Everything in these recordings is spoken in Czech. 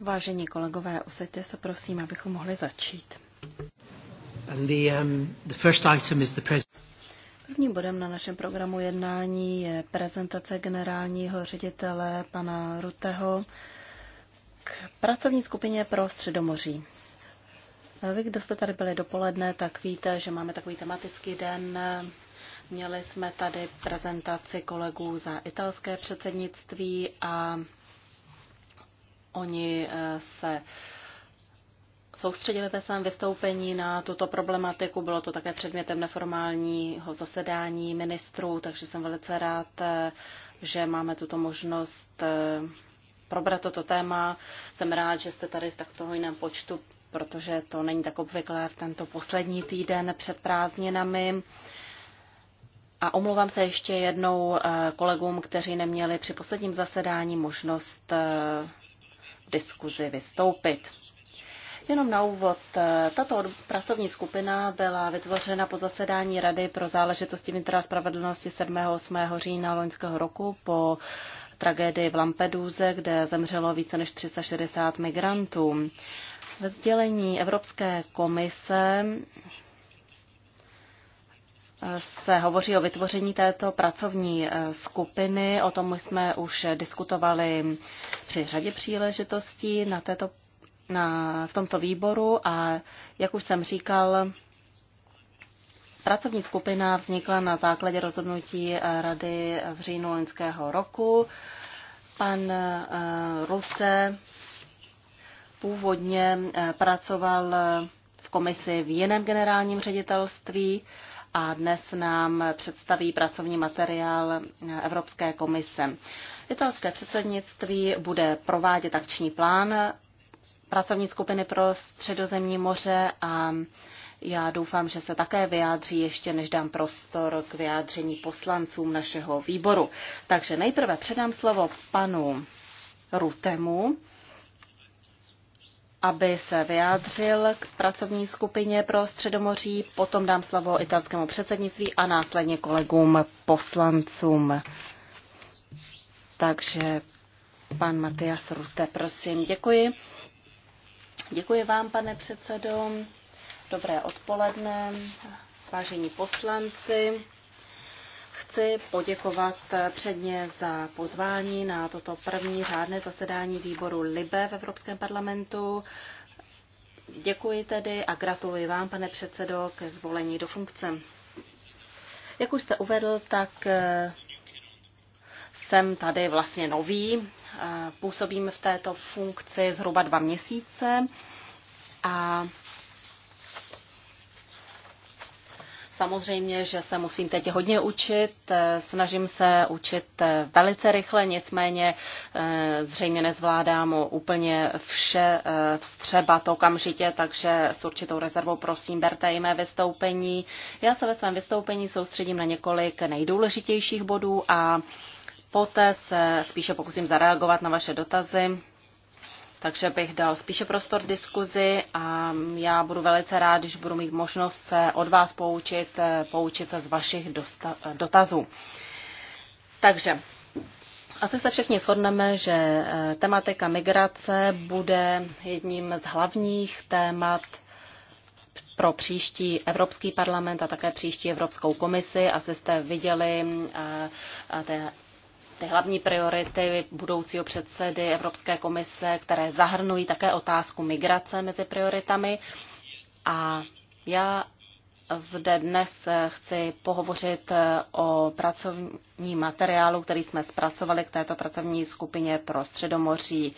Vážení kolegové, usaďte se prosím, abychom mohli začít. And the, um, the first item is the Prvním bodem na našem programu jednání je prezentace generálního ředitele pana Ruteho k pracovní skupině pro Středomoří. Vy, kdo jste tady byli dopoledne, tak víte, že máme takový tematický den Měli jsme tady prezentaci kolegů za italské předsednictví a oni eh, se soustředili ve svém vystoupení na tuto problematiku. Bylo to také předmětem neformálního zasedání ministrů, takže jsem velice rád, eh, že máme tuto možnost eh, probrat toto téma. Jsem rád, že jste tady v takto hojném počtu, protože to není tak obvyklé v tento poslední týden před prázdninami. A omlouvám se ještě jednou eh, kolegům, kteří neměli při posledním zasedání možnost v eh, diskuzi vystoupit. Jenom na úvod, eh, tato pracovní skupina byla vytvořena po zasedání Rady pro záležitosti vnitra spravedlnosti 7. 8. října loňského roku po tragédii v Lampeduze, kde zemřelo více než 360 migrantů. Ve sdělení Evropské komise se hovoří o vytvoření této pracovní eh, skupiny. O tom jsme už diskutovali při řadě příležitostí na této, na, v tomto výboru a jak už jsem říkal, pracovní skupina vznikla na základě rozhodnutí eh, Rady v říjnu loňského roku. Pan eh, Ruce původně pracoval v komisi v jiném generálním ředitelství a dnes nám představí pracovní materiál Evropské komise. Italské předsednictví bude provádět akční plán pracovní skupiny pro středozemní moře a já doufám, že se také vyjádří ještě, než dám prostor k vyjádření poslancům našeho výboru. Takže nejprve předám slovo panu Rutemu, aby se vyjádřil k pracovní skupině pro Středomoří, potom dám slovo italskému předsednictví a následně kolegům poslancům. Takže pan Matias Rute, prosím, děkuji. Děkuji vám, pane předsedo. Dobré odpoledne, vážení poslanci. Chci poděkovat předně za pozvání na toto první řádné zasedání výboru LIBE v Evropském parlamentu. Děkuji tedy a gratuluji vám, pane předsedo, ke zvolení do funkce. Jak už jste uvedl, tak eh, jsem tady vlastně nový. Eh, působím v této funkci zhruba dva měsíce a Samozřejmě, že se musím teď hodně učit, eh, snažím se učit eh, velice rychle, nicméně eh, zřejmě nezvládám úplně vše vstřebat okamžitě, takže s určitou rezervou prosím berte i mé vystoupení. Já se ve svém vystoupení soustředím na několik nejdůležitějších bodů a poté se spíše pokusím zareagovat na vaše dotazy takže bych dal spíše prostor diskuzi a já budu velice rád, když budu mít možnost se od vás poučit, eh, poučit se z vašich eh, dotazů. Takže asi se všichni shodneme, že eh, tematika migrace bude jedním z hlavních témat pro příští Evropský parlament a také příští Evropskou komisi. Asi jste viděli ty hlavní priority budoucího předsedy Evropské komise, které zahrnují také otázku migrace mezi prioritami. A já zde dnes chci pohovořit o pracovním materiálu, který jsme zpracovali k této pracovní skupině pro Středomoří.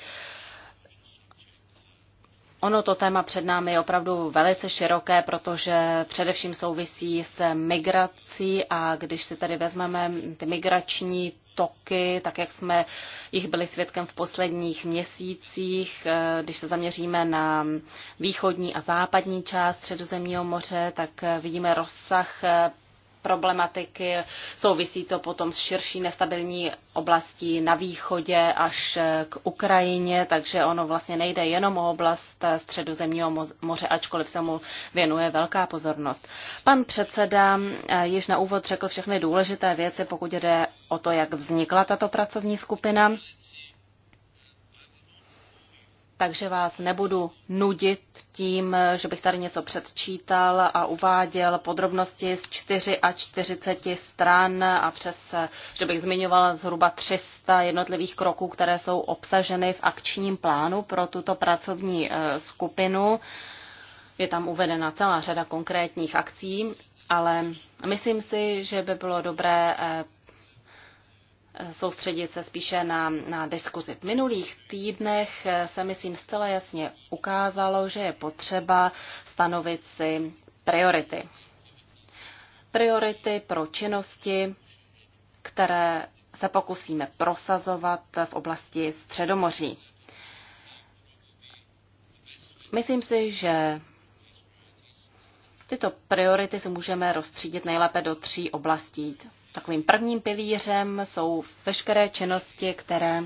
Ono to téma před námi je opravdu velice široké, protože především souvisí s migrací a když si tedy vezmeme ty migrační toky, tak jak jsme jich byli svědkem v posledních měsících. Eh, když se zaměříme na východní a západní část Středozemního moře, tak eh, vidíme rozsah eh, problematiky. Souvisí to potom s širší nestabilní oblastí na východě až k Ukrajině, takže ono vlastně nejde jenom o oblast středozemního moře, ačkoliv se mu věnuje velká pozornost. Pan předseda eh, již na úvod řekl všechny důležité věci, pokud jde o to, jak vznikla tato pracovní skupina takže vás nebudu nudit tím, že bych tady něco předčítal a uváděl podrobnosti z 4 a 40 stran a přes, že bych zmiňoval zhruba 300 jednotlivých kroků, které jsou obsaženy v akčním plánu pro tuto pracovní eh, skupinu. Je tam uvedena celá řada konkrétních akcí, ale myslím si, že by bylo dobré eh, soustředit se spíše na, na diskuzi. V minulých týdnech se, myslím, zcela jasně ukázalo, že je potřeba stanovit si priority. Priority pro činnosti, které se pokusíme prosazovat v oblasti Středomoří. Myslím si, že tyto priority si můžeme rozstřídit nejlépe do tří oblastí takovým prvním pilířem jsou veškeré činnosti, které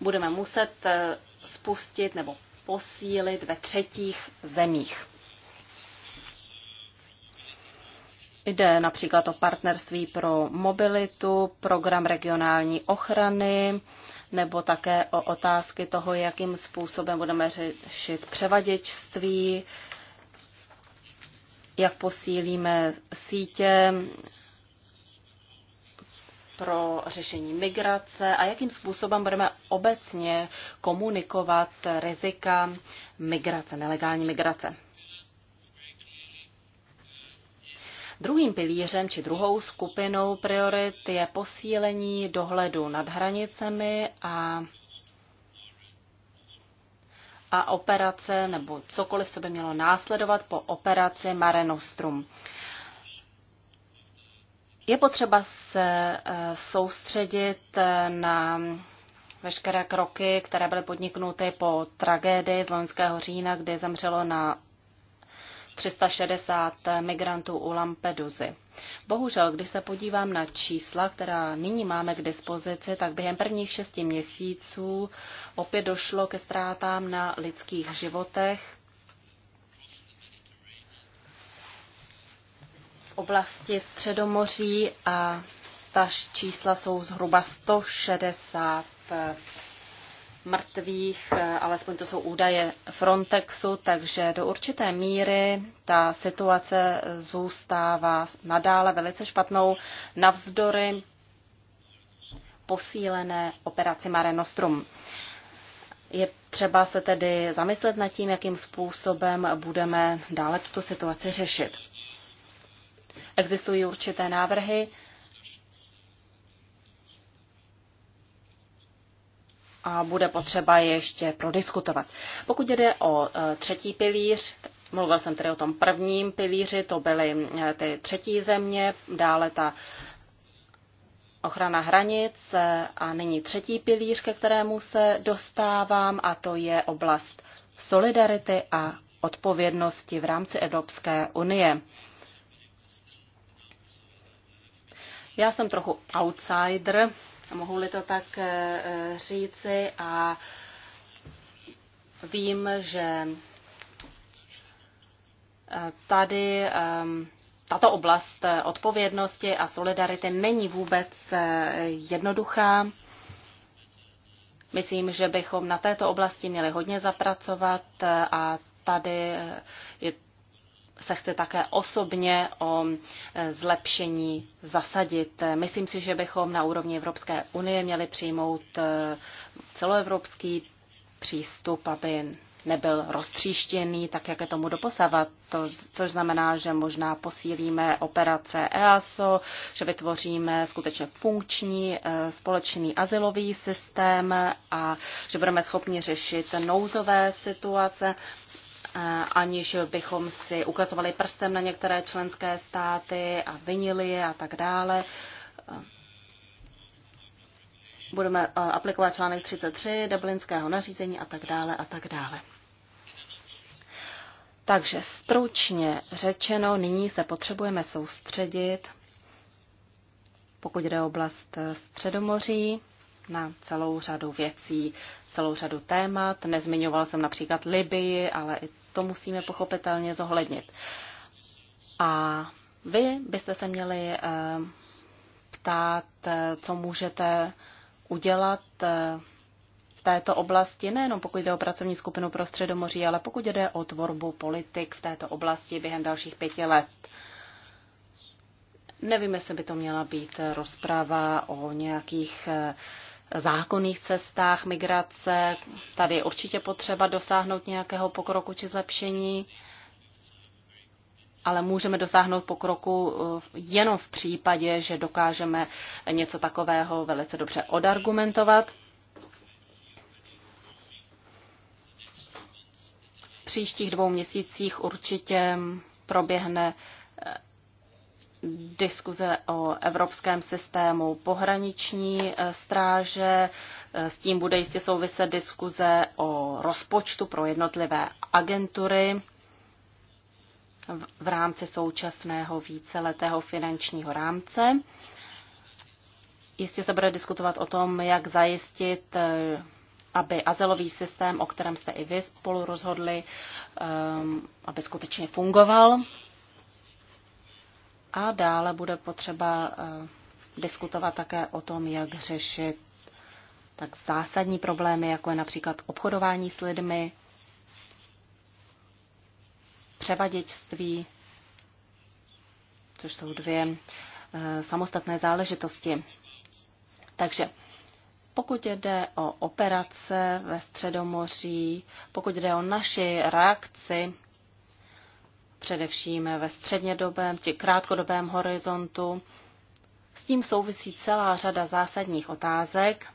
budeme muset eh, spustit nebo posílit ve třetích zemích. Jde například o partnerství pro mobilitu, program regionální ochrany, nebo také o otázky toho, jakým způsobem budeme řešit převaděčství, jak posílíme sítě pro řešení migrace a jakým způsobem budeme obecně komunikovat rizika migrace, nelegální migrace. Druhým pilířem či druhou skupinou priorit je posílení dohledu nad hranicemi a a operace nebo cokoliv, co by mělo následovat po operaci Mare Nostrum. Je potřeba se eh, soustředit eh, na veškeré kroky, které byly podniknuty po tragédii z loňského října, kdy zemřelo na 360 migrantů u Lampeduzy. Bohužel, když se podívám na čísla, která nyní máme k dispozici, tak během prvních šesti měsíců opět došlo ke ztrátám na lidských životech oblasti Středomoří a ta čísla jsou zhruba 160 eh, mrtvých, eh, alespoň to jsou údaje Frontexu, takže do určité míry ta situace eh, zůstává nadále velice špatnou navzdory posílené operaci Mare Nostrum. Je třeba se tedy zamyslet nad tím, jakým způsobem budeme dále tuto situaci řešit. Existují určité návrhy, a bude potřeba je ještě prodiskutovat. Pokud jde o e, třetí pilíř, mluvil jsem tedy o tom prvním pilíři, to byly e, ty třetí země, dále ta ochrana hranic e, a nyní třetí pilíř, ke kterému se dostávám, a to je oblast solidarity a odpovědnosti v rámci Evropské unie. Já jsem trochu outsider, mohu-li to tak eh, eh, říci, a vím, že eh, tady ehm, tato oblast odpovědnosti a solidarity není vůbec jednoduchá. Myslím, že bychom na této oblasti měli hodně zapracovat a tady je se chce také osobně o e, zlepšení zasadit. Myslím si, že bychom na úrovni Evropské unie měli přijmout e, celoevropský přístup, aby nebyl roztříštěný, tak jak je tomu doposavat, to, což znamená, že možná posílíme operace EASO, že vytvoříme skutečně funkční e, společný azylový systém a že budeme schopni řešit nouzové situace Eh, aniž bychom si ukazovali prstem na některé členské státy a vinili je a tak dále. Eh, budeme eh, aplikovat článek 33 Dublinského nařízení a tak dále a tak dále. Takže stručně řečeno, nyní se potřebujeme soustředit, pokud jde o oblast Středomoří, na celou řadu věcí, celou řadu témat. Nezmiňoval jsem například Libii, ale i to musíme pochopitelně zohlednit. A vy byste se měli eh, ptát, eh, co můžete udělat eh, v této oblasti, nejenom pokud jde o pracovní skupinu pro Středomoří, ale pokud jde o tvorbu politik v této oblasti během dalších pěti let. Nevím, jestli by to měla být rozprava o nějakých zákonných cestách migrace. Tady je určitě potřeba dosáhnout nějakého pokroku či zlepšení, ale můžeme dosáhnout pokroku eh, jenom v případě, že dokážeme něco takového velice dobře odargumentovat. V příštích dvou měsících určitě proběhne eh, diskuze o evropském systému pohraniční eh, stráže, eh, s tím bude jistě souviset diskuze o rozpočtu pro jednotlivé agentury v rámci současného víceletého finančního rámce. Jistě se bude diskutovat o tom, jak zajistit, eh, aby azylový systém, o kterém jste i vy spolu rozhodli, aby skutečně fungoval a dále bude potřeba eh, diskutovat také o tom, jak řešit tak zásadní problémy, jako je například obchodování s lidmi, převaděčství, což jsou dvě eh, samostatné záležitosti. Takže pokud jde o operace ve Středomoří, pokud jde o naši reakci především ve střednědobém či krátkodobém horizontu. S tím souvisí celá řada zásadních otázek.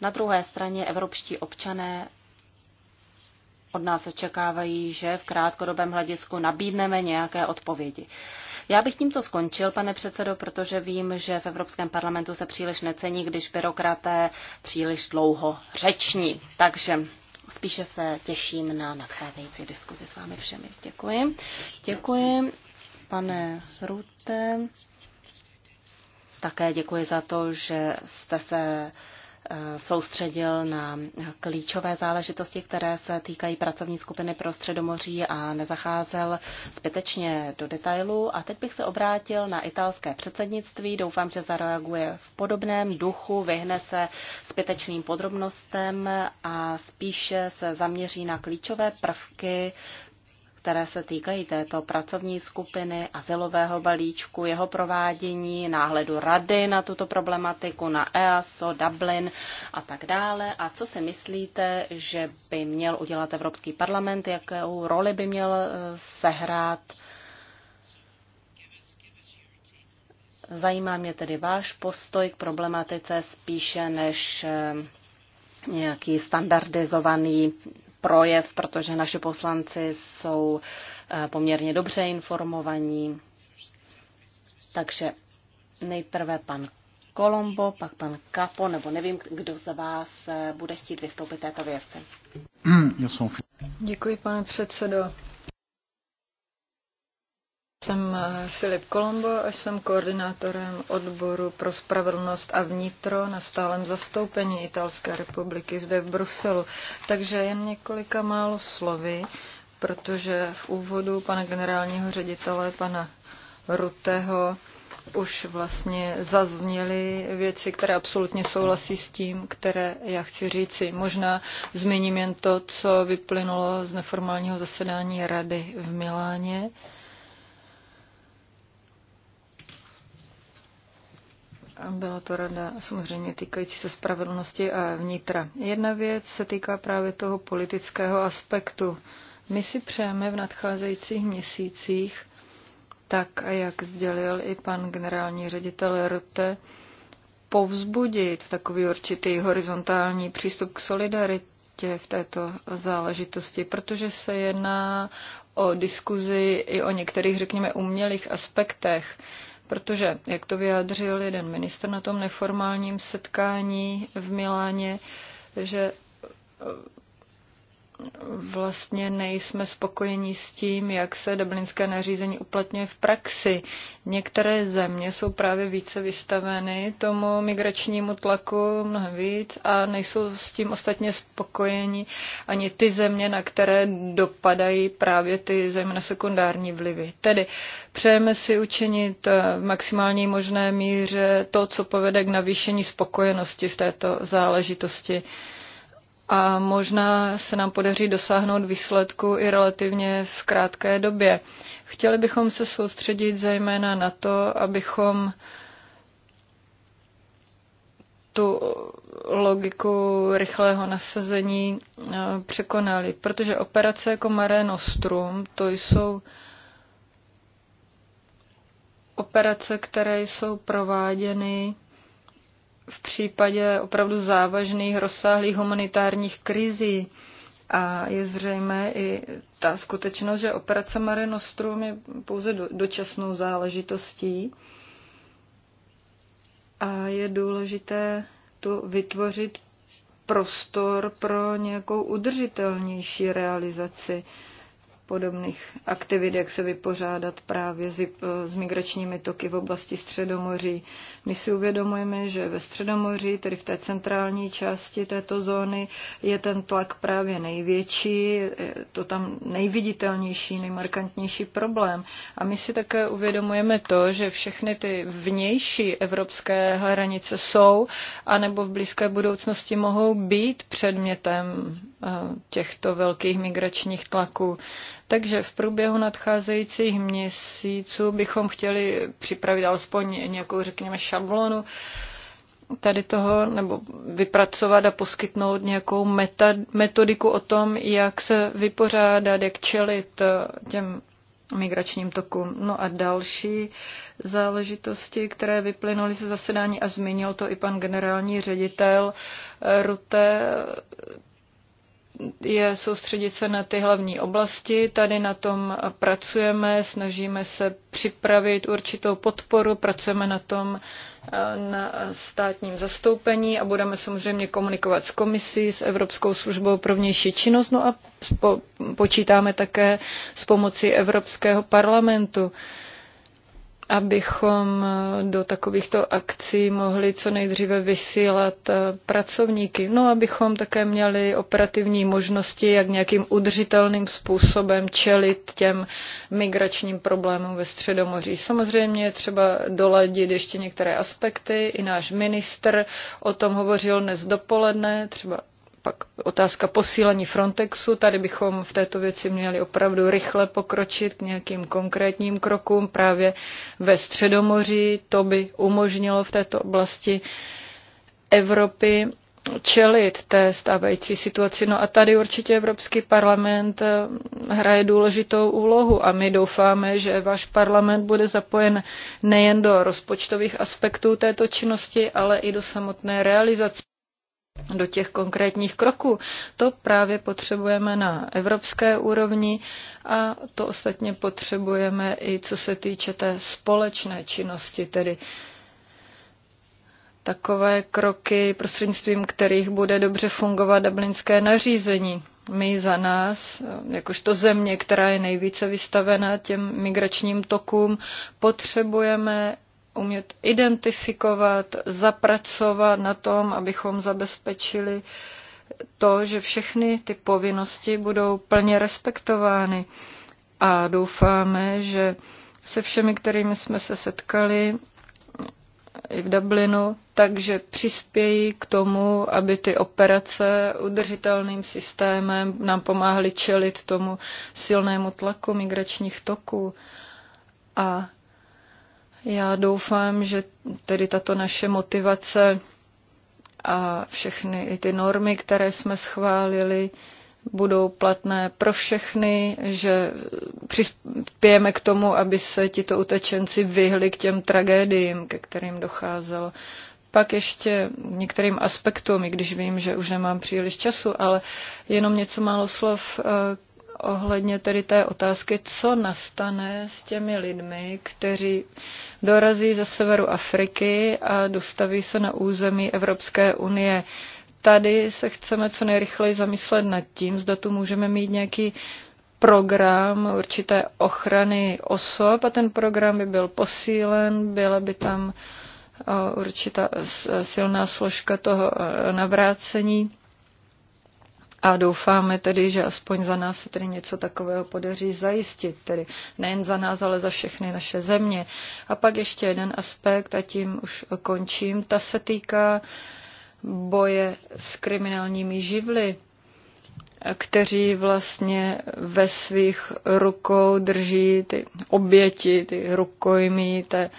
Na druhé straně evropští občané od nás očekávají, že v krátkodobém hledisku nabídneme nějaké odpovědi. Já bych tímto skončil, pane předsedo, protože vím, že v Evropském parlamentu se příliš necení, když byrokraté příliš dlouho řeční. Takže Spíše se těším na nadcházející diskuzi s vámi všemi. Děkuji. Děkuji, pane Rute. Také děkuji za to, že jste se soustředil na klíčové záležitosti, které se týkají pracovní skupiny pro Středomoří a nezacházel zbytečně do detailů. A teď bych se obrátil na italské předsednictví. Doufám, že zareaguje v podobném duchu, vyhne se zbytečným podrobnostem a spíše se zaměří na klíčové prvky které se týkají této pracovní skupiny, azylového balíčku, jeho provádění, náhledu rady na tuto problematiku, na EASO, Dublin a tak dále. A co si myslíte, že by měl udělat Evropský parlament, jakou roli by měl eh, sehrát? Zajímá mě tedy váš postoj k problematice spíše než eh, nějaký standardizovaný projev, protože naši poslanci jsou eh, poměrně dobře informovaní. Takže nejprve pan Kolombo, pak pan Kapo, nebo nevím, kdo za vás eh, bude chtít vystoupit této věci. Děkuji, pane předsedo. Jsem eh, Filip Kolombo a jsem koordinátorem odboru pro spravedlnost a vnitro na stálem zastoupení Italské republiky zde v Bruselu. Takže jen několika málo slovy, protože v úvodu pana generálního ředitele, pana Rutého, už vlastně zazněly věci, které absolutně souhlasí s tím, které já chci říci. Možná zmíním jen to, co vyplynulo z neformálního zasedání rady v Miláně. Byla to rada samozřejmě týkající se spravedlnosti a vnitra. Jedna věc se týká právě toho politického aspektu. My si přejeme v nadcházejících měsících, tak jak sdělil i pan generální ředitel Rote, povzbudit takový určitý horizontální přístup k solidaritě v této záležitosti, protože se jedná o diskuzi i o některých, řekněme, umělých aspektech Protože, jak to vyjádřil jeden ministr na tom neformálním setkání v Miláně, že vlastně nejsme spokojeni s tím, jak se dublinské nařízení uplatňuje v praxi. Některé země jsou právě více vystaveny tomu migračnímu tlaku mnohem víc a nejsou s tím ostatně spokojeni ani ty země, na které dopadají právě ty zejména sekundární vlivy. Tedy přejeme si učinit v maximální možné míře to, co povede k navýšení spokojenosti v této záležitosti a možná se nám podaří dosáhnout výsledku i relativně v krátké době. Chtěli bychom se soustředit zejména na to, abychom tu logiku rychlého nasazení e, překonali, protože operace jako Mare Nostrum, to jsou operace, které jsou prováděny v případě opravdu závažných, rozsáhlých humanitárních krizí. A je zřejmé i ta skutečnost, že operace Mare Nostrum je pouze dočasnou záležitostí. A je důležité tu vytvořit prostor pro nějakou udržitelnější realizaci. Uh, podobných aktivit, jak se vypořádat právě s, vyp- s migračními toky v oblasti Středomoří. My si uvědomujeme, že ve Středomoří, tedy v té centrální části této zóny, je ten tlak právě největší, je to tam nejviditelnější, nejmarkantnější problém. A my si také uvědomujeme to, že všechny ty vnější evropské hranice jsou, anebo v blízké budoucnosti mohou být předmětem eh, těchto velkých migračních tlaků. Takže v průběhu nadcházejících měsíců bychom chtěli připravit alespoň nějakou, řekněme, šablonu tady toho, nebo vypracovat a poskytnout nějakou meta, metodiku o tom, jak se vypořádat, jak čelit eh, těm migračním tokům. No a další záležitosti, které vyplynuly ze zasedání a zmínil to i pan generální ředitel eh, Rute, je soustředit se na ty hlavní oblasti. Tady na tom pracujeme, snažíme se připravit určitou podporu, pracujeme na tom eh, na státním zastoupení a budeme samozřejmě komunikovat s komisí, s Evropskou službou pro vnější činnost, no a po, počítáme také s pomocí Evropského parlamentu. Uh, abychom do takovýchto akcí mohli co nejdříve vysílat eh, pracovníky. No, abychom také měli operativní možnosti, jak nějakým udržitelným způsobem čelit těm migračním problémům ve Středomoří. Samozřejmě je třeba doladit ještě některé aspekty. I náš minister o tom hovořil dnes dopoledne, třeba pak otázka posílení Frontexu. Tady bychom v této věci měli opravdu rychle pokročit k nějakým konkrétním krokům právě ve Středomoří. To by umožnilo v této oblasti Evropy čelit té stávající situaci. No a tady určitě Evropský parlament eh, hraje důležitou úlohu a my doufáme, že váš parlament bude zapojen nejen do rozpočtových aspektů této činnosti, ale i do samotné realizace do těch konkrétních kroků. To právě potřebujeme na evropské úrovni a to ostatně potřebujeme i co se týče té společné činnosti, tedy takové kroky, prostřednictvím kterých bude dobře fungovat dublinské nařízení. My za nás, jakožto země, která je nejvíce vystavena těm migračním tokům, potřebujeme umět identifikovat, zapracovat na tom, abychom zabezpečili to, že všechny ty povinnosti budou plně respektovány. A doufáme, že se všemi, kterými jsme se setkali i v Dublinu, takže přispějí k tomu, aby ty operace udržitelným systémem nám pomáhly čelit tomu silnému tlaku migračních toků. A já doufám, že tedy tato naše motivace a všechny i ty normy, které jsme schválili, budou platné pro všechny, že přispějeme k tomu, aby se tito utečenci vyhli k těm tragédiím, ke kterým docházelo. Pak ještě některým aspektům, i když vím, že už nemám příliš času, ale jenom něco málo slov eh, ohledně tedy té otázky, co nastane s těmi lidmi, kteří dorazí ze severu Afriky a dostaví se na území Evropské unie. Tady se chceme co nejrychleji zamyslet nad tím, zda tu můžeme mít nějaký program určité ochrany osob a ten program by byl posílen, byla by tam eh, určitá silná složka toho eh, navrácení a doufáme tedy, že aspoň za nás se tedy něco takového podaří zajistit, tedy nejen za nás, ale za všechny naše země. A pak ještě jeden aspekt, a tím už končím, ta se týká boje s kriminálními živly, kteří vlastně ve svých rukou drží ty oběti, ty rukojmí, ty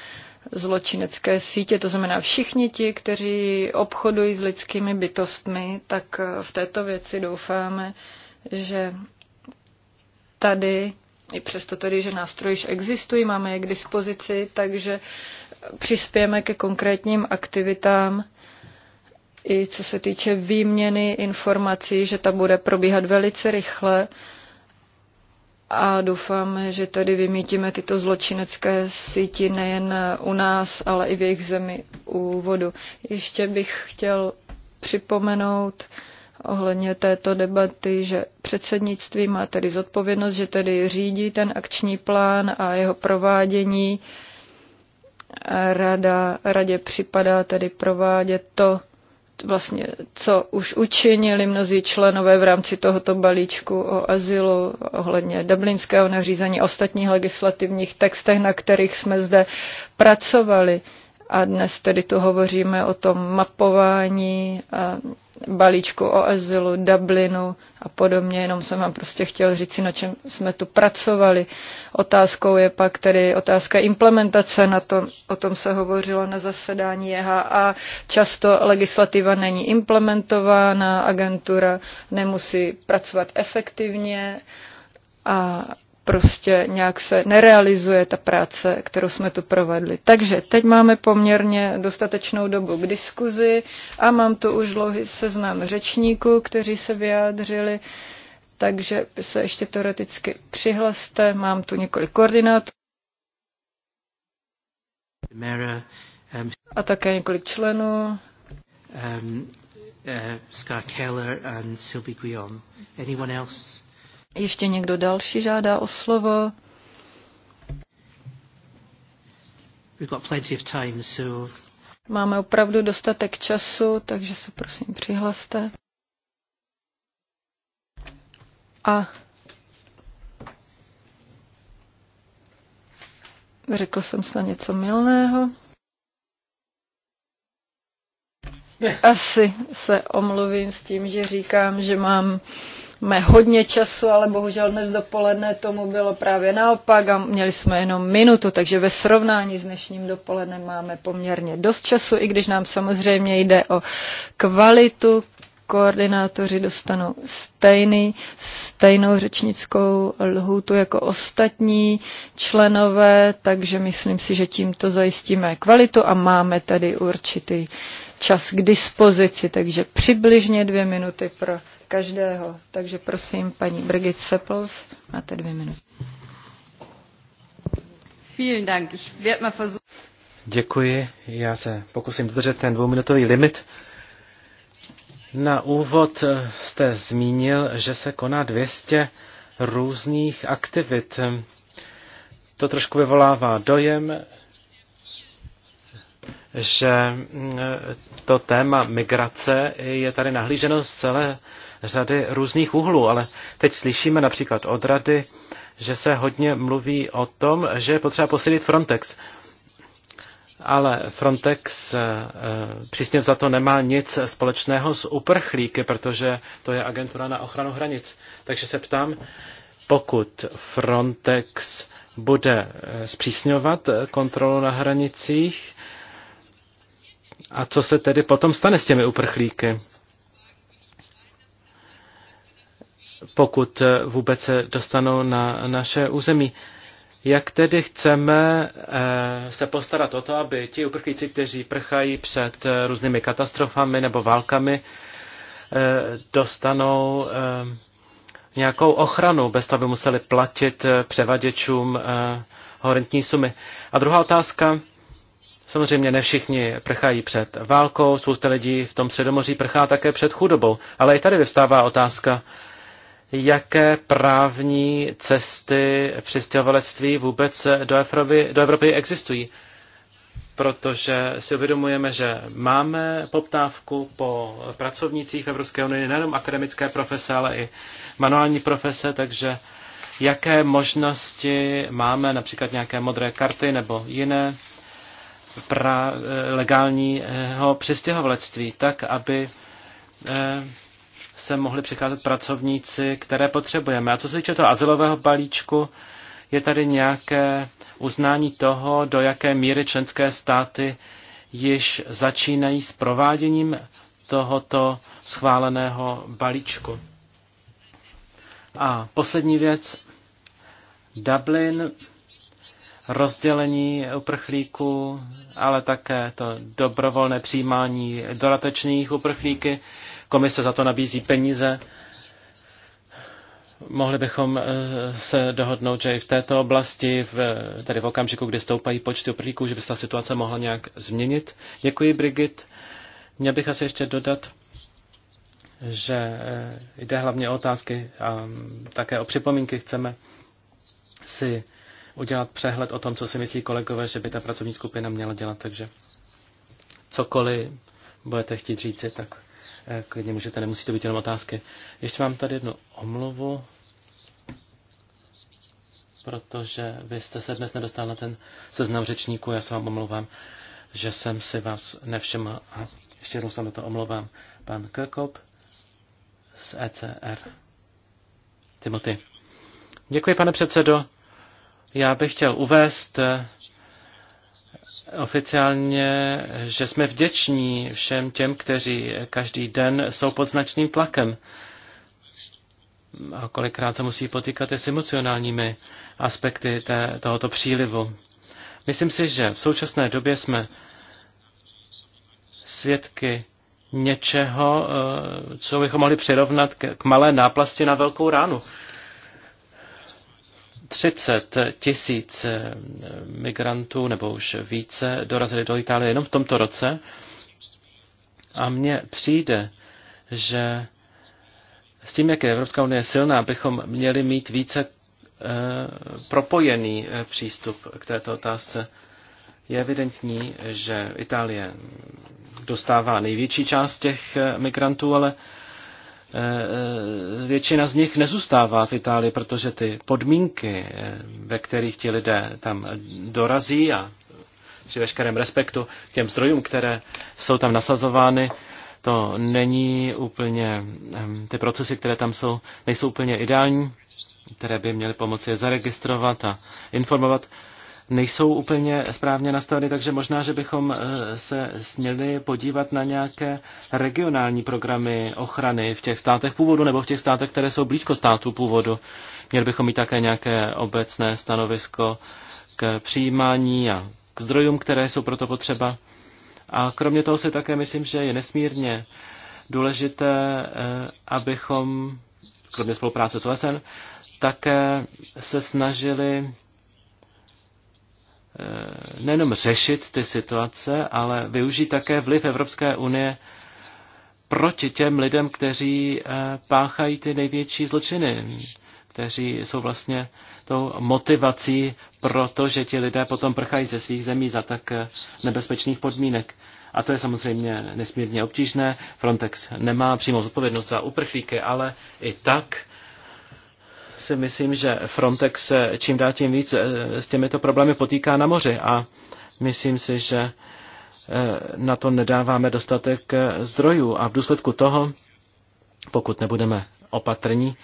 zločinecké sítě. To znamená, všichni ti, kteří obchodují s lidskými bytostmi, tak eh, v této věci doufáme, že tady, i přesto tedy, že nástroje již existují, máme je k dispozici, takže přispějeme ke konkrétním aktivitám, i co se týče výměny informací, že ta bude probíhat velice rychle a doufám, že tady vymítíme tyto zločinecké síti nejen u nás, ale i v jejich zemi u vodu. Ještě bych chtěl připomenout ohledně této debaty, že předsednictví má tedy zodpovědnost, že tedy řídí ten akční plán a jeho provádění. Rada, radě připadá tedy provádět to, vlastně, co už učinili mnozí členové v rámci tohoto balíčku o azylu ohledně dublinského nařízení, ostatních legislativních textech, na kterých jsme zde pracovali. A dnes tedy tu hovoříme o tom mapování a balíčku o azylu, Dublinu a podobně, jenom jsem vám prostě chtěl říct si, na čem jsme tu pracovali. Otázkou je pak tedy otázka implementace, na tom, o tom se hovořilo na zasedání EHA. Často legislativa není implementována, agentura nemusí pracovat efektivně a prostě nějak se nerealizuje ta práce, kterou jsme tu provedli. Takže teď máme poměrně dostatečnou dobu k diskuzi a mám tu už dlouhý seznam řečníků, kteří se vyjádřili, takže se ještě teoreticky přihlaste. Mám tu několik koordinátů um, a také několik členů. Um, uh, Scar Keller and Sylvie Guillaume. Anyone else? Ještě někdo další žádá o slovo? We've got plenty of time, so... Máme opravdu dostatek času, takže se prosím přihlaste. A řekl jsem snad něco milného. Asi se omluvím s tím, že říkám, že mám jsme hodně času, ale bohužel dnes dopoledne tomu bylo právě naopak a měli jsme jenom minutu, takže ve srovnání s dnešním dopolednem máme poměrně dost času, i když nám samozřejmě jde o kvalitu, koordinátoři dostanou stejný, stejnou řečnickou lhůtu jako ostatní členové, takže myslím si, že tímto zajistíme kvalitu a máme tady určitý čas k dispozici, takže přibližně dvě minuty pro každého. Takže prosím, paní Brigitte Seppels, máte dvě minuty. Děkuji. Já se pokusím dodržet ten dvouminutový limit. Na úvod eh, jste zmínil, že se koná 200 různých aktivit. To trošku vyvolává dojem, že mm, eh, to téma migrace je tady nahlíženo z celé řady různých úhlů, ale teď slyšíme například od rady, že se hodně mluví o tom, že je potřeba posilit Frontex. Ale Frontex eh, eh, přísně za to nemá nic společného s uprchlíky, protože to je agentura na ochranu hranic. Takže se ptám, pokud Frontex bude eh, zpřísňovat kontrolu na hranicích, a co se tedy potom stane s těmi uprchlíky? pokud eh, vůbec se dostanou na naše území. Jak tedy chceme eh, se postarat o to, aby ti uprchlíci, kteří prchají před eh, různými katastrofami nebo válkami, dostanou nějakou ochranu, bez toho, by museli platit převaděčům horentní sumy. A druhá otázka, samozřejmě ne všichni prchají před válkou, spousta lidí v tom Středomoří prchá také před chudobou, ale i tady vystává otázka, jaké právní cesty přistěhovalectví vůbec do Evropy, do Evropy existují. Protože si uvědomujeme, že máme poptávku po pracovnících v Evropské unii, nejenom akademické profese, ale i manuální profese, takže jaké možnosti máme, například nějaké modré karty nebo jiné pra, eh, legálního přistěhovalectví, tak aby eh, se mohli přicházet pracovníci, které potřebujeme. A co se týče toho azylového balíčku, je tady nějaké uznání toho, do jaké míry členské státy již začínají s prováděním tohoto schváleného balíčku. A poslední věc. Dublin, rozdělení uprchlíků, ale také to dobrovolné přijímání dodatečných uprchlíky komise za to nabízí peníze. Mohli bychom eh, se dohodnout, že i v této oblasti, v, tedy v okamžiku, kdy stoupají počty uprchlíků, že by se ta situace mohla nějak změnit. Děkuji, Brigit. Měl bych asi ještě dodat, že eh, jde hlavně o otázky a také o připomínky. Chceme si udělat přehled o tom, co si myslí kolegové, že by ta pracovní skupina měla dělat. Takže cokoliv budete chtít říci, tak Eh, klidně můžete, nemusí to být jenom otázky. Ještě mám tady jednu omluvu, protože vy jste se dnes nedostal na ten seznam řečníků, já se vám omlouvám, že jsem si vás nevšiml a ještě jednou se na to omlouvám. Pan Kirkop z ECR. Timothy. Děkuji, pane předsedo. Já bych chtěl uvést eh, oficiálně, že jsme vděční všem těm, kteří každý den jsou pod značným tlakem. A kolikrát se musí potýkat s emocionálními aspekty té, tohoto přílivu. Myslím si, že v současné době jsme svědky něčeho, eh, co bychom mohli přirovnat k malé náplasti na velkou ránu. 30 tisíc eh, migrantů nebo už více dorazili do Itálie jenom v tomto roce. A mně přijde, že s tím, jak je Evropská unie silná, bychom měli mít více eh, propojený eh, přístup k této otázce. Je evidentní, že Itálie dostává největší část těch migrantů, ale Eh, eh, většina z nich nezůstává v Itálii, protože ty podmínky, eh, ve kterých ti lidé tam dorazí a při veškerém respektu k těm zdrojům, které jsou tam nasazovány, to není úplně, ehm, ty procesy, které tam jsou, nejsou úplně ideální, které by měly pomoci je zaregistrovat a informovat nejsou úplně správně nastaveny, takže možná, že bychom eh, se směli podívat na nějaké regionální programy ochrany v těch státech původu nebo v těch státech, které jsou blízko státu původu. Měli bychom mít také nějaké obecné stanovisko k přijímání a k zdrojům, které jsou proto potřeba. A kromě toho si také myslím, že je nesmírně důležité, eh, abychom, kromě spolupráce s OSN, také se snažili Eh, nejenom řešit ty situace, ale využít také vliv Evropské unie proti těm lidem, kteří eh, páchají ty největší zločiny, kteří jsou vlastně tou motivací pro to, že ti lidé potom prchají ze svých zemí za tak eh, nebezpečných podmínek. A to je samozřejmě nesmírně obtížné. Frontex nemá přímo zodpovědnost za uprchlíky, ale i tak si myslím, že Frontex se čím dál tím víc eh, s těmito problémy potýká na moři a myslím si, že eh, na to nedáváme dostatek eh, zdrojů a v důsledku toho, pokud nebudeme opatrní,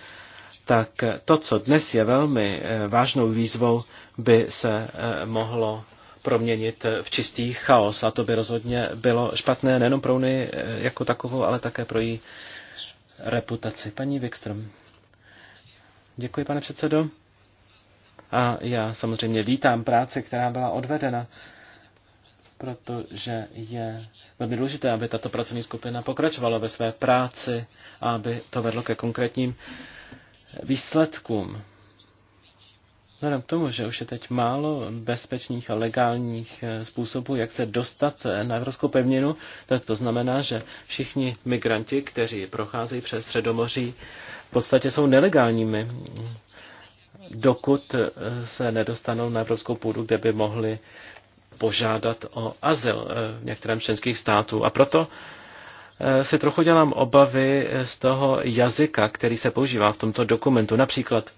tak to, co dnes je velmi vážnou výzvou, by se mohlo proměnit v čistý chaos. A to by rozhodně bylo špatné nejenom pro Unii jako takovou, ale také pro její reputaci. Paní Wikström. Děkuji, pane předsedo. A já samozřejmě vítám práci, která byla odvedena, protože je velmi důležité, aby tato pracovní skupina pokračovala ve své práci a aby to vedlo ke konkrétním výsledkům. Vzhledem k tomu, že už je teď málo bezpečných a legálních eh, způsobů, jak se dostat eh, na evropskou pevninu, tak to znamená, že všichni migranti, kteří procházejí přes Středomoří, v podstatě jsou nelegálními, dokud eh, se nedostanou na evropskou půdu, kde by mohli požádat o azyl v některém členských států. A proto si trochu dělám obavy z toho jazyka, který se používá v tomto dokumentu. Například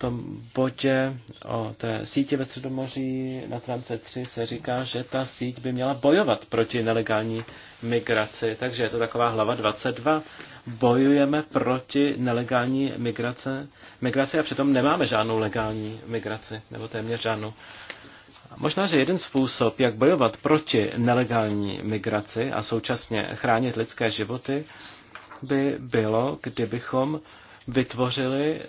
tom bodě o té sítě ve Středomoří na stránce 3 se říká, že ta síť by měla bojovat proti nelegální migraci. Takže je to taková hlava 22. Bojujeme proti nelegální migrace, migraci a přitom nemáme žádnou legální migraci, nebo téměř žádnou. Možná, že jeden způsob, jak bojovat proti nelegální migraci a současně chránit lidské životy, by bylo, kdybychom vytvořili eh,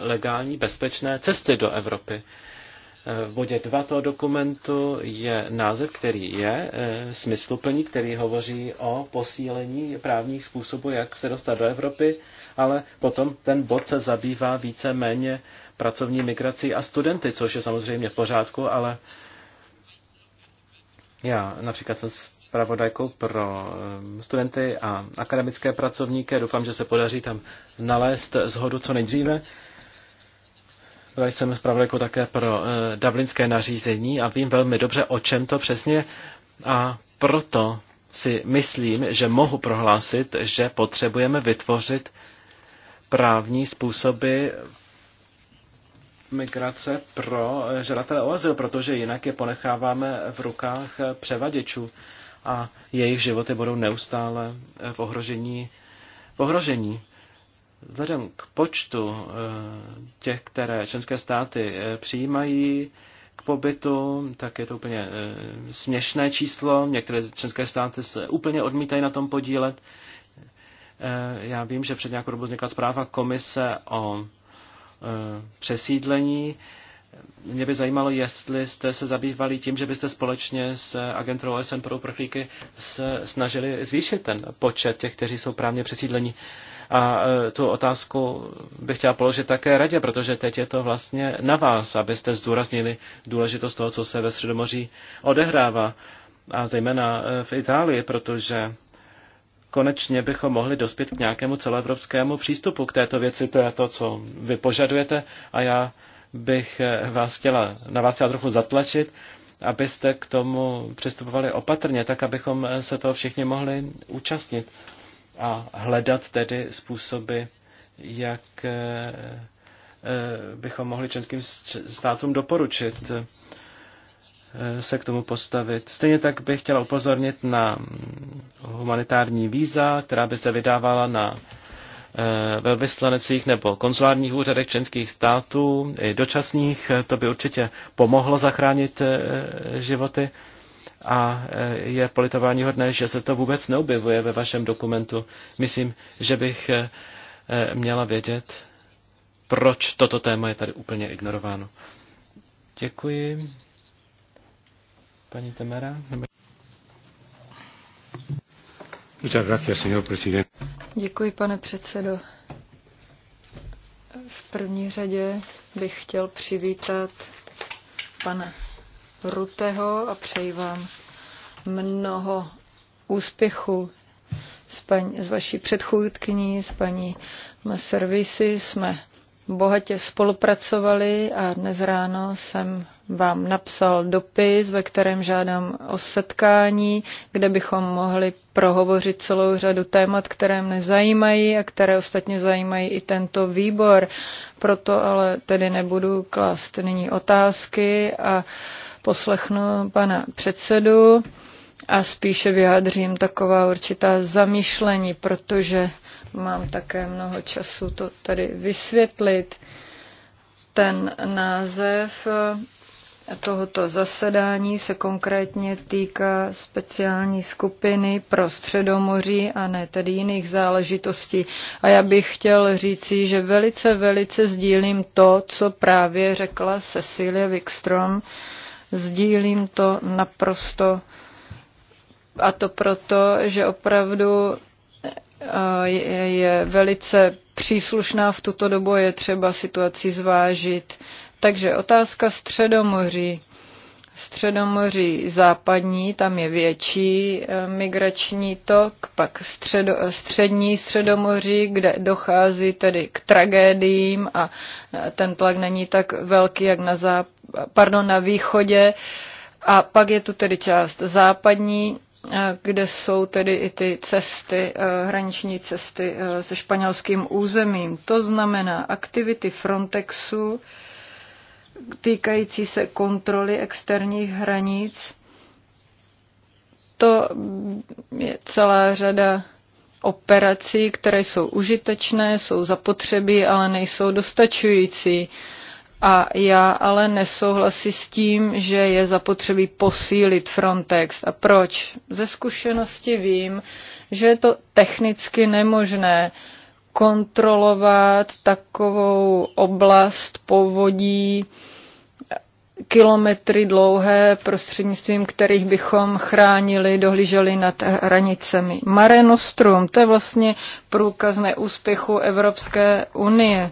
legální bezpečné cesty do Evropy. Eh, v bodě 2 toho dokumentu je název, který je eh, smysluplný, který hovoří o posílení právních způsobů, jak se dostat do Evropy, ale potom ten bod se zabývá více méně pracovní migrací a studenty, což je samozřejmě v pořádku, ale já například jsem zpravodajkou pro um, studenty a akademické pracovníky. Doufám, že se podaří tam nalézt zhodu co nejdříve. Byla jsem zpravodajkou také pro uh, dublinské nařízení a vím velmi dobře, o čem to přesně a proto si myslím, že mohu prohlásit, že potřebujeme vytvořit právní způsoby migrace pro žadatele o azyl, protože jinak je ponecháváme v rukách převaděčů a jejich životy budou neustále eh, v ohrožení. V ohrožení. Vzhledem k počtu eh, těch, které členské státy eh, přijímají k pobytu, tak je to úplně směšné číslo. Některé členské státy se úplně odmítají na tom podílet. Já vím, že před nějakou dobu vznikla zpráva komise o přesídlení. Mě by zajímalo, jestli jste se zabývali tím, že byste společně s agenturou OSN pro uprchlíky se snažili zvýšit ten počet těch, kteří jsou právně přesídlení. A e, tu otázku bych chtěla položit také radě, protože teď je to vlastně na vás, abyste zdůraznili důležitost toho, co se ve Středomoří odehrává. A zejména e, v Itálii, protože konečně bychom mohli dospět k nějakému celoevropskému přístupu k této věci, to je to, co vy požadujete a já bych eh, vás chtěla, na vás chtěla trochu zatlačit, abyste k tomu přistupovali opatrně, tak abychom eh, se toho všichni mohli účastnit a hledat tedy způsoby, jak eh, bychom mohli českým státům doporučit se k tomu postavit. Stejně tak bych chtěla upozornit na hm, humanitární víza, která by se vydávala na Eh, velvyslanecích nebo konzulárních úřadech členských států, i dočasných, eh, to by určitě pomohlo zachránit eh, životy. A je politování hodné, že se to vůbec neobjevuje ve vašem dokumentu. Myslím, že bych měla vědět, proč toto téma je tady úplně ignorováno. Děkuji. Paní Temera? Děkuji, pane předsedo. V první řadě bych chtěl přivítat pana Ruteho a přeji vám mnoho úspěchu s, paní, s vaší předchůdkyní, s paní Servisi. Jsme bohatě spolupracovali a dnes ráno jsem vám napsal dopis, ve kterém žádám o setkání, kde bychom mohli prohovořit celou řadu témat, které mne zajímají a které ostatně zajímají i tento výbor. Proto ale tedy nebudu klást nyní otázky a poslechnu pana předsedu a spíše vyjádřím taková určitá zamýšlení, protože mám také mnoho času to tady vysvětlit. Ten název tohoto zasedání se konkrétně týká speciální skupiny pro Středomoří a ne tedy jiných záležitostí. A já bych chtěl říci, že velice, velice sdílím to, co právě řekla Cecilia Wikström. Sdílím to naprosto a to proto, že opravdu je velice příslušná v tuto dobu, je třeba situaci zvážit takže otázka středomoří. Středomoří západní, tam je větší eh, migrační tok, pak středo, eh, střední středomoří, kde dochází tedy k tragédiím a eh, ten tlak není tak velký, jak na, záp- pardon, na východě. A pak je tu tedy část západní, kde jsou tedy i ty cesty, hraniční cesty se španělským územím. To znamená aktivity Frontexu, týkající se kontroly externích hranic. To je celá řada operací, které jsou užitečné, jsou zapotřebí, ale nejsou dostačující. A já ale nesouhlasím s tím, že je zapotřebí posílit Frontex. A proč? Ze zkušenosti vím, že je to technicky nemožné. Uh, kontrolovat takovou oblast povodí kilometry dlouhé, prostřednictvím kterých bychom chránili, dohlíželi nad hranicemi. Mare Nostrum, to je vlastně průkaz neúspěchu Evropské unie.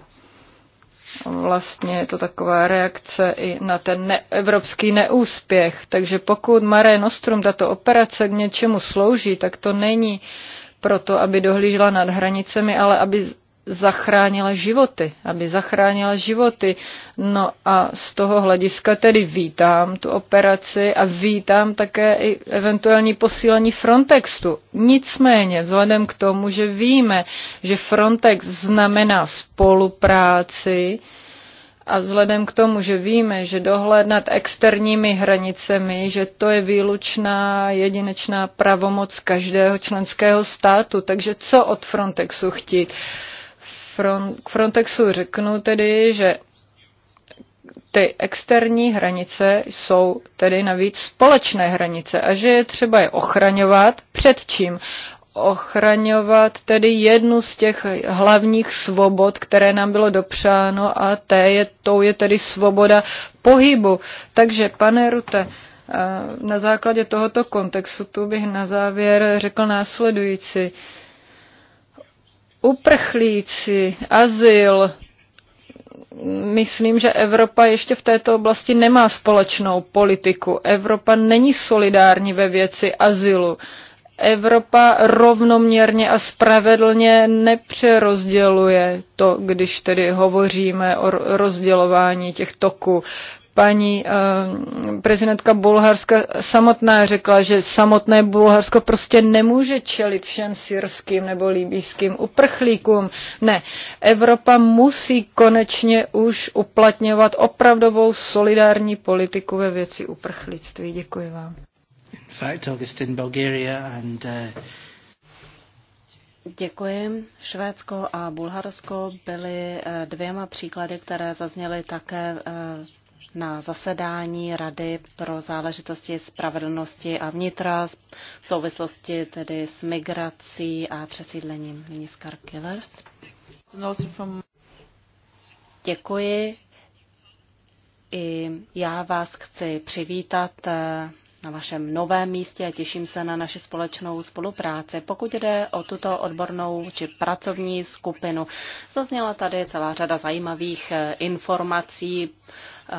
Vlastně je to taková reakce i na ten ne- evropský neúspěch. Takže pokud Mare Nostrum, tato operace k něčemu slouží, tak to není uh, proto, aby dohlížela nad hranicemi, ale aby zachránila životy, aby zachránila životy. No a z toho hlediska tedy vítám tu operaci a vítám také i eventuální posílení Frontexu. Nicméně, vzhledem k tomu, že víme, že Frontex znamená spolupráci, a vzhledem k tomu, že víme, že dohled nad externími hranicemi, že to je výlučná jedinečná pravomoc každého členského státu, takže co od Frontexu chtít? k Frontexu řeknu tedy, že ty externí hranice jsou tedy navíc společné hranice a že je třeba je ochraňovat před čím? ochraňovat tedy jednu z těch hlavních svobod, které nám bylo dopřáno a té je, tou je tedy svoboda pohybu. Takže, pane Rute, eh, na základě tohoto kontextu tu bych na závěr řekl následující. Uprchlíci, azyl, myslím, že Evropa ještě v této oblasti nemá společnou politiku. Evropa není solidární ve věci azylu. Uh, Evropa rovnoměrně a spravedlně nepřerozděluje to, když tedy hovoříme o rozdělování těch toků. Paní uh, prezidentka Bulharska samotná řekla, že samotné Bulharsko prostě nemůže čelit všem syrským nebo líbíským uprchlíkům. Ne, Evropa musí konečně už uplatňovat opravdovou solidární politiku ve věci uprchlíctví. Děkuji vám fact, August in Bulgaria and uh, Děkuji. Švédsko a Bulharsko byly eh, dvěma příklady, které zazněly také eh, na zasedání Rady pro záležitosti spravedlnosti a vnitra v souvislosti tedy s migrací a přesídlením. miniskar Killers. Děkuji. I já vás chci přivítat eh, na vašem novém místě a těším se na naši společnou spolupráci. Pokud jde o tuto odbornou či pracovní skupinu, zazněla tady celá řada zajímavých eh, informací,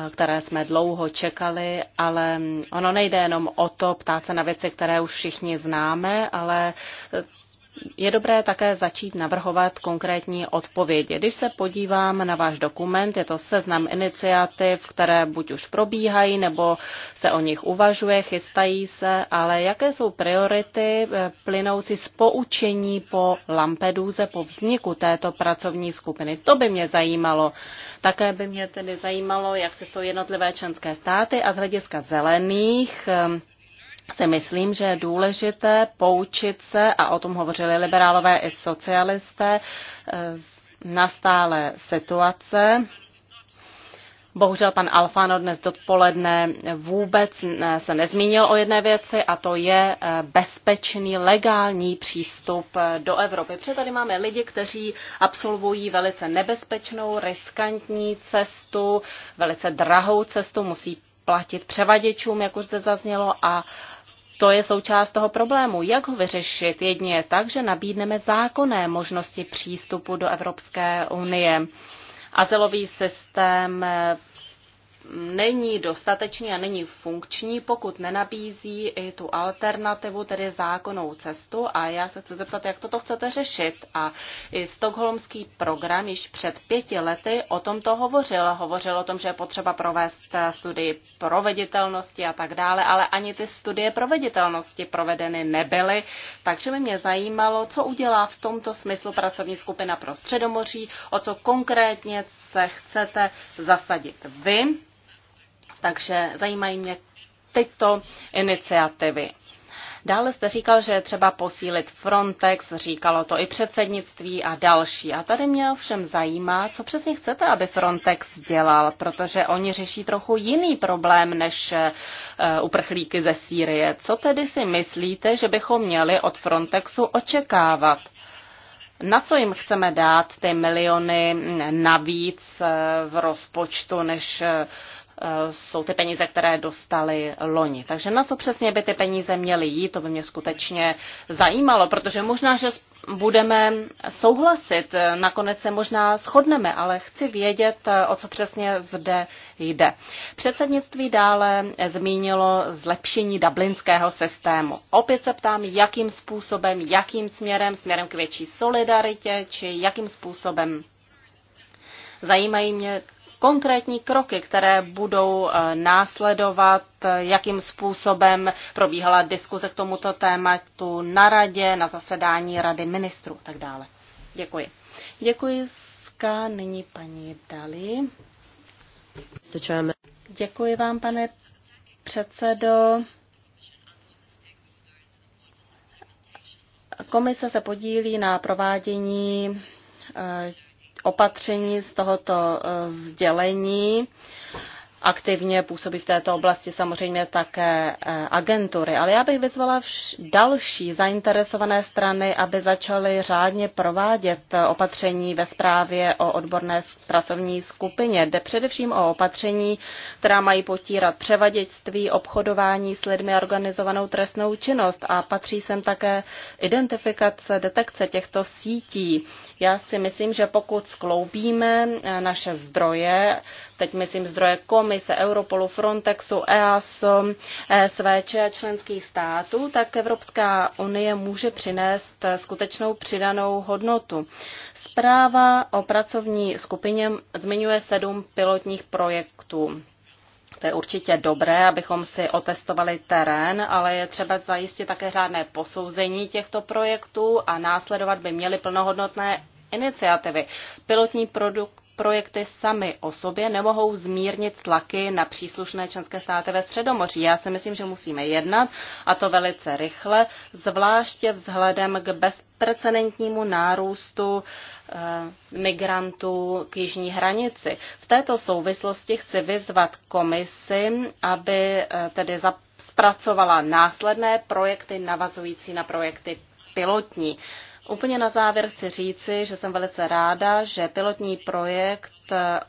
eh, které jsme dlouho čekali, ale mm, ono nejde jenom o to ptát se na věci, které už všichni známe, ale eh, je dobré také začít navrhovat konkrétní odpovědi. Když se podívám na váš dokument, je to seznam iniciativ, které buď už probíhají, nebo se o nich uvažuje, chystají se, ale jaké jsou priority eh, plynoucí z poučení po Lampeduze, po vzniku této pracovní skupiny? To by mě zajímalo. Také by mě tedy zajímalo, jak se jsou jednotlivé členské státy a z hlediska zelených eh, si myslím, že je důležité poučit se, a o tom hovořili liberálové i socialisté, eh, na stále situace. Bohužel pan Alfano dnes dopoledne vůbec se nezmínil o jedné věci a to je eh, bezpečný legální přístup eh, do Evropy. Protože tady máme lidi, kteří absolvují velice nebezpečnou, riskantní cestu, velice drahou cestu, musí platit převaděčům, jak už zde zaznělo, a uh, to je součást toho problému. Jak ho vyřešit? Jedně je tak, že nabídneme zákonné možnosti přístupu do Evropské unie. Azylový systém není dostatečný a není funkční, pokud nenabízí i tu alternativu, tedy zákonnou cestu. A já se chci zeptat, jak toto chcete řešit. A i stokholmský program již před pěti lety o tomto hovořil. Hovořil o tom, že je potřeba provést studii proveditelnosti a tak dále, ale ani ty studie proveditelnosti provedeny nebyly. Takže by mě zajímalo, co udělá v tomto smyslu pracovní skupina pro Středomoří, o co konkrétně se chcete zasadit vy takže zajímají mě tyto iniciativy. Dále jste říkal, že je třeba posílit Frontex, říkalo to i předsednictví a další. A tady mě ovšem zajímá, co přesně chcete, aby Frontex dělal, protože oni řeší trochu jiný problém než eh, uprchlíky ze Sýrie. Co tedy si myslíte, že bychom měli od Frontexu očekávat? Na co jim chceme dát ty miliony navíc eh, v rozpočtu, než eh, Eh, jsou ty peníze, které dostali loni. Takže na co přesně by ty peníze měly jít, to by mě skutečně zajímalo, protože možná, že budeme souhlasit, eh, nakonec se možná shodneme, ale chci vědět, eh, o co přesně zde jde. Předsednictví dále zmínilo zlepšení dublinského systému. Opět se ptám, jakým způsobem, jakým směrem, směrem k větší solidaritě, či jakým způsobem Zajímají mě konkrétní kroky, které budou eh, následovat, eh, jakým způsobem probíhala diskuze k tomuto tématu na radě, na zasedání rady ministrů a tak dále. Děkuji. Děkuji, Ska. Nyní paní Dali. Děkuji vám, pane předsedo. Komise se podílí na provádění eh, opatření z tohoto eh, sdělení. Aktivně působí v této oblasti samozřejmě také eh, agentury. Ale já bych vyzvala další zainteresované strany, aby začaly řádně provádět eh, opatření ve zprávě o odborné pracovní skupině. Jde především o opatření, která mají potírat převaděčství, obchodování s lidmi a organizovanou trestnou činnost. A patří sem také identifikace, detekce těchto sítí. Já si myslím, že pokud skloubíme eh, naše zdroje, teď myslím zdroje komise, Europolu, Frontexu, EASO, SVČ eh, a členských států, tak Evropská unie může přinést eh, skutečnou přidanou hodnotu. Zpráva o pracovní skupině zmiňuje sedm pilotních projektů. To je určitě dobré, abychom si otestovali terén, ale je třeba zajistit také řádné posouzení těchto projektů a následovat by měly plnohodnotné iniciativy. Pilotní produkt projekty sami o sobě nemohou zmírnit tlaky na příslušné členské státy ve Středomoří. Já si myslím, že musíme jednat a to velice rychle, zvláště vzhledem k bezprecedentnímu nárůstu eh, migrantů k jižní hranici. V této souvislosti chci vyzvat komisi, aby eh, tedy zpracovala následné projekty navazující na projekty pilotní. Úplně na závěr chci říci, že jsem velice ráda, že pilotní projekt eh,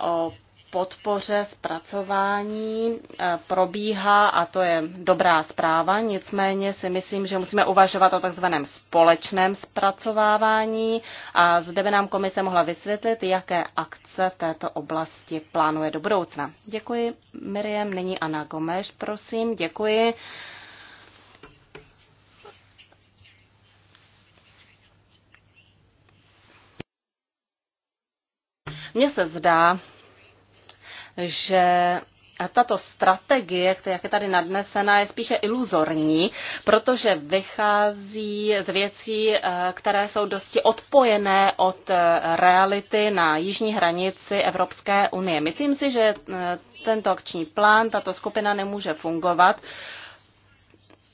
o podpoře zpracování eh, probíhá a to je dobrá zpráva. Nicméně si myslím, že musíme uvažovat o takzvaném společném zpracovávání a zde by nám komise mohla vysvětlit, jaké akce v této oblasti plánuje do budoucna. Děkuji, Miriam. není Ana Gomeš, prosím. Děkuji. Mně se zdá, že tato strategie, která je tady nadnesena, je spíše iluzorní, protože vychází z věcí, eh, které jsou dosti odpojené od eh, reality na jižní hranici Evropské unie. Myslím si, že eh, tento akční plán, tato skupina nemůže fungovat,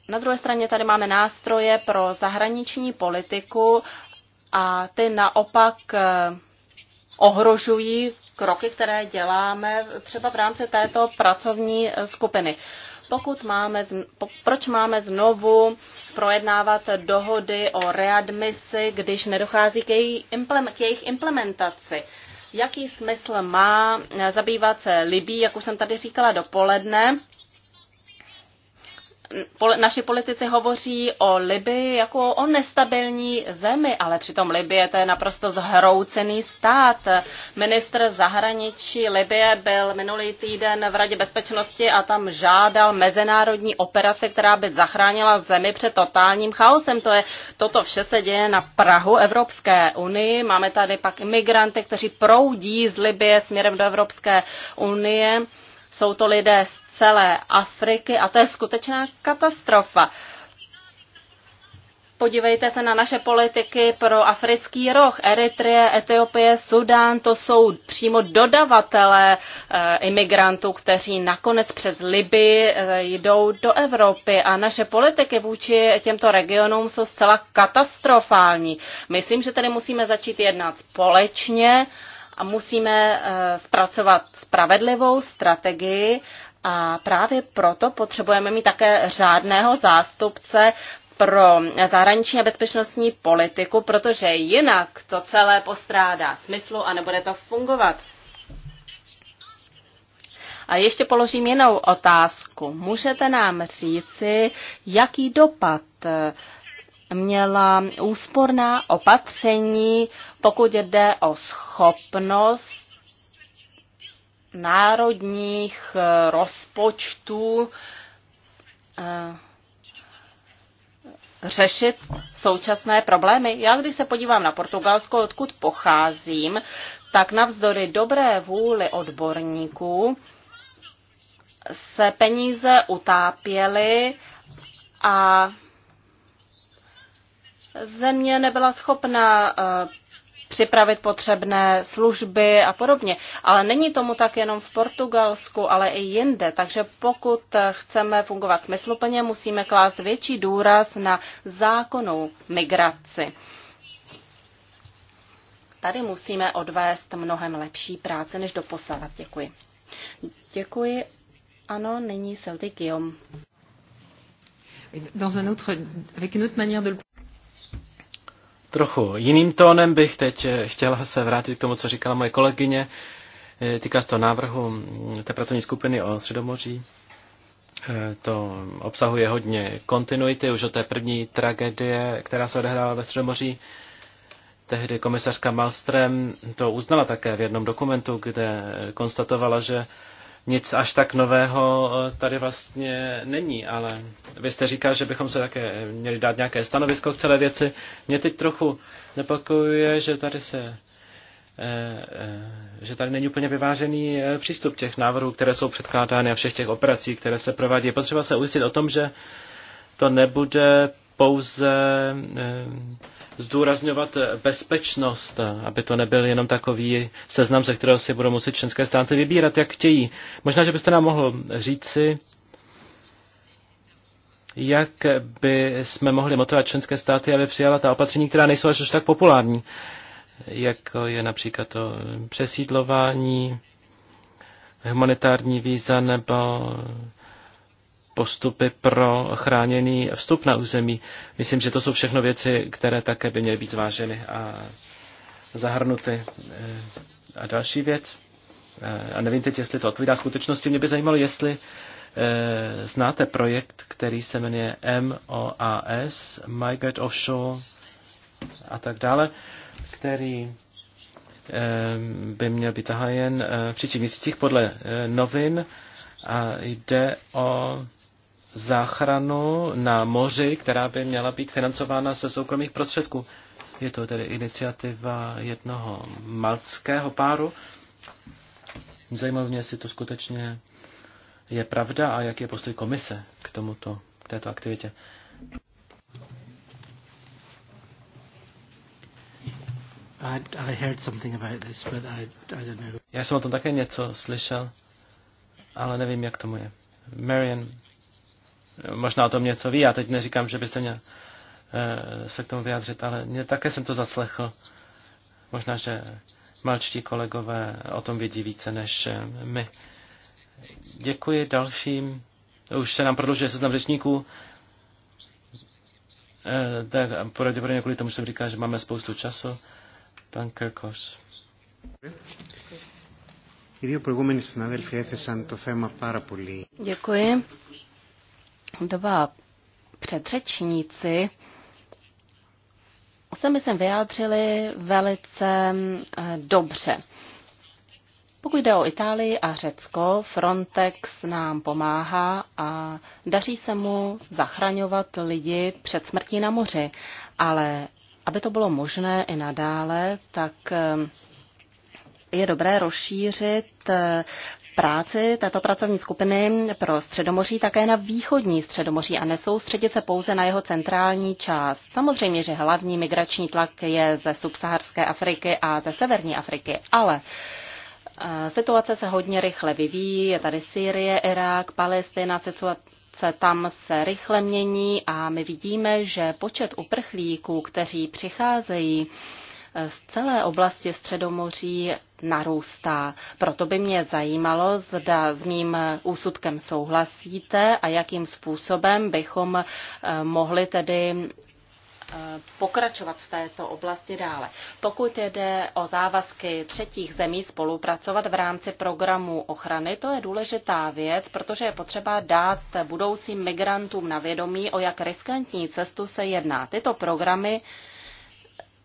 na druhé straně tady máme nástroje pro zahraniční politiku a ty naopak ohrožují kroky, které děláme třeba v rámci této pracovní skupiny. Pokud máme, proč máme znovu projednávat dohody o readmisi, když nedochází k, jejich implementaci? Jaký smysl má zabývat se Libí, jak už jsem tady říkala dopoledne, naši politici hovoří o Libii jako o nestabilní zemi, ale přitom Libie to je naprosto zhroucený stát. Ministr zahraničí Libie byl minulý týden v Radě bezpečnosti a tam žádal mezinárodní operace, která by zachránila zemi před totálním chaosem. To je, toto vše se děje na Prahu Evropské unii. Máme tady pak imigranty, kteří proudí z Libie směrem do Evropské unie. Jsou to lidé z celé Afriky a to je skutečná katastrofa. Podívejte se na naše politiky pro africký roh. Eritrie, Etiopie, Sudán, to jsou přímo dodavatelé e, imigrantů, kteří nakonec přes Liby e, eh, jdou do Evropy. A naše politiky vůči těmto regionům jsou zcela katastrofální. Myslím, že tady musíme začít jednat společně a musíme eh, zpracovat spravedlivou strategii, a právě proto potřebujeme mít také řádného zástupce pro zahraniční a bezpečnostní politiku, protože jinak to celé postrádá smyslu a nebude to fungovat. A ještě položím jinou otázku. Můžete nám říci, jaký dopad eh, měla úsporná opatření, pokud jde o schopnost národních eh, rozpočtů eh, řešit současné problémy. Já když se podívám na Portugalsko, odkud pocházím, tak navzdory dobré vůli odborníků se peníze utápěly a země nebyla schopna eh, připravit potřebné služby a podobně. Ale není tomu tak jenom v Portugalsku, ale i jinde. Takže pokud chceme fungovat smysluplně, musíme klást větší důraz na zákonu migraci. Tady musíme odvést mnohem lepší práce než doposávat. Děkuji. Děkuji. Ano, nyní Sylvie Guillaume. Dans un autre, avec une autre manière de le trochu jiným tónem bych teď eh, chtěla se vrátit k tomu, co říkala moje kolegyně. Eh, týká se to návrhu mm, té pracovní skupiny o Středomoří. Eh, to obsahuje hodně kontinuity už od té první tragédie, která se odehrála ve Středomoří. Tehdy komisařka Malström to uznala také v jednom dokumentu, kde konstatovala, že nic až tak nového eh, tady vlastně není, ale vy jste říkal, že bychom se také měli dát nějaké stanovisko k celé věci. Mě teď trochu nepokojuje, že tady se eh, eh, že tady není úplně vyvážený přístup těch návrhů, které jsou předkládány a všech těch operací, které se provádí. Potřeba se ujistit o tom, že to nebude pouze zdůrazňovat bezpečnost, aby to nebyl jenom takový seznam, ze kterého si budou muset členské státy vybírat, jak chtějí. Možná, že byste nám mohl říci, jak by jsme mohli motivovat členské státy, aby přijala ta opatření, která nejsou až tak populární, jako je například to přesídlování, humanitární víza nebo postupy pro chráněný vstup na území. Myslím, že to jsou všechno věci, které také by měly být zváženy a zahrnuty. Eh, a další věc, eh, a nevím teď, jestli to odpovídá skutečnosti, mě by zajímalo, jestli eh, znáte projekt, který se jmenuje MOAS, Migrate Offshore a tak dále, který by měl být zahájen v příštích měsících podle novin a jde o záchranu na moři, která by měla být financována ze soukromých prostředků. Je to tedy iniciativa jednoho malckého páru. Zajímavé jestli to skutečně je pravda a jak je postoj komise k tomuto, k této aktivitě. Já jsem o tom také něco slyšel, ale nevím, jak tomu je. Marian možná o tom něco ví, já teď neříkám, že byste měl eh, se k tomu vyjádřit, ale mě také jsem to zaslechl. Možná, že malčtí kolegové o tom vědí více než eh, my. Děkuji dalším. Už se nám prodlužuje seznam řečníků. Eh, tak pravděpodobně kvůli tomu jsem říkal, že máme spoustu času. Pan Kirkos. Děkuji dva předřečníci se sem vyjádřili velice eh, dobře. Pokud jde o Itálii a Řecko, Frontex nám pomáhá a daří se mu zachraňovat lidi před smrtí na moři. Ale aby to bylo možné i nadále, tak eh, je dobré rozšířit eh, práci této pracovní skupiny pro Středomoří také na východní Středomoří a nesoustředit se pouze na jeho centrální část. Samozřejmě, že hlavní migrační tlak je ze subsaharské Afriky a ze severní Afriky, ale eh, situace se hodně rychle vyvíjí. Je tady Sýrie, Irák, Palestina, situace se tam se rychle mění a my vidíme, že počet uprchlíků, kteří přicházejí eh, z celé oblasti Středomoří, narůstá. Proto by mě zajímalo, zda s mým úsudkem souhlasíte a jakým způsobem bychom eh, mohli tedy eh, pokračovat v této oblasti dále. Pokud jde o závazky třetích zemí spolupracovat v rámci programu ochrany, to je důležitá věc, protože je potřeba dát budoucím migrantům na vědomí, o jak riskantní cestu se jedná. Tyto programy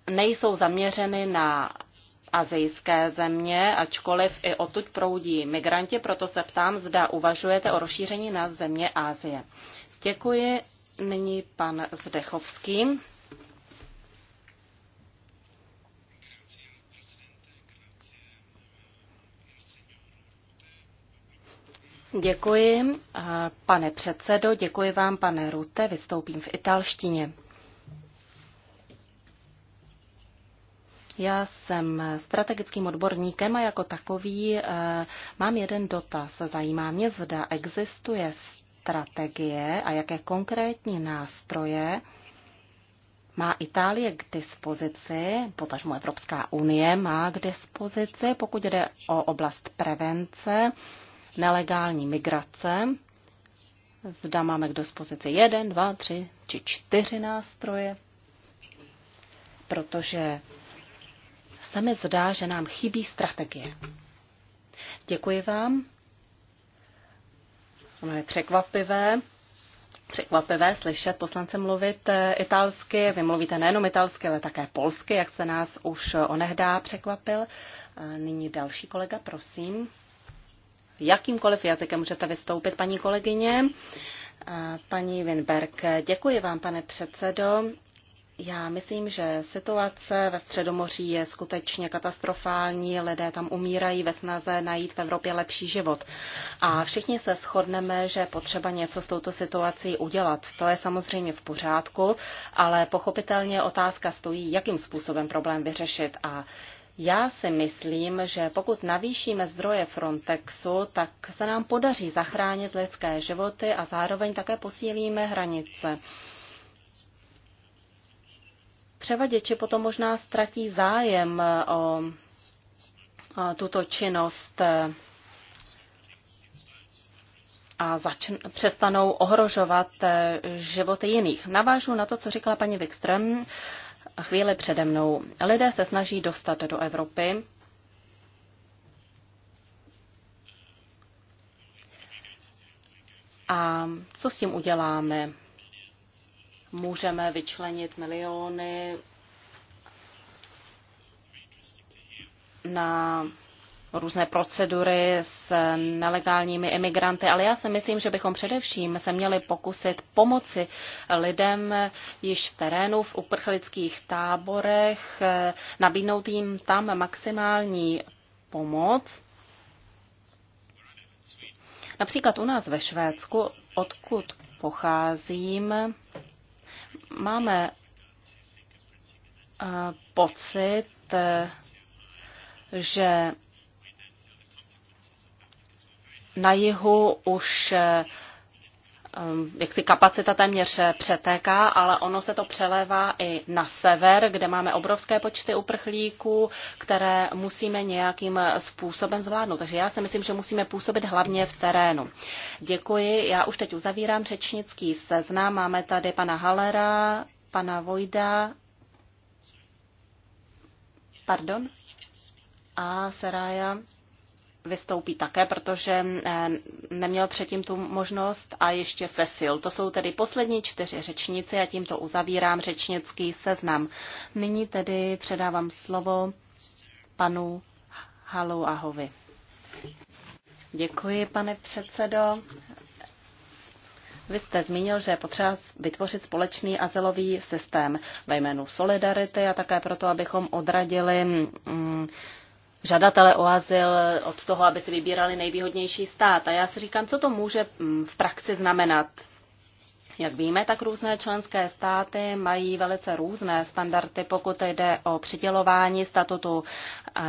nejsou zaměřeny na azijské země, ačkoliv i odtud proudí migranti, proto se ptám, zda uvažujete o rozšíření na země Asie. Děkuji. Nyní pan Zdechovský. Děkuji, eh, pane předsedo, děkuji vám, pane Rute, vystoupím v italštině. Já jsem strategickým odborníkem a jako takový eh, mám jeden dotaz. Zajímá mě, zda existuje strategie a jaké konkrétní nástroje má Itálie k dispozici, potažmo Evropská unie má k dispozici, pokud jde o oblast prevence, nelegální migrace. Zda máme k dispozici jeden, dva, tři či čtyři nástroje, protože se mi zdá, že nám chybí strategie. Děkuji vám. Ono je překvapivé, překvapivé slyšet poslance mluvit eh, italsky. Vy mluvíte nejenom italsky, ale také polsky, jak se nás už onehdá překvapil. Nyní další kolega, prosím. Jakýmkoliv jazykem můžete vystoupit, paní kolegyně. Paní Winberg, děkuji vám, pane předsedo. Já myslím, že situace ve Středomoří je skutečně katastrofální. Lidé tam umírají ve snaze najít v Evropě lepší život. A všichni se shodneme, že potřeba něco s touto situací udělat. To je samozřejmě v pořádku, ale pochopitelně otázka stojí, jakým způsobem problém vyřešit. A já si myslím, že pokud navýšíme zdroje Frontexu, tak se nám podaří zachránit lidské životy a zároveň také posílíme hranice převaděči potom možná ztratí zájem eh, o eh, tuto činnost eh, a začn- přestanou ohrožovat životy jiných. Navážu na to, co říkala paní Wikström chvíli přede mnou. Lidé se snaží dostat do Evropy. A co s tím uděláme? můžeme vyčlenit miliony na různé procedury s nelegálními imigranty, ale já si myslím, že bychom především se měli pokusit pomoci lidem již v terénu, v uprchlických táborech, nabídnout jim tam maximální pomoc. Například u nás ve Švédsku, odkud pocházím, máme eh, pocit, že na jihu už eh, Ehm, jak si kapacita téměř eh, přetéká, ale ono se to přelévá i na sever, kde máme obrovské počty uprchlíků, které musíme nějakým eh, způsobem zvládnout. Takže já si myslím, že musíme působit hlavně v terénu. Děkuji. Já už teď uzavírám řečnický seznam. Máme tady pana Halera, pana Vojda. Pardon? A Seraja vystoupí také, protože eh, neměl předtím tu možnost a ještě Cecil. To jsou tedy poslední čtyři řečníci a tímto uzavírám řečnický seznam. Nyní tedy předávám slovo panu Halu Ahovi. Děkuji, pane předsedo. Vy jste zmínil, že je potřeba vytvořit společný azylový systém ve jménu solidarity a také proto, abychom odradili mm, žadatele o azyl od toho, aby si vybírali nejvýhodnější stát. A já si říkám, co to může mm, v praxi znamenat. Jak víme, tak různé členské státy mají velice různé standardy, pokud jde o přidělování statutu eh,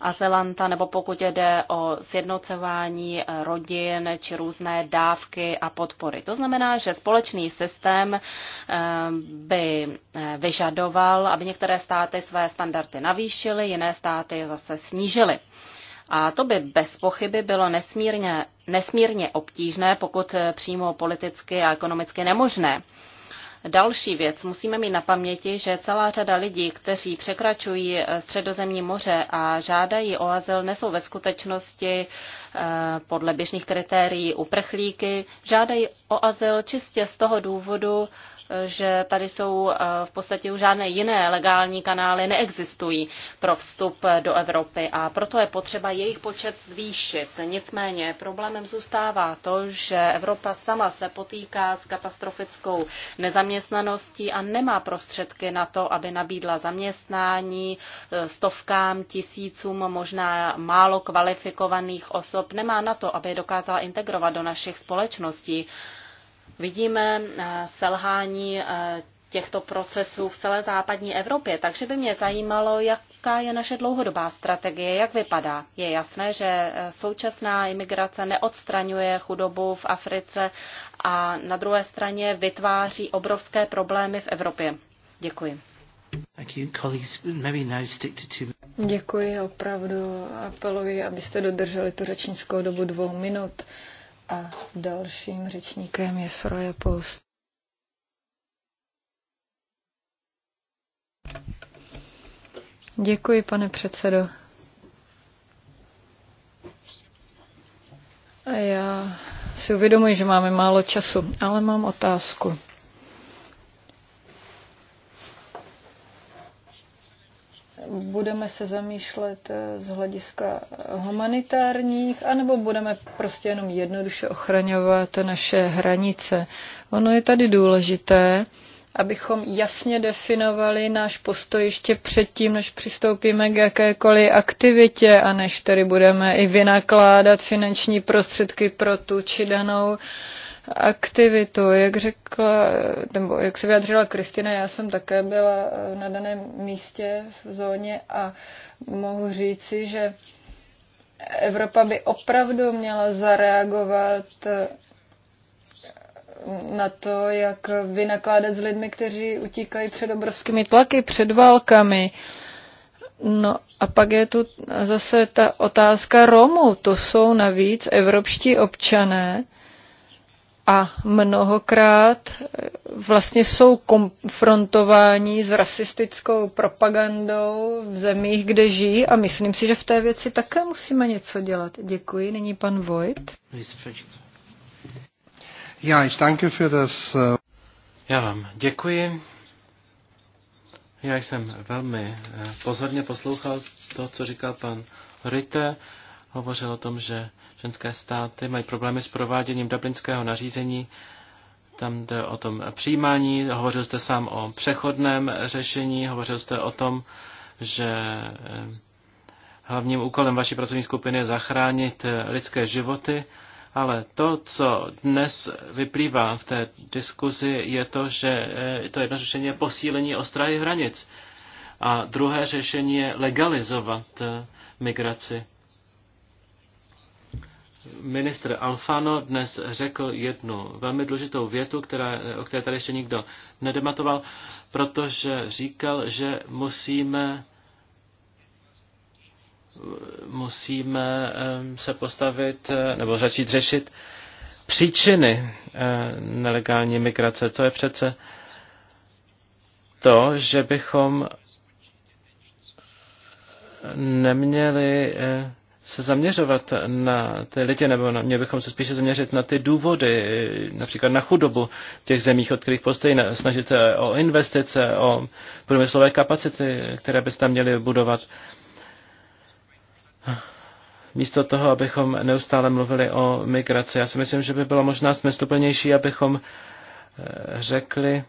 azylanta nebo pokud jde o sjednocování eh, rodin či různé dávky a podpory. To znamená, že společný systém eh, by vyžadoval, aby některé státy své standardy navýšily, jiné státy zase snížily. A to by bez pochyby bylo nesmírně, nesmírně obtížné, pokud eh, přímo politicky a ekonomicky nemožné. Další věc, musíme mít na paměti, že celá řada lidí, kteří překračují eh, středozemní moře a žádají o azyl, nesou ve skutečnosti eh, podle běžných kritérií uprchlíky, žádají o azyl čistě z toho důvodu, že tady jsou eh, v podstatě už žádné jiné legální kanály neexistují pro vstup do Evropy a proto je potřeba jejich počet zvýšit. Nicméně problémem zůstává to, že Evropa sama se potýká s katastrofickou nezaměstnaností a nemá prostředky na to, aby nabídla zaměstnání eh, stovkám, tisícům možná málo kvalifikovaných osob. Nemá na to, aby je dokázala integrovat do našich společností. Vidíme eh, selhání eh, těchto procesů v celé západní Evropě, takže by mě zajímalo, jaká je naše dlouhodobá strategie, jak vypadá. Je jasné, že eh, současná imigrace neodstraňuje chudobu v Africe a na druhé straně vytváří obrovské problémy v Evropě. Děkuji. Děkuji, opravdu apeluji, abyste dodrželi tu řečnickou dobu dvou minut. A dalším řečníkem je Soraya Post. Děkuji, pane předsedo. A já si uvědomuji, že máme málo času, ale mám otázku. budeme se zamýšlet eh, z hlediska humanitárních, anebo budeme prostě jenom jednoduše ochraňovat naše hranice. Ono je tady důležité, abychom jasně definovali náš postoj ještě předtím, než přistoupíme k jakékoliv aktivitě a než tedy budeme i vynakládat finanční prostředky pro tu či danou uh, aktivitu. Jak řekla, nebo jak se vyjadřila Kristina, já jsem také byla eh, na daném místě v zóně a mohu říci, že Evropa by opravdu měla zareagovat eh, na to, jak vynakládat s lidmi, kteří utíkají před obrovskými tlaky, před válkami. No a pak je tu zase ta otázka Romů. To jsou navíc evropští občané, a mnohokrát eh, vlastně jsou konfrontováni s rasistickou propagandou v zemích, kde žijí a myslím si, že v té věci také musíme něco dělat. Děkuji. Nyní pan Vojt. Já, ich danke für das... Eh, Já vám děkuji. Já jsem velmi eh, pozorně poslouchal to, co říkal pan Rite hovořil o tom, že ženské státy mají problémy s prováděním dublinského nařízení. Tam jde o tom přijímání, hovořil jste sám o přechodném řešení, hovořil jste o tom, že eh, hlavním úkolem vaší pracovní skupiny je zachránit eh, lidské životy, ale to, co dnes vyplývá v té diskuzi, je to, že eh, to jedno řešení je posílení ostrahy hranic a druhé řešení je legalizovat migraci ministr Alfano dnes řekl jednu velmi důležitou větu, která, o které tady ještě nikdo nedematoval, protože říkal, že musíme musíme se postavit eh, nebo začít řešit příčiny eh, nelegální migrace, co je přece to, že bychom neměli eh, se zaměřovat na ty lidi, nebo na, měli bychom se spíše zaměřit na ty důvody, například na chudobu v těch zemích, od kterých postojí, snažit se o investice, o průmyslové kapacity, které byste tam měli budovat. Místo toho, abychom neustále mluvili o migraci. Já si myslím, že by bylo možná smysluplnější, abychom eh, řekli,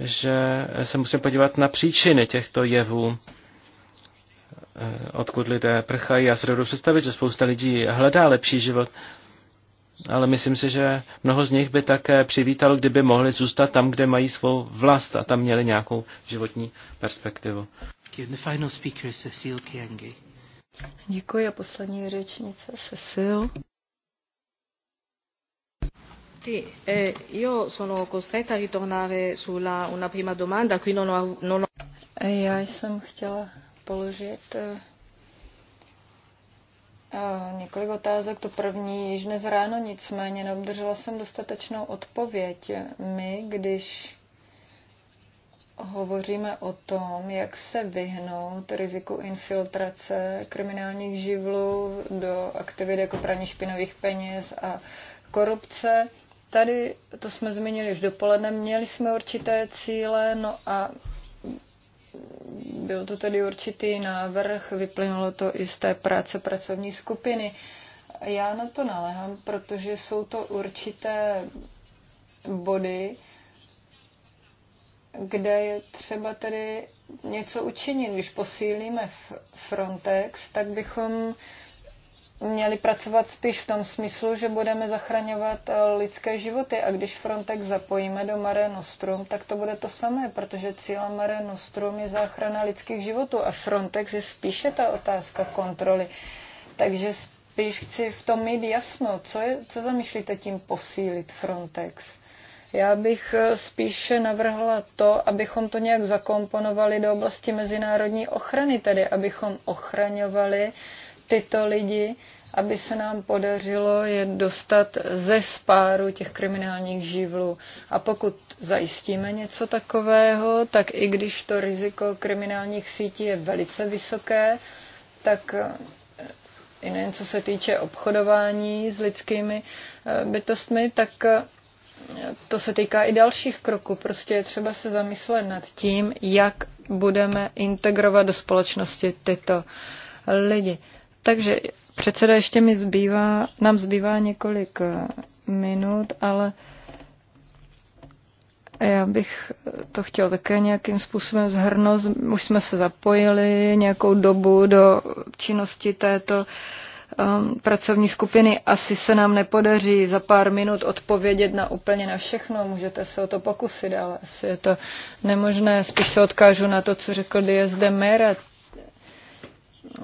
že se musíme podívat na příčiny těchto jevů Eh, odkud lidé prchají. Já se dovedu představit, že spousta lidí hledá lepší život, ale myslím si, že mnoho z nich by také přivítalo, kdyby mohli zůstat tam, kde mají svou vlast a tam měli nějakou životní perspektivu. Děkuji a poslední řečnice Cecil. Sì, eh, io sono costretta a ritornare sulla una prima domanda, qui non ho, non ho... Eh, já jsem chtěla položit eh, několik otázek. To první již dnes ráno, nicméně neobdržela jsem dostatečnou odpověď. My, když hovoříme o tom, jak se vyhnout riziku infiltrace kriminálních živlů do aktivit jako praní špinových peněz a korupce. Tady, to jsme zmínili už dopoledne, měli jsme určité cíle, no a byl to tedy určitý návrh, vyplynulo to i z té práce pracovní skupiny. Já na to naléhám, protože jsou to určité body, kde je třeba tedy něco učinit. Když posílíme Frontex, tak bychom měli pracovat spíš v tom smyslu, že budeme zachraňovat eh, lidské životy. A když Frontex zapojíme do Mare Nostrum, tak to bude to samé, protože cílem Mare Nostrum je záchrana lidských životů a Frontex je spíše ta otázka kontroly. Takže spíš chci v tom mít jasno, co, je, co zamýšlíte tím posílit Frontex. Já bych eh, spíše navrhla to, abychom to nějak zakomponovali do oblasti mezinárodní ochrany, tedy abychom ochraňovali tyto lidi, aby se nám podařilo je dostat ze spáru těch kriminálních živlů. A pokud zajistíme něco takového, tak i když to riziko kriminálních sítí je velice vysoké, tak eh, i nejen co se týče obchodování s lidskými eh, bytostmi, tak eh, to se týká i dalších kroků. Prostě je třeba se zamyslet nad tím, jak budeme integrovat do společnosti tyto lidi. Takže předseda, ještě mi zbývá, nám zbývá několik eh, minut, ale já bych eh, to chtěl také nějakým způsobem zhrnout. Už jsme se zapojili nějakou dobu do činnosti této um, pracovní skupiny. Asi se nám nepodaří za pár minut odpovědět na úplně na všechno. Můžete se o to pokusit, ale asi je to nemožné. Spíš se odkážu na to, co řekl Diaz de Mera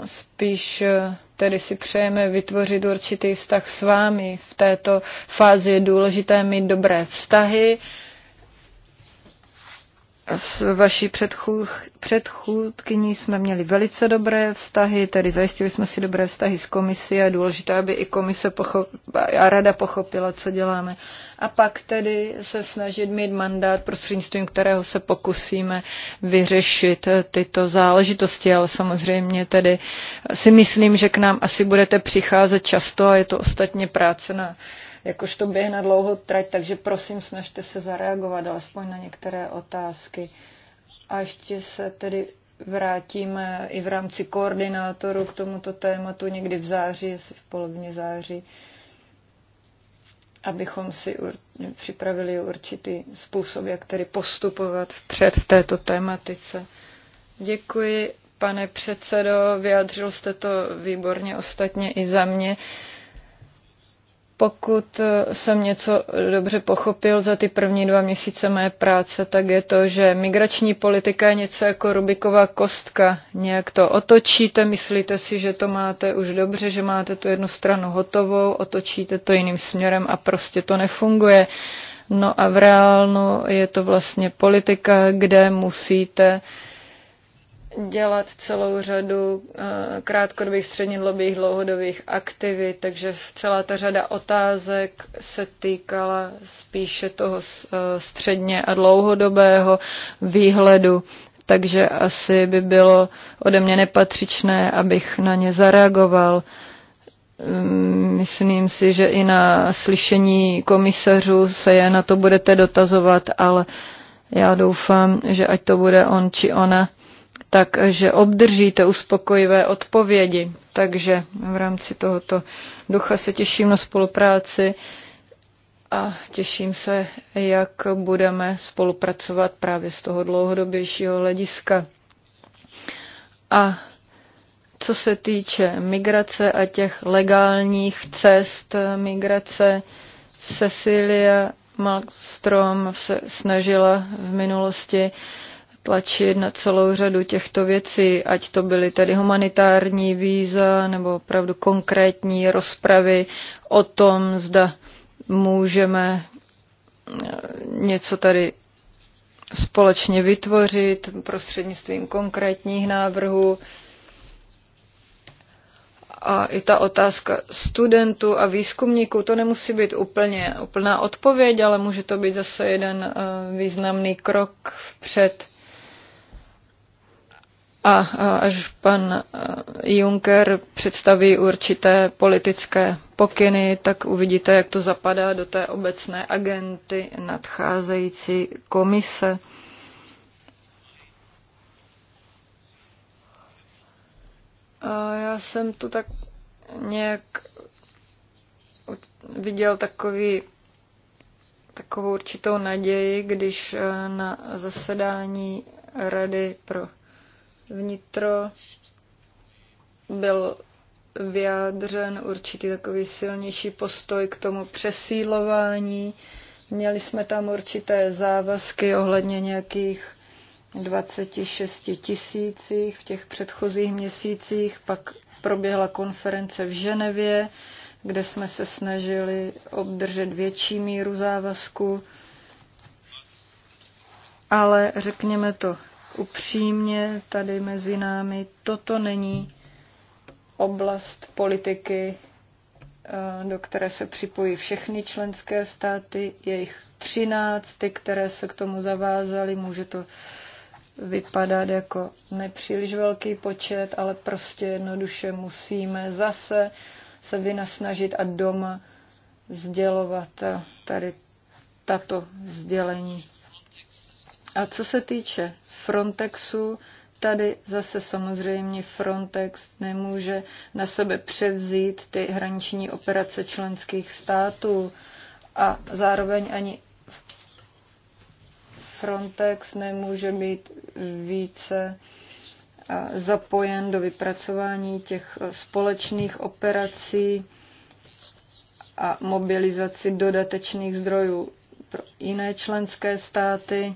spíš eh, tedy si přejeme vytvořit určitý vztah s vámi. V této fázi je důležité mít dobré vztahy, s vaší předchůdkyní jsme měli velice dobré vztahy, tedy zajistili jsme si dobré vztahy s komisí a důležité, aby i komise a rada pochopila, co děláme. A pak tedy se snažit mít mandát, prostřednictvím kterého se pokusíme vyřešit tyto záležitosti, ale samozřejmě tedy si myslím, že k nám asi budete přicházet často a je to ostatně práce na jakož to na dlouho trať, takže prosím, snažte se zareagovat alespoň na některé otázky. A ještě se tedy vrátíme i v rámci koordinátoru k tomuto tématu někdy v září, jestli v polovině září, abychom si připravili určitý způsob, jak tedy postupovat vpřed v této tématice. Děkuji, pane předsedo, vyjádřil jste to výborně ostatně i za mě pokud eh, jsem něco dobře pochopil za ty první dva měsíce mé práce, tak je to, že migrační politika je něco jako Rubiková kostka. Nějak to otočíte, myslíte si, že to máte už dobře, že máte tu jednu stranu hotovou, otočíte to jiným směrem a prostě to nefunguje. No a v reálnu je to vlastně politika, kde musíte uh, dělat celou řadu eh, krátkodobých, střednědobých, dlouhodobých aktivit, takže celá ta řada otázek se týkala spíše toho eh, středně a dlouhodobého výhledu. Takže asi by bylo ode mě nepatřičné, abych na ně zareagoval. Mm, myslím si, že i na slyšení komisařů se je na to budete dotazovat, ale já doufám, že ať to bude on či ona, takže obdržíte uspokojivé odpovědi. Takže v rámci tohoto ducha se těším na spolupráci a těším se, jak budeme spolupracovat právě z toho dlouhodobějšího hlediska. A co se týče migrace a těch legálních cest migrace, Cecilia Malmström se snažila v minulosti tlačit na celou řadu těchto věcí, ať to byly tedy humanitární víza nebo opravdu konkrétní rozpravy o tom, zda můžeme eh, něco tady společně vytvořit prostřednictvím konkrétních návrhů. A i ta otázka studentů a výzkumníků, to nemusí být úplně úplná odpověď, ale může to být zase jeden eh, významný krok vpřed a až pan Juncker představí určité politické pokyny, tak uvidíte, jak to zapadá do té obecné agenty nadcházející komise. A já jsem to tak nějak viděl takový, takovou určitou naději, když na zasedání Rady pro vnitro byl vyjádřen určitý takový silnější postoj k tomu přesílování. Měli jsme tam určité závazky ohledně nějakých 26 tisících v těch předchozích měsících, pak proběhla konference v Ženevě, kde jsme se snažili obdržet větší míru závazku, ale řekněme to upřímně tady mezi námi, toto není oblast politiky, eh, do které se připojí všechny členské státy, jejich třináct, ty, které se k tomu zavázaly, může to vypadat jako nepříliš velký počet, ale prostě jednoduše musíme zase se vynasnažit a doma sdělovat eh, tady tato sdělení. A co se týče Frontexu, tady zase samozřejmě Frontex nemůže na sebe převzít ty hraniční operace členských států a zároveň ani Frontex nemůže být více zapojen do vypracování těch e, společných operací a mobilizaci dodatečných zdrojů pro jiné členské státy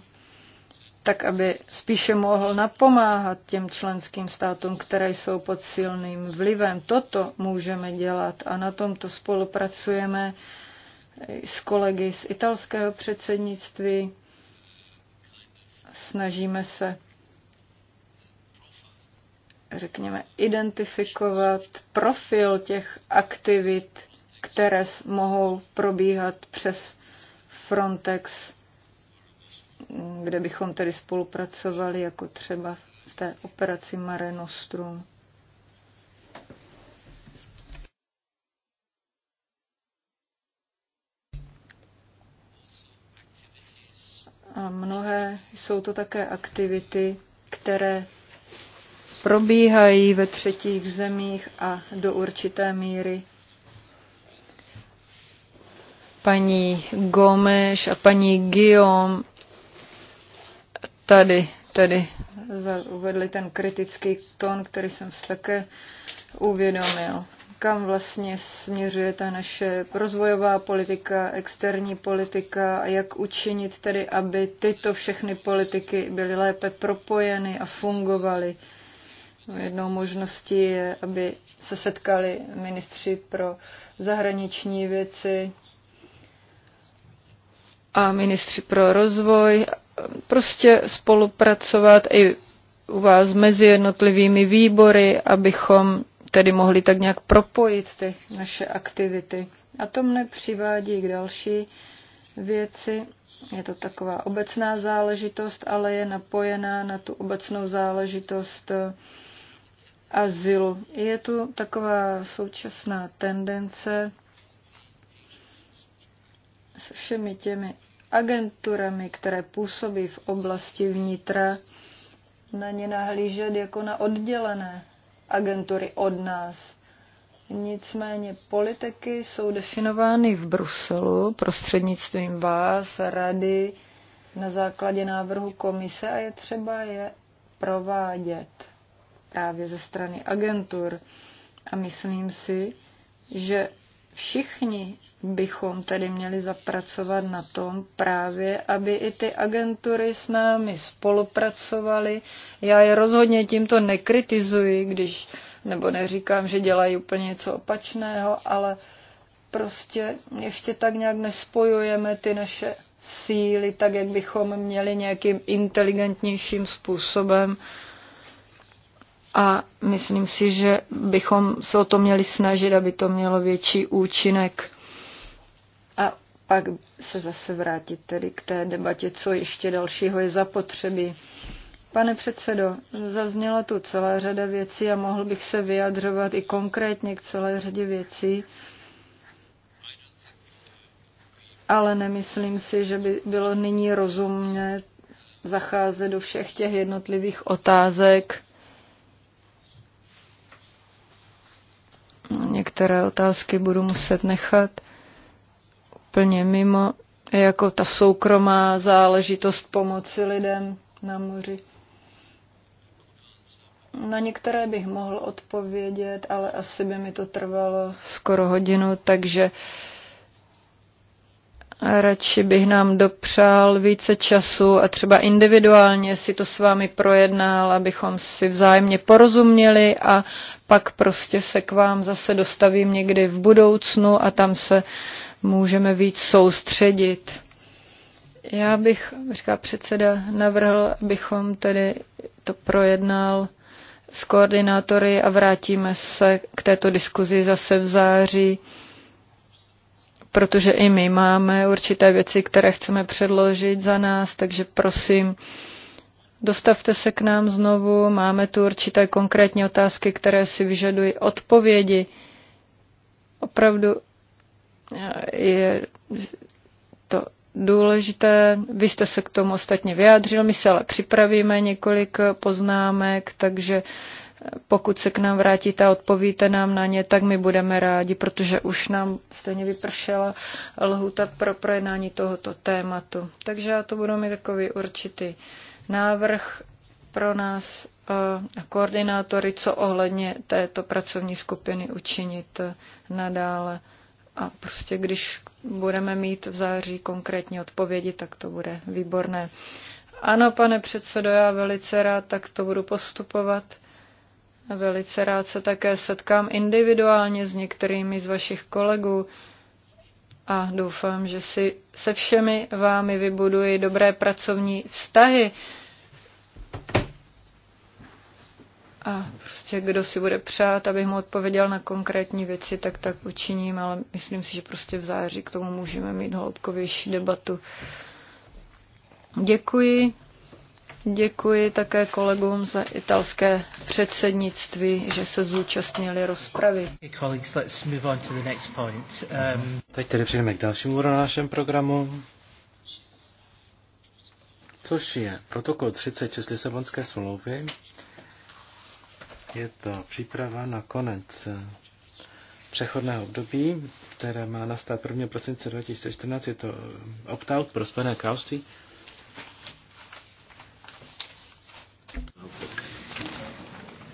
tak aby spíše mohl napomáhat těm členským státům, které jsou pod silným vlivem. Toto můžeme dělat a na tomto spolupracujeme s kolegy z italského předsednictví. Snažíme se, řekněme, identifikovat profil těch aktivit, které mohou probíhat přes Frontex kde bychom tedy spolupracovali, jako třeba v té operaci Mare Nostrum. A mnohé jsou to také aktivity, které probíhají ve třetích zemích a do určité míry paní Gomeš a paní Guillaume tady tady. uvedli ten kritický tón, který jsem se také uvědomil. Kam vlastně směřuje ta naše rozvojová politika, externí politika a jak učinit tedy, aby tyto všechny politiky byly lépe propojeny a fungovaly. Jednou možností je, aby se setkali ministři pro zahraniční věci a ministři pro rozvoj prostě spolupracovat i u vás mezi jednotlivými výbory, abychom tedy mohli tak nějak propojit ty naše aktivity. A to mne přivádí k další věci. Je to taková obecná záležitost, ale je napojená na tu obecnou záležitost eh, azylu. Je tu taková současná tendence se všemi těmi agenturami, které působí v oblasti vnitra, na ně nahlížet jako na oddělené agentury od nás. Nicméně politiky jsou definovány v Bruselu prostřednictvím vás, rady, na základě návrhu komise a je třeba je provádět právě ze strany agentur. A myslím si, že všichni bychom tedy měli zapracovat na tom právě, aby i ty agentury s námi spolupracovaly. Já je rozhodně tímto nekritizuji, když, nebo neříkám, že dělají úplně něco opačného, ale prostě ještě tak nějak nespojujeme ty naše síly, tak jak bychom měli nějakým inteligentnějším způsobem uh, a myslím si, že bychom se o to měli snažit, aby to mělo větší účinek. A pak se zase vrátit tedy k té debatě, co ještě dalšího je zapotřebí. Pane předsedo, zazněla tu celá řada věcí a mohl bych se vyjadřovat i konkrétně k celé řadě věcí, ale nemyslím si, že by bylo nyní rozumné zacházet do všech těch jednotlivých otázek některé otázky budu muset nechat úplně mimo, jako ta soukromá záležitost pomoci lidem na moři. Na některé bych mohl odpovědět, ale asi by mi to trvalo skoro hodinu, takže uh, Radši bych nám dopřál více času a třeba individuálně si to s vámi projednal, abychom si vzájemně porozuměli a pak prostě se k vám zase dostavím někdy v budoucnu a tam se můžeme víc soustředit. Já bych, říká předseda, navrhl, abychom tedy to projednal s koordinátory a vrátíme se k této diskuzi zase v září protože i my máme určité věci, které chceme předložit za nás, takže prosím, dostavte se k nám znovu, máme tu určité konkrétní otázky, které si vyžadují odpovědi. Opravdu eh, je to důležité. Vy jste se k tomu ostatně vyjádřil, my se ale připravíme několik poznámek, takže pokud se k nám vrátíte a odpovíte nám na ně, tak my budeme rádi, protože už nám stejně vypršela lhuta pro projednání tohoto tématu. Takže já to budu mít takový určitý návrh pro nás eh, koordinátory, co ohledně této pracovní skupiny učinit eh, nadále. A prostě když budeme mít v září konkrétní odpovědi, tak to bude výborné. Ano, pane předsedo, já velice rád tak to budu postupovat. Velice rád se také setkám individuálně s některými z vašich kolegů a doufám, že si se všemi vámi vybuduji dobré pracovní vztahy. A prostě kdo si bude přát, abych mu odpověděl na konkrétní věci, tak tak učiním, ale myslím si, že prostě v září k tomu můžeme mít hloubkovější debatu. Děkuji. Děkuji také kolegům za italské předsednictví, že se zúčastnili rozpravy. Um, Teď tedy přejdeme k dalšímu na našem programu, což je protokol 36 Lisabonské smlouvy. Je to příprava na konec eh, přechodného období, které má nastat 1. prosince 2014. Je to eh, opt-out pro Spojené království.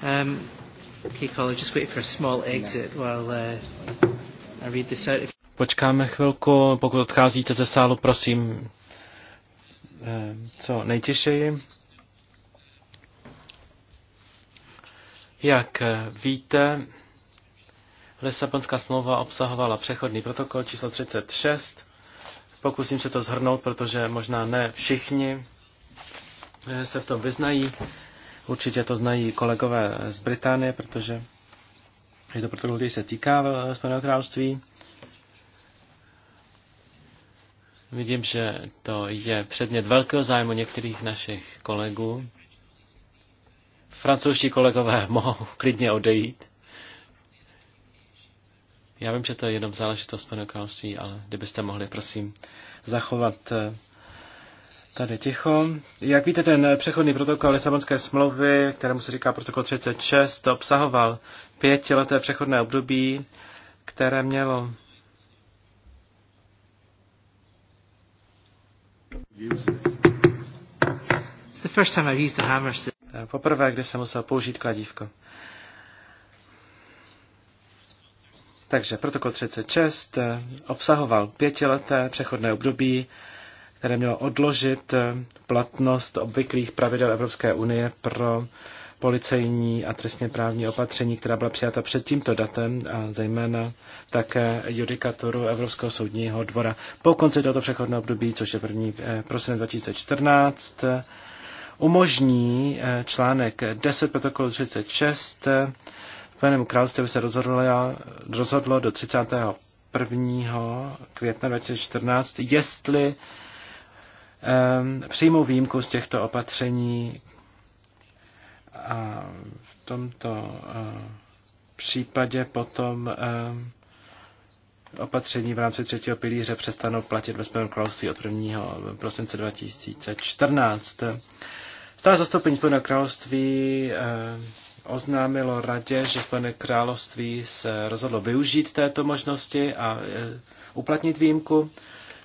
Um, okay, Colin, just wait for a small exit while uh, I read this out. Počkáme chvilku, pokud odcházíte ze sálu, prosím, eh, co nejtěžeji. Jak eh, víte, Lisabonská smlouva obsahovala přechodný protokol číslo 36. Pokusím se to zhrnout, protože možná ne všichni eh, se v tom vyznají. Určitě to znají kolegové z Británie, protože je to protokol, který se týká eh, Spojeného království. Vidím, že to je předmět velkého zájmu některých našich kolegů. Francouzští kolegové mohou klidně odejít. Já vím, že to je jenom záležitost Spojeného království, ale kdybyste mohli, prosím, zachovat eh, Tady ticho. Jak víte, ten přechodný protokol Lisabonské smlouvy, kterému se říká protokol 36, obsahoval pětileté přechodné období, které mělo Poprvé, kdy jsem musel použít kladívko. Takže protokol 36 eh, obsahoval pětileté přechodné období, které mělo odložit eh, platnost obvyklých pravidel Evropské unie pro policejní a trestně právní opatření, která byla přijata před tímto datem a zejména také judikaturu Evropského soudního dvora. Po konci tohoto přechodného období, což je první eh, prosinec 2014, umožní eh, článek 10 protokolu 36 v Spojeném království se rozhodlo, rozhodlo do 31. května 2014, jestli Ehm, přímo výjimku z těchto opatření a v tomto eh, případě potom ehm, opatření v rámci třetího pilíře přestanou platit ve svém království od 1. prosince 2014. Stále zastoupení Spojeného království ehm, oznámilo radě, že Spojené království se rozhodlo využít této možnosti a eh, uplatnit výjimku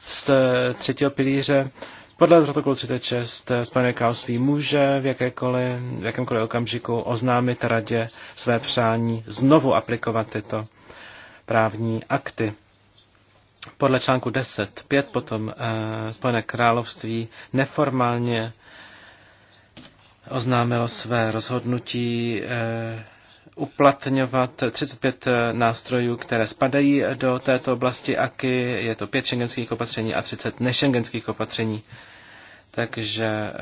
z třetího pilíře podle protokolu 36 eh, Spojené království může v, v jakémkoliv okamžiku oznámit radě své přání znovu aplikovat tyto právní akty. Podle článku 10.5 potom eh, Spojené království neformálně oznámilo své rozhodnutí eh, uplatňovat 35 nástrojů, které spadají do této oblasti AKI. Je to 5 šengenských opatření a 30 nešengenských opatření. Takže eh,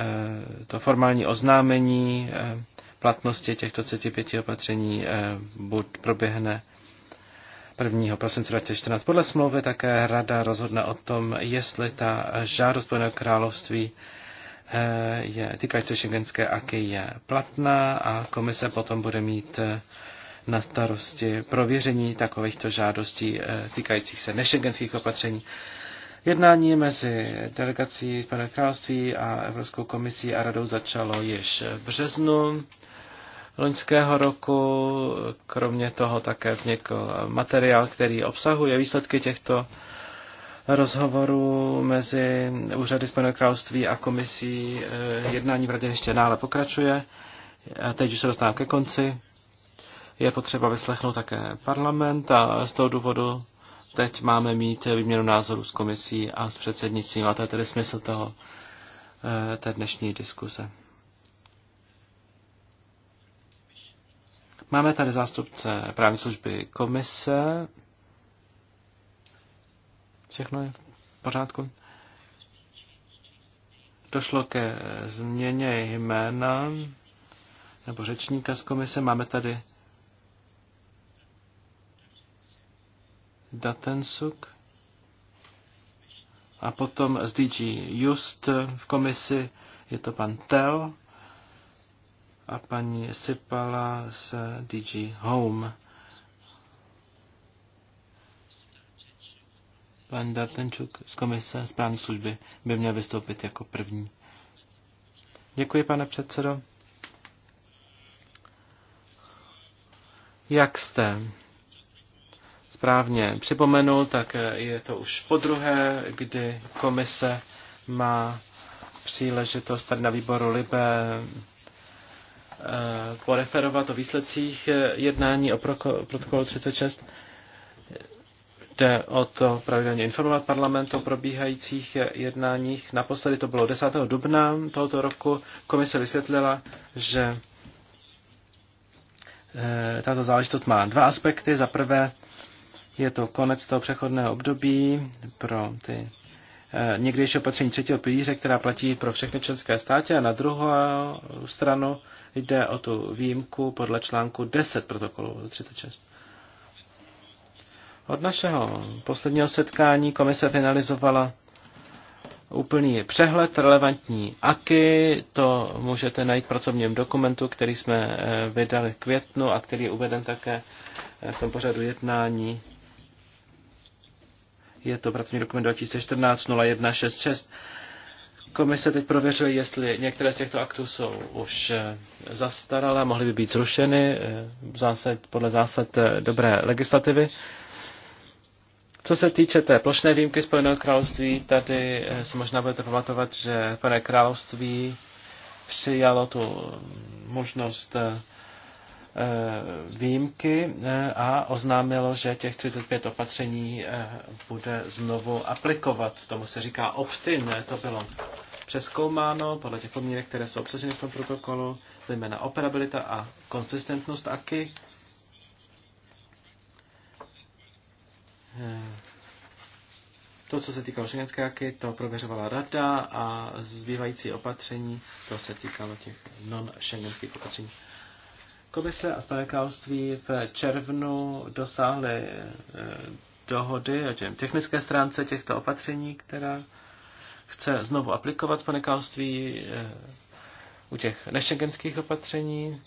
to formální oznámení eh, platnosti těchto 35 opatření eh, buď proběhne 1. prosince 2014. Podle smlouvy také rada rozhodne o tom, jestli ta žádost Spojeného království Eh, je, týkající šengenské aky je platná a komise potom bude mít eh, na starosti prověření takovýchto žádostí eh, týkajících se nešengenských opatření. Jednání mezi delegací Spojeného království a Evropskou komisí a radou začalo již v březnu loňského roku. Kromě toho také vznikl materiál, který obsahuje výsledky těchto rozhovoru mezi úřady Spojeného království a komisí eh, jednání v radě ještě dále pokračuje. A teď už se dostávám ke konci. Je potřeba vyslechnout také parlament a z toho důvodu teď máme mít výměnu názorů s komisí a s předsednictvím. A to je tedy smysl toho, eh, té dnešní diskuse. Máme tady zástupce právní služby komise, Všechno je v pořádku? Došlo ke změně jména nebo řečníka z komise. Máme tady Datensuk a potom z DG Just v komisi je to pan Tel a paní Sipala z DG Home. Pan Dartenčuk z Komise správní služby by měl vystoupit jako první. Děkuji, pane předsedo. Jak jste správně připomenul, tak je to už po druhé, kdy komise má příležitost tady na výboru Libe eh, poreferovat o výsledcích eh, jednání o protokolu 36. Jde o to pravidelně informovat parlament o probíhajících jednáních. Naposledy to bylo 10. dubna tohoto roku. Komise vysvětlila, že eh, tato záležitost má dva aspekty. Za prvé je to konec toho přechodného období pro ty eh, někdejší opatření třetího pilíře, která platí pro všechny členské státy a na druhou stranu jde o tu výjimku podle článku 10 protokolu 36. Od našeho posledního setkání komise finalizovala úplný přehled, relevantní AKY, to můžete najít v pracovním dokumentu, který jsme eh, vydali v květnu a který je uveden také eh, v tom pořadu jednání. Je to pracovní dokument 2014-0166. Komise teď prověřuje, jestli některé z těchto aktů jsou už eh, zastaralé, mohly by být zrušeny zásad, podle zásad dobré legislativy. Co se týče té plošné výjimky Spojeného království, tady eh, si možná budete pamatovat, že Spojené království přijalo tu možnost eh, eh, výjimky a oznámilo, že těch 35 opatření bude znovu aplikovat. Tomu se říká opt-in, to bylo přeskoumáno podle těch podmínek, které jsou obsaženy v tom protokolu, zejména operabilita a konsistentnost AKI. Eh, to, co se týkalo ženské jaky, to prověřovala rada a zbývající opatření, to se týkalo těch non-šengenských opatření. Komise a království v červnu dosáhly eh, dohody o těm technické stránce těchto opatření, která chce znovu aplikovat království eh, u těch nešengenských opatření.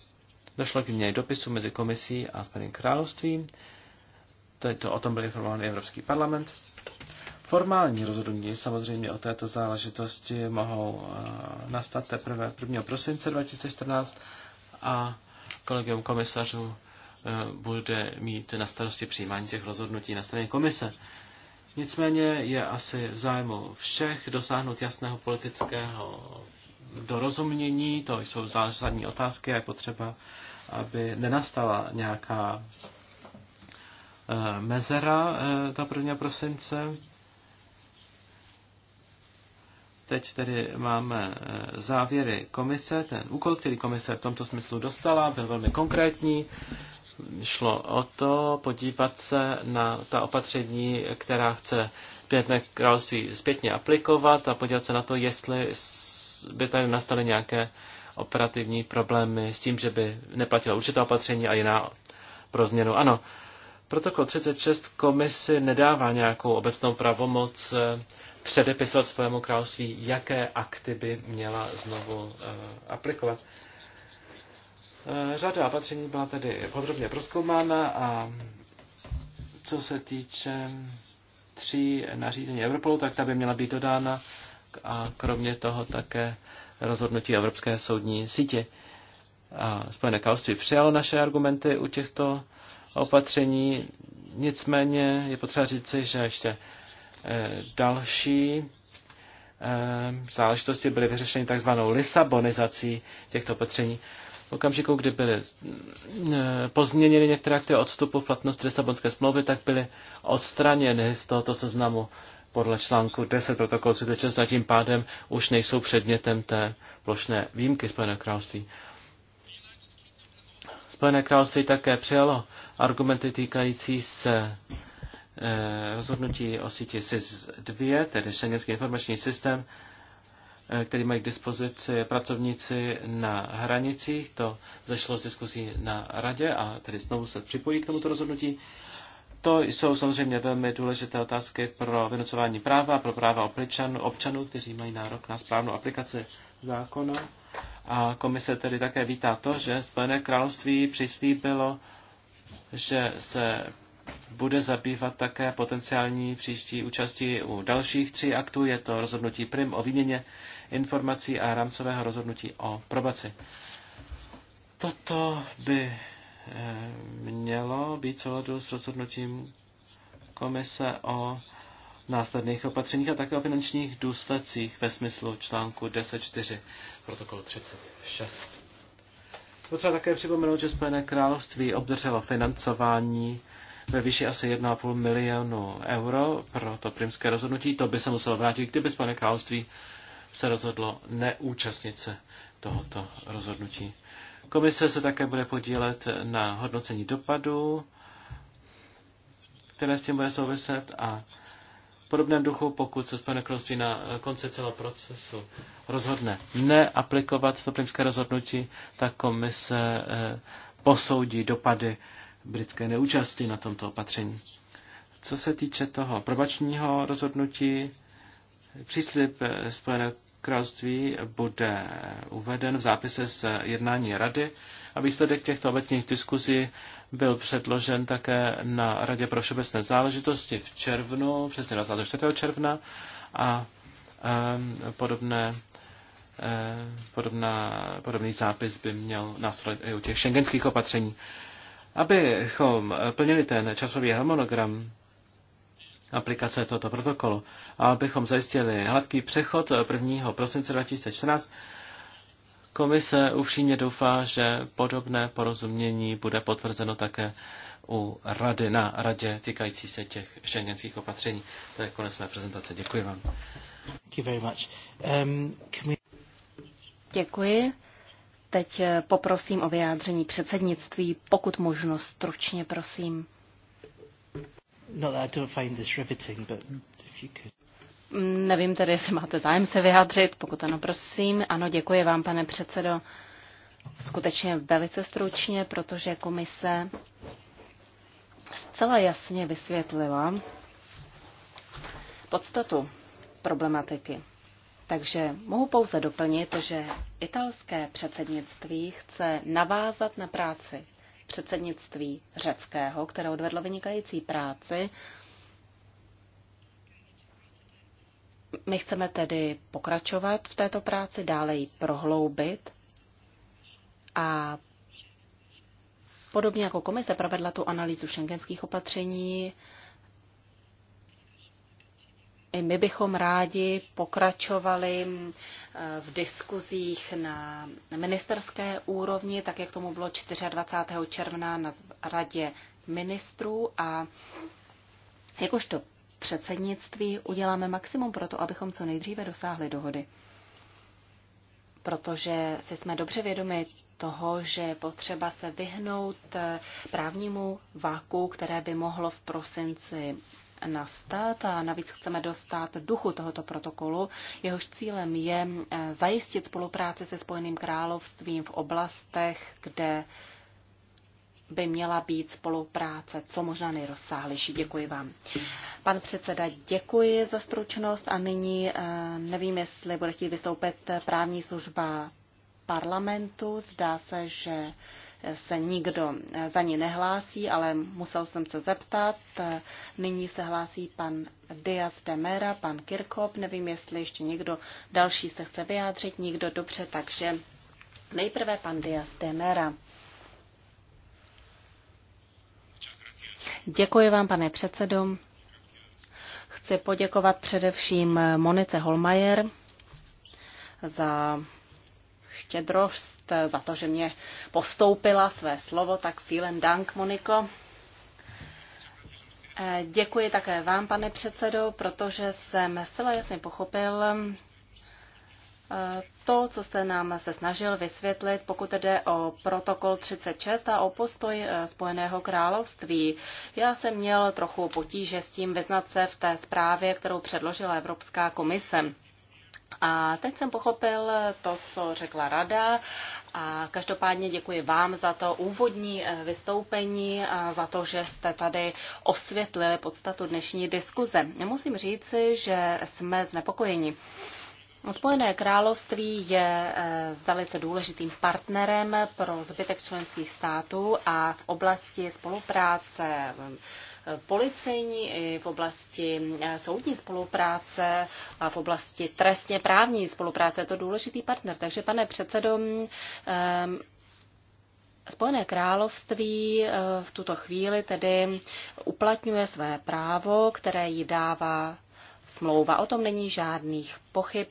Došlo k měně dopisu mezi komisí a Spojeným královstvím. Teď to o tom byl informován Evropský parlament. Formální rozhodnutí samozřejmě o této záležitosti mohou eh, nastat teprve 1. prosince 2014 a kolegium komisařů eh, bude mít na starosti přijímání těch rozhodnutí na straně komise. Nicméně je asi v zájmu všech dosáhnout jasného politického dorozumění, to jsou zásadní otázky a je potřeba, aby nenastala nějaká Eh, mezera, eh, ta první prosince. Teď tedy máme eh, závěry komise. Ten úkol, který komise v tomto smyslu dostala, byl velmi konkrétní. Šlo o to podívat se na ta opatření, která chce pětné království zpětně aplikovat a podívat se na to, jestli by tady nastaly nějaké operativní problémy s tím, že by neplatila určitá opatření a jiná pro změnu. Ano, Protokol 36 komisi nedává nějakou obecnou pravomoc eh, předepisovat svému království, jaké akty by měla znovu eh, aplikovat. Eh, řada opatření byla tedy podrobně proskoumána a co se týče tří nařízení Europolu, tak ta by měla být dodána a kromě toho také rozhodnutí Evropské soudní sítě. Spojené království přijalo naše argumenty u těchto opatření. Nicméně je potřeba říci, že ještě eh, další eh, záležitosti byly vyřešeny takzvanou lisabonizací těchto opatření. V okamžiku, kdy byly mm, eh, pozměněny některé akty odstupu v platnosti Lisabonské smlouvy, tak byly odstraněny z tohoto seznamu podle článku 10 protokolu 36 a tím pádem už nejsou předmětem té plošné výjimky Spojeného království. Spojené království také přijalo argumenty týkající se eh, rozhodnutí o síti SIS-2, tedy Schengenský informační systém, eh, který mají k dispozici pracovníci na hranicích. To zašlo z diskusí na radě a tedy znovu se připojí k tomuto rozhodnutí. To jsou samozřejmě velmi důležité otázky pro vynucování práva, pro práva občanů, občanů kteří mají nárok na správnou aplikaci zákona. A komise tedy také vítá to, že Spojené království přislíbilo, že se bude zabývat také potenciální příští účastí u dalších tří aktů. Je to rozhodnutí PRIM o výměně informací a rámcového rozhodnutí o probaci. Toto by eh, mělo být souladu s rozhodnutím komise o následných opatřeních a také o finančních důsledcích ve smyslu článku 10.4 protokolu 36. Potřeba také připomenout, že Spojené království obdrželo financování ve výši asi 1,5 milionu euro pro to primské rozhodnutí. To by se muselo vrátit, kdyby Spojené království se rozhodlo neúčastnit se tohoto rozhodnutí. Komise se také bude podílet na hodnocení dopadů, které s tím bude souviset a podobném duchu, pokud se Spojené království na eh, konci celého procesu rozhodne neaplikovat to primské rozhodnutí, tak komise eh, posoudí dopady britské neúčasti na tomto opatření. Co se týče toho probačního rozhodnutí, příslip eh, Spojené království bude uveden v zápise z jednání rady a výsledek těchto obecných diskuzí byl předložen také na Radě pro všeobecné záležitosti v červnu, přesně 24. června a um, podobné eh, Podobná, podobný zápis by měl následovat i u těch šengenských opatření. Abychom plnili ten časový harmonogram aplikace tohoto protokolu a abychom zajistili hladký přechod 1. prosince 2014, Komise upřímně doufá, že podobné porozumění bude potvrzeno také u rady, na radě týkající se těch šengenských opatření. To je konec mé prezentace. Děkuji vám. Um, Děkuji. Teď eh, poprosím o vyjádření předsednictví, pokud možno stručně, prosím. Nevím tedy, jestli máte zájem se vyjádřit. Pokud ano, prosím. Ano, děkuji vám, pane předsedo. Skutečně velice stručně, protože komise zcela jasně vysvětlila podstatu problematiky. Takže mohu pouze doplnit, že italské předsednictví chce navázat na práci předsednictví řeckého, které odvedlo vynikající práci My chceme tedy pokračovat v této práci, dále ji prohloubit a podobně jako komise provedla tu analýzu šengenských opatření, i my bychom rádi pokračovali v diskuzích na ministerské úrovni, tak jak tomu bylo 24. června na radě ministrů a jakožto předsednictví uděláme maximum pro to, abychom co nejdříve dosáhli dohody. Protože si jsme dobře vědomi toho, že je potřeba se vyhnout eh, právnímu váku, které by mohlo v prosinci nastat a navíc chceme dostat duchu tohoto protokolu. Jehož cílem je eh, zajistit spolupráci se Spojeným královstvím v oblastech, kde by měla být spolupráce co možná nejrozsáhlejší. Děkuji vám. Pan předseda, děkuji za stručnost a nyní eh, nevím, jestli bude chtít vystoupit právní služba parlamentu. Zdá se, že se nikdo eh, za ní nehlásí, ale musel jsem se zeptat. Eh, nyní se hlásí pan Diaz de Mera, pan Kirkop. Nevím, jestli ještě někdo další se chce vyjádřit. Nikdo dobře, takže nejprve pan Diaz de Mera. Děkuji vám, pane předsedo. Chci poděkovat především Monice Holmajer za štědrost, za to, že mě postoupila své slovo, tak vielen dank, Moniko. Eh, děkuji také vám, pane předsedo, protože jsem zcela jasně pochopil, to, co jste nám se snažil vysvětlit, pokud jde o protokol 36 a o postoj eh, Spojeného království. Já jsem měl trochu potíže s tím vyznat se v té zprávě, kterou předložila Evropská komise. A teď jsem pochopil to, co řekla rada a každopádně děkuji vám za to úvodní eh, vystoupení a za to, že jste tady osvětlili podstatu dnešní diskuze. Musím říci, že jsme znepokojeni. Spojené království je eh, velice důležitým partnerem pro zbytek členských států a v oblasti spolupráce eh, policejní, i v oblasti eh, soudní spolupráce a v oblasti trestně právní spolupráce. Je to důležitý partner. Takže, pane předsedo, ehm, Spojené království v tuto chvíli tedy uplatňuje své právo, které jí dává smlouva. O tom není žádných pochyb.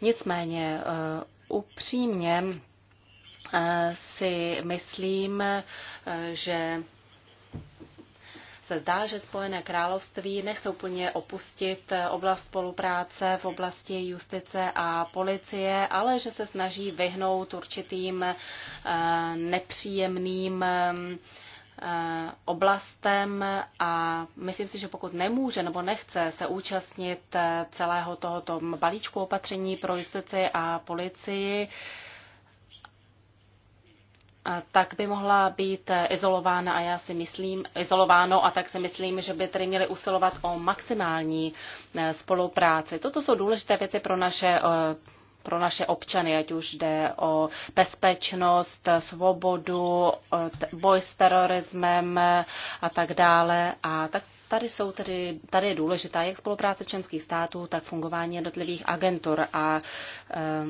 Nicméně eh, upřímně eh, si myslím, eh, že se zdá, že Spojené království nechce úplně opustit oblast spolupráce v oblasti justice a policie, ale že se snaží vyhnout určitým nepříjemným Eh, oblastem a myslím si, že pokud nemůže nebo nechce se účastnit eh, celého tohoto balíčku opatření pro justici a policii, eh, tak by mohla být izolována a já si myslím, izolováno a tak si myslím, že by tedy měli usilovat o maximální spolupráci. Toto jsou důležité věci pro naše pro naše občany, ať už jde o bezpečnost, svobodu, boj s terorismem a tak dále. A tak tady, jsou tedy, tady je důležitá jak spolupráce členských států, tak fungování jednotlivých agentur. A eh,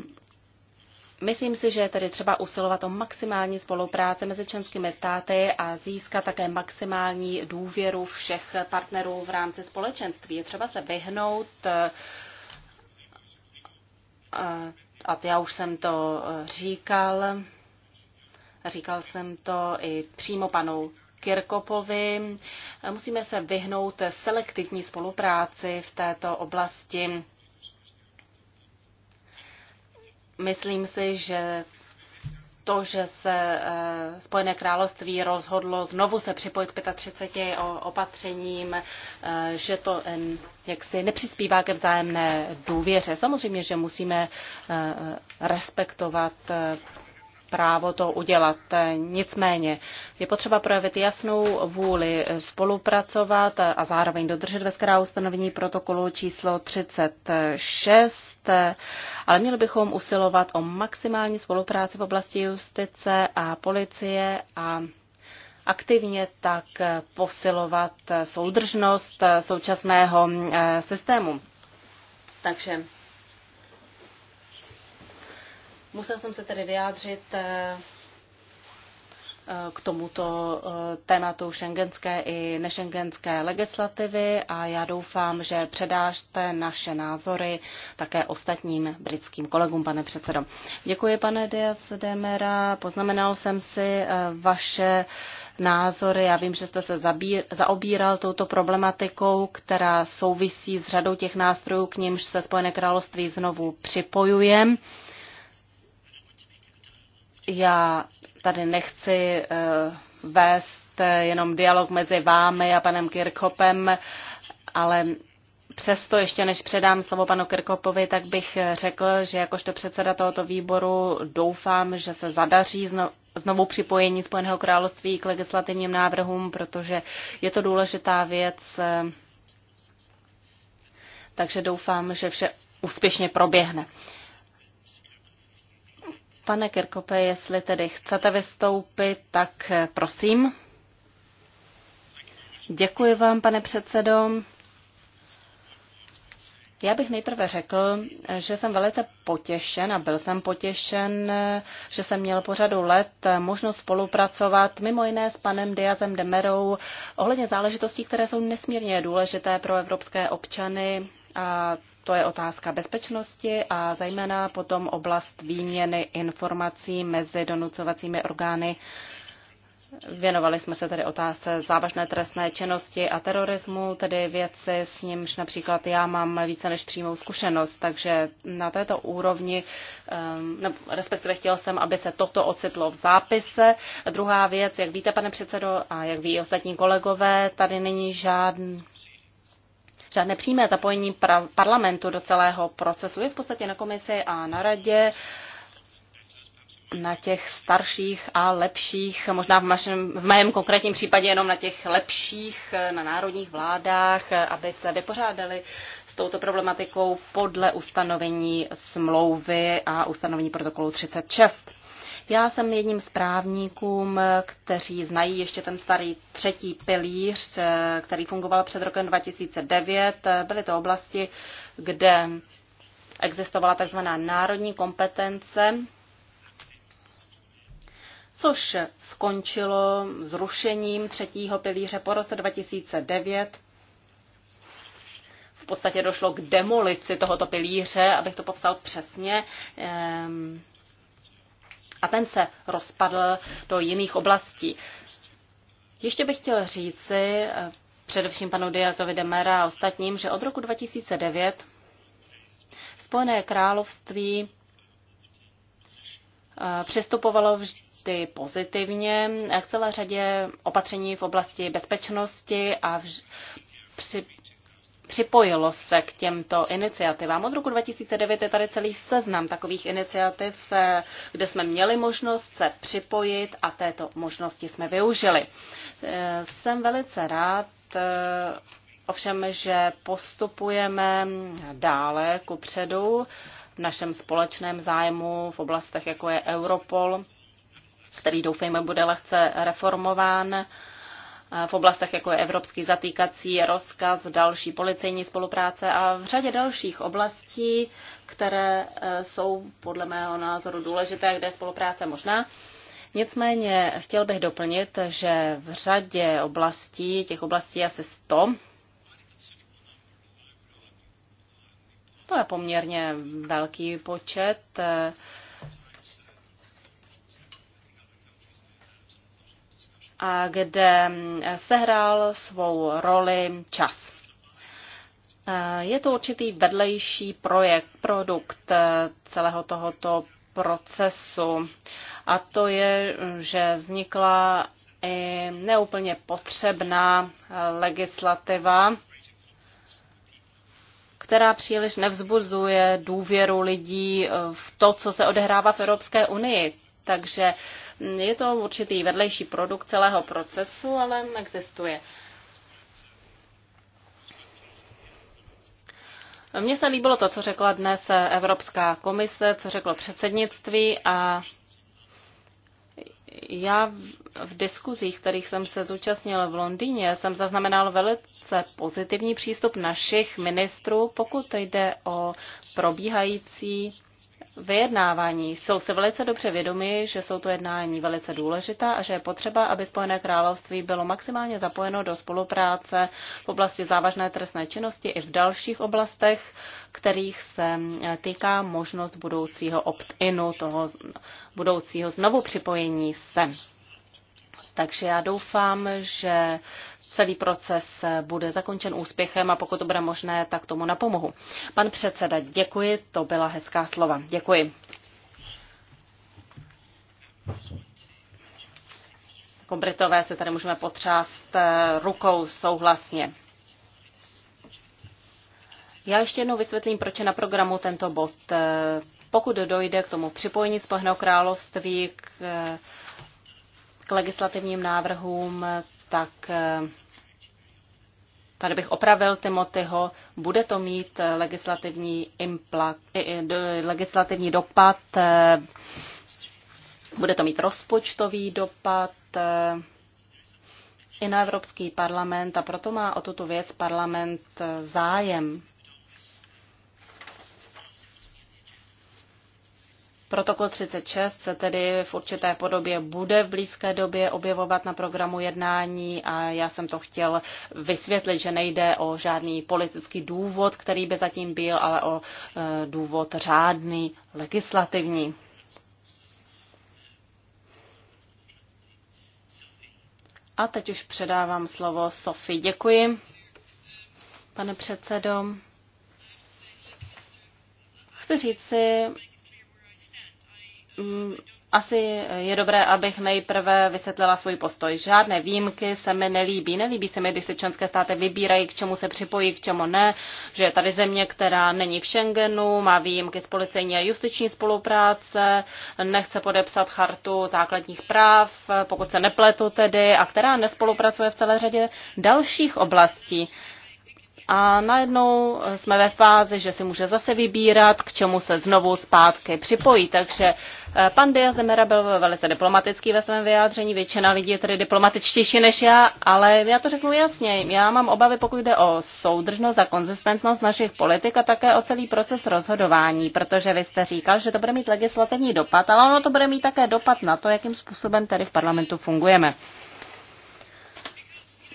Myslím si, že je tedy třeba usilovat o maximální spolupráci mezi členskými státy a získat také maximální důvěru všech partnerů v rámci společenství. Je třeba se vyhnout e, a já už jsem to e, říkal, říkal jsem to i přímo panu Kirkopovi, e, musíme se vyhnout selektivní spolupráci v této oblasti. Myslím si, že to, že se eh, Spojené království rozhodlo znovu se připojit k 35 opatřením, eh, že to eh, jaksi nepřispívá ke vzájemné důvěře. Samozřejmě, že musíme respektovat právo to udělat. Nicméně je potřeba projevit jasnou vůli spolupracovat a zároveň dodržet veškerá ustanovení protokolu číslo 36, ale měli bychom usilovat o maximální spolupráci v oblasti justice a policie a aktivně tak posilovat soudržnost současného eh, systému. Takže Musel jsem se tedy vyjádřit eh, eh, k tomuto eh, tématu šengenské i nešengenské legislativy a já doufám, že předáte naše názory také ostatním britským kolegům, pane předsedo. Děkuji, pane Dias Demera. Poznamenal jsem si vaše názory. Já vím, že jste se zabír, zaobíral touto problematikou, která souvisí s řadou těch nástrojů, k nímž se Spojené království znovu připojuje. Já tady nechci eh, vést eh, jenom dialog mezi vámi a panem Kirchhoffem, ale Přesto ještě než předám slovo panu Kirkopovi, tak bych eh, řekl, že jakožto předseda tohoto výboru doufám, že se zadaří znovu připojení Spojeného království k legislativním návrhům, protože je to důležitá věc. Takže doufám, že vše úspěšně proběhne. Pane Kerkope, jestli tedy chcete vystoupit, tak eh, prosím. Děkuji vám, pane předsedo. Já bych nejprve řekl, že jsem velice potěšen a byl jsem potěšen, eh, že jsem měl po řadu let eh, možnost spolupracovat mimo jiné s panem Diazem Demerou ohledně záležitostí, které jsou nesmírně důležité pro evropské občany a to je otázka bezpečnosti a zejména potom oblast výměny informací mezi donucovacími orgány. Věnovali jsme se tedy otázce závažné trestné činnosti a terorismu, tedy věci, s nímž například já mám více než přímou zkušenost, takže na této úrovni, ehm, no, respektive chtěl jsem, aby se toto ocitlo v zápise. Druhá věc, jak víte, pane předsedo, a jak ví ostatní kolegové, tady není žádný žádné přímé zapojení parlamentu do celého procesu. Je v podstatě na komisi a na radě na těch starších a lepších, možná v, našem, v mém konkrétním případě jenom na těch lepších, na národních vládách, aby se vypořádali s touto problematikou podle ustanovení smlouvy a ustanovení protokolu 36. Já jsem jedním z právníkům, kteří znají ještě ten starý třetí pilíř, který fungoval před rokem 2009. Byly to oblasti, kde existovala tzv. národní kompetence, což skončilo zrušením třetího pilíře po roce 2009. V podstatě došlo k demolici tohoto pilíře, abych to popsal přesně. Ehm a ten se rozpadl do jiných oblastí. Ještě bych chtěl říci eh, především panu Diazovi Demera a ostatním, že od roku 2009 Spojené království eh, přistupovalo vždy pozitivně k celé řadě opatření v oblasti bezpečnosti a vž- při- připojilo se k těmto iniciativám. Od roku 2009 je tady celý seznam takových iniciativ, eh, kde jsme měli možnost se připojit a této možnosti jsme využili. Eh, jsem velice rád, eh, ovšem, že postupujeme dále ku předu v našem společném zájmu v oblastech, jako je Europol, který doufejme bude lehce reformován v oblastech, jako je evropský zatýkací rozkaz, další policejní spolupráce a v řadě dalších oblastí, které eh, jsou podle mého názoru důležité, kde je spolupráce možná. Nicméně chtěl bych doplnit, že v řadě oblastí, těch oblastí asi 100, to je poměrně velký počet, eh, a kde mm, sehrál svou roli čas. E, je to určitý vedlejší projekt, produkt e, celého tohoto procesu. A to je, že vznikla i neúplně potřebná e, legislativa, která příliš nevzbuzuje důvěru lidí v to, co se odehrává v Evropské unii. Takže uh, je to určitý vedlejší produkt celého procesu, ale existuje. Mně se líbilo to, co řekla dnes Evropská komise, co řeklo předsednictví a já v diskuzích, kterých jsem se zúčastnil v Londýně, jsem zaznamenal velice pozitivní přístup našich ministrů, pokud jde o probíhající vyjednávání. Jsou se velice dobře vědomi, že jsou to jednání velice důležitá a že je potřeba, aby Spojené království bylo maximálně zapojeno do spolupráce v oblasti závažné trestné činnosti i v dalších oblastech, kterých se týká možnost budoucího opt-inu, toho budoucího znovu připojení se. Takže já doufám, že celý proces bude zakončen úspěchem a pokud to bude možné, tak tomu napomohu. Pan předseda, děkuji, to byla hezká slova. Děkuji. Jako Britové se tady můžeme potřást eh, rukou souhlasně. Já ještě jednou vysvětlím, proč je na programu tento bod. Eh, pokud dojde k tomu připojení Spojeného království k eh, k legislativním návrhům, tak eh, tady bych opravil Timothyho, bude to mít legislativní, impla, legislativní dopad, eh, bude to mít rozpočtový dopad eh, i na Evropský parlament a proto má o tuto věc parlament zájem. Protokol 36 se tedy v určité podobě bude v blízké době objevovat na programu jednání a já jsem to chtěl vysvětlit, že nejde o žádný politický důvod, který by zatím byl, ale o e, důvod řádný, legislativní. A teď už předávám slovo Sofii. Děkuji, pane předsedo. Chci si? Mm, asi je dobré, abych nejprve vysvětlila svůj postoj. Žádné výjimky se mi nelíbí. Nelíbí se mi, když se členské státy vybírají, k čemu se připojí, k čemu ne, že je tady země, která není v Schengenu, má výjimky z policejní a justiční spolupráce, nechce podepsat chartu základních práv, pokud se nepletu tedy, a která nespolupracuje v celé řadě dalších oblastí a najednou jsme ve fázi, že si může zase vybírat, k čemu se znovu zpátky připojí. Takže eh, pan Diaz de Mera byl velice diplomatický ve svém vyjádření, většina lidí je tedy diplomatičtější než já, ale já to řeknu jasně, já mám obavy, pokud jde o soudržnost a konzistentnost našich politik a také o celý proces rozhodování, protože vy jste říkal, že to bude mít legislativní dopad, ale ono to bude mít také dopad na to, jakým způsobem tady v parlamentu fungujeme.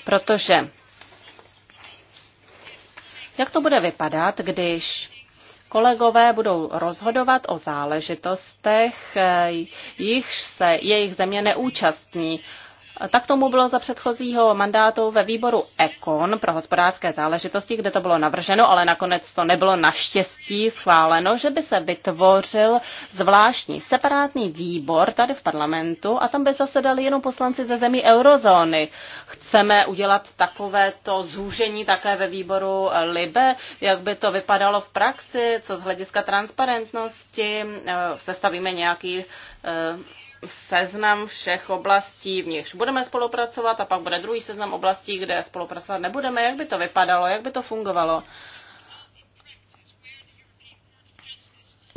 Protože jak to bude vypadat, když kolegové budou rozhodovat o záležitostech, eh, jichž se jejich země neúčastní? Tak tomu bylo za předchozího mandátu ve výboru Ekon pro hospodářské záležitosti, kde to bylo navrženo, ale nakonec to nebylo naštěstí schváleno, že by se vytvořil zvláštní separátní výbor tady v parlamentu a tam by zasedali jenom poslanci ze zemí eurozóny. Chceme udělat takovéto zúžení také ve výboru LIBE, jak by to vypadalo v praxi, co z hlediska transparentnosti, eh, sestavíme nějaký eh, seznam všech oblastí, v nichž budeme spolupracovat a pak bude druhý seznam oblastí, kde spolupracovat nebudeme. Jak by to vypadalo, jak by to fungovalo?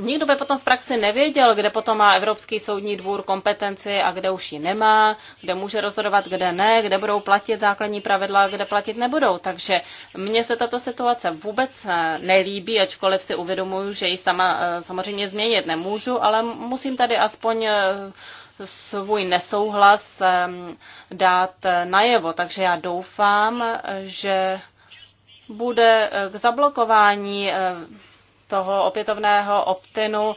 Nikdo by potom v praxi nevěděl, kde potom má Evropský soudní dvůr kompetenci a kde už ji nemá, kde může rozhodovat, kde ne, kde budou platit základní pravidla, kde platit nebudou. Takže mně se tato situace vůbec nelíbí, ačkoliv si uvědomuji, že ji sama eh, samozřejmě změnit nemůžu, ale musím tady aspoň eh, svůj nesouhlas ehm, dát eh, najevo. Takže já doufám, že bude k zablokování toho opětovného optinu.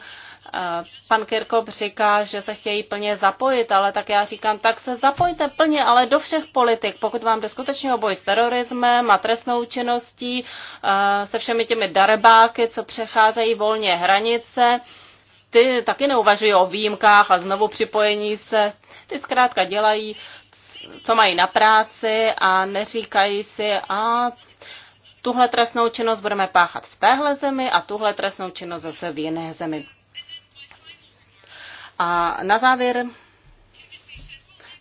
Eh, pan Kirkop říká, že se chtějí plně zapojit, ale tak já říkám, tak se zapojte plně, ale do všech politik. Pokud vám jde skutečně o boj s terorismem a trestnou činností, eh, se všemi těmi darebáky, co přecházejí volně hranice, ty taky neuvažují o výjimkách a znovu připojení se. Ty zkrátka dělají, co mají na práci a neříkají si, a tuhle trestnou činnost budeme páchat v téhle zemi a tuhle trestnou činnost zase v jiné zemi. A na závěr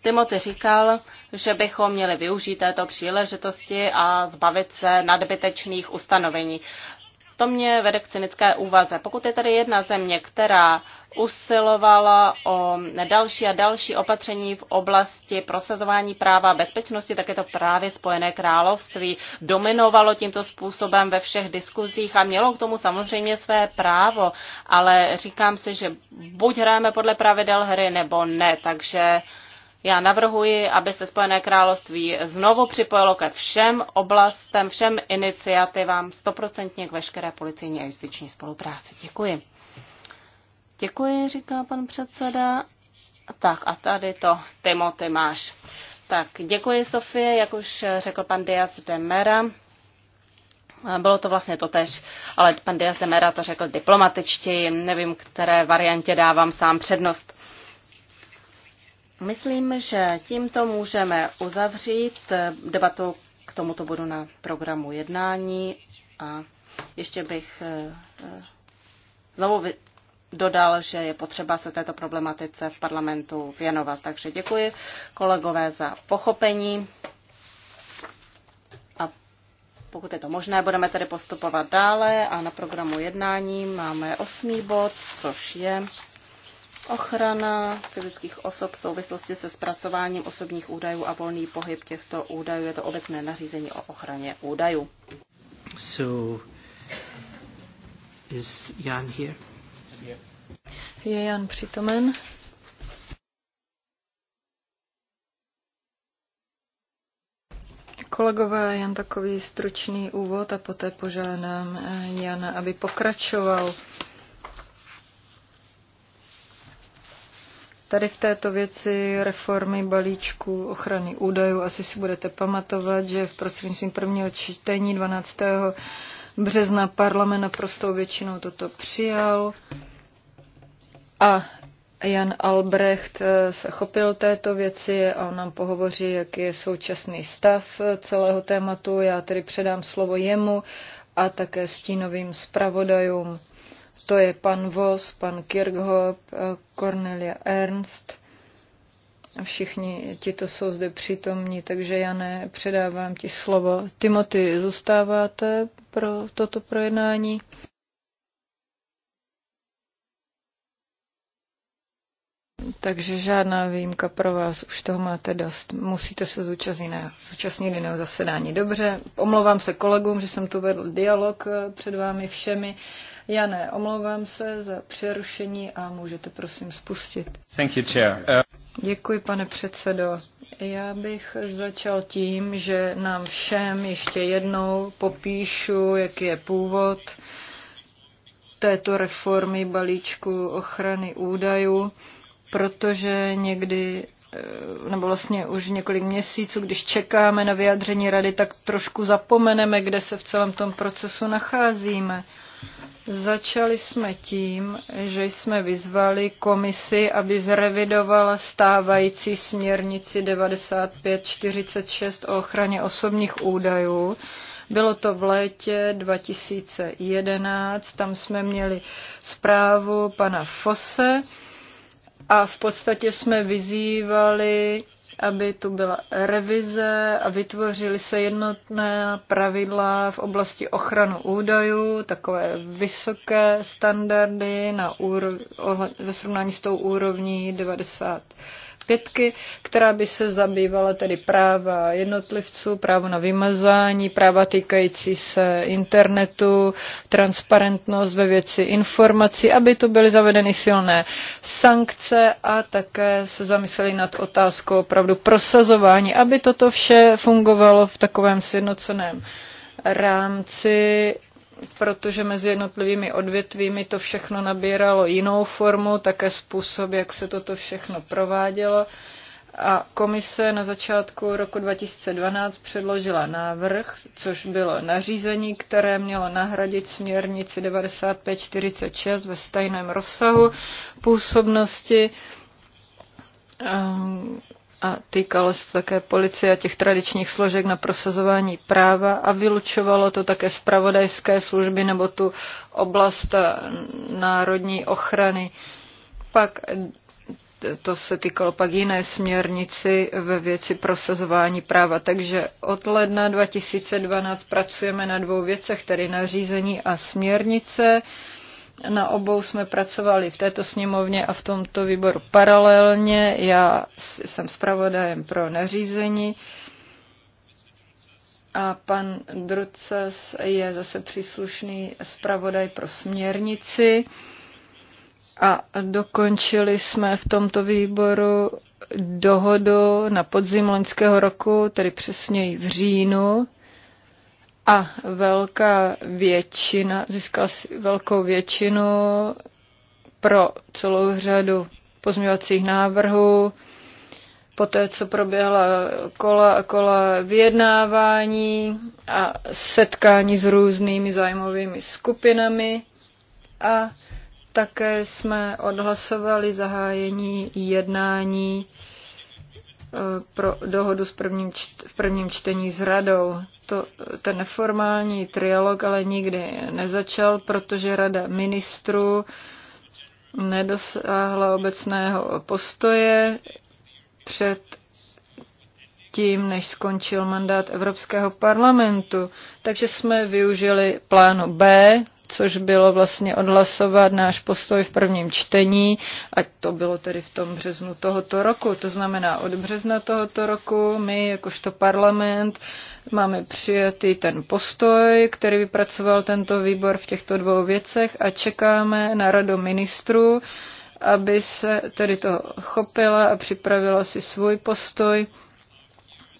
Timothy říkal, že bychom měli využít této příležitosti a zbavit se nadbytečných ustanovení. To mě vede k cynické úvaze. Pokud je tady jedna země, která usilovala o další a další opatření v oblasti prosazování práva a bezpečnosti, tak je to právě Spojené království. Dominovalo tímto způsobem ve všech diskuzích a mělo k tomu samozřejmě své právo, ale říkám si, že buď hrajeme podle pravidel hry, nebo ne, takže já navrhuji, aby se Spojené království znovu připojilo ke všem oblastem, všem iniciativám, stoprocentně k veškeré policijní a justiční spolupráci. Děkuji. Děkuji, říká pan předseda. Tak a tady to, Timothy, máš. Tak děkuji, Sofie, jak už řekl pan Diaz de Mera. Bylo to vlastně to tež, ale pan Diaz de Mera to řekl diplomatičtěji. Nevím, které variantě dávám sám přednost. Myslím, že tímto můžeme uzavřít eh, debatu k tomuto bodu na programu jednání a ještě bych eh, eh, znovu dodal, že je potřeba se této problematice v parlamentu věnovat. Takže děkuji kolegové za pochopení a pokud je to možné, budeme tedy postupovat dále a na programu jednání máme osmý bod, což je ochrana fyzických osob v souvislosti se zpracováním osobních údajů a volný pohyb těchto údajů. Je to obecné nařízení o ochraně údajů. So, is Jan here? Je Jan přitomen? Kolegové, jen takový stručný úvod a poté požádám eh, Jana, aby pokračoval. Tady v této věci reformy balíčku ochrany údajů asi si budete pamatovat, že v prostřednictvím prvního čtení 12. března parlament naprostou většinou toto přijal a Jan Albrecht eh, se chopil této věci a on nám pohovoří, jaký je současný stav eh, celého tématu. Já tedy předám slovo jemu a také stínovým zpravodajům. To je pan Vos, pan Kirchhoff, eh, Cornelia Ernst. Všichni to jsou zde přítomní, takže já ne předávám ti slovo. Timothy, zůstáváte pro toto projednání? Takže žádná výjimka pro vás, už toho máte dost. Musíte se zúčastnit, zúčastnit jiného zasedání. Dobře, omlouvám se kolegům, že jsem tu vedl dialog eh, před vámi všemi, Jane, omlouvám se za přerušení a můžete prosím spustit. Thank you, chair. Uh... Děkuji, pane předsedo. Já bych začal tím, že nám všem ještě jednou popíšu, jaký je původ této reformy balíčku ochrany údajů, protože někdy eh, nebo vlastně už několik měsíců, když čekáme na vyjádření rady, tak trošku zapomeneme, kde se v celém tom procesu nacházíme. Začali jsme tím, že jsme vyzvali komisi, aby zrevidovala stávající směrnici 9546 o ochraně osobních údajů. Bylo to v létě 2011, tam jsme měli zprávu pana Fose a v podstatě jsme vyzývali aby tu byla revize a vytvořily se jednotné pravidla v oblasti ochranu údajů, takové vysoké standardy na úrov, ve srovnání s tou úrovní 90 pětky, která by se zabývala tedy práva jednotlivců, právo na vymazání, práva týkající se internetu, transparentnost ve věci informací, aby tu byly zavedeny silné sankce a také se zamysleli nad otázkou opravdu prosazování, aby toto vše fungovalo v takovém sjednoceném rámci protože mezi jednotlivými odvětvími to všechno nabíralo jinou formu, také způsob, jak se toto všechno provádělo. A komise na začátku roku 2012 předložila návrh, což bylo nařízení, které mělo nahradit směrnici 9546 ve stejném rozsahu působnosti ehm, a týkalo se také policie a těch tradičních složek na prosazování práva a vylučovalo to také zpravodajské služby nebo tu oblast národní ochrany. Pak to se týkalo pak jiné směrnici ve věci prosazování práva. Takže od ledna 2012 pracujeme na dvou věcech, tedy nařízení a směrnice. Na obou jsme pracovali v této sněmovně a v tomto výboru paralelně. Já jsem zpravodajem pro nařízení a pan Druces je zase příslušný zpravodaj pro směrnici. A dokončili jsme v tomto výboru dohodu na podzim loňského roku, tedy přesněji v říjnu, a velká většina, získal si velkou většinu pro celou řadu pozměňovacích návrhů. Poté, co proběhla kola a kola vyjednávání a setkání s různými zájmovými skupinami a také jsme odhlasovali zahájení jednání Eh, pro dohodu s prvním čt, v prvním čtení s radou. To, ten neformální trialog ale nikdy nezačal, protože rada ministrů nedosáhla obecného postoje před tím, než skončil mandát Evropského parlamentu. Takže jsme využili plánu B, což bylo vlastně odhlasovat náš postoj v prvním čtení, a to bylo tedy v tom březnu tohoto roku. To znamená, od března tohoto roku my, jakožto parlament, máme přijatý ten postoj, který vypracoval tento výbor v těchto dvou věcech a čekáme na radu ministrů, aby se tedy toho chopila a připravila si svůj postoj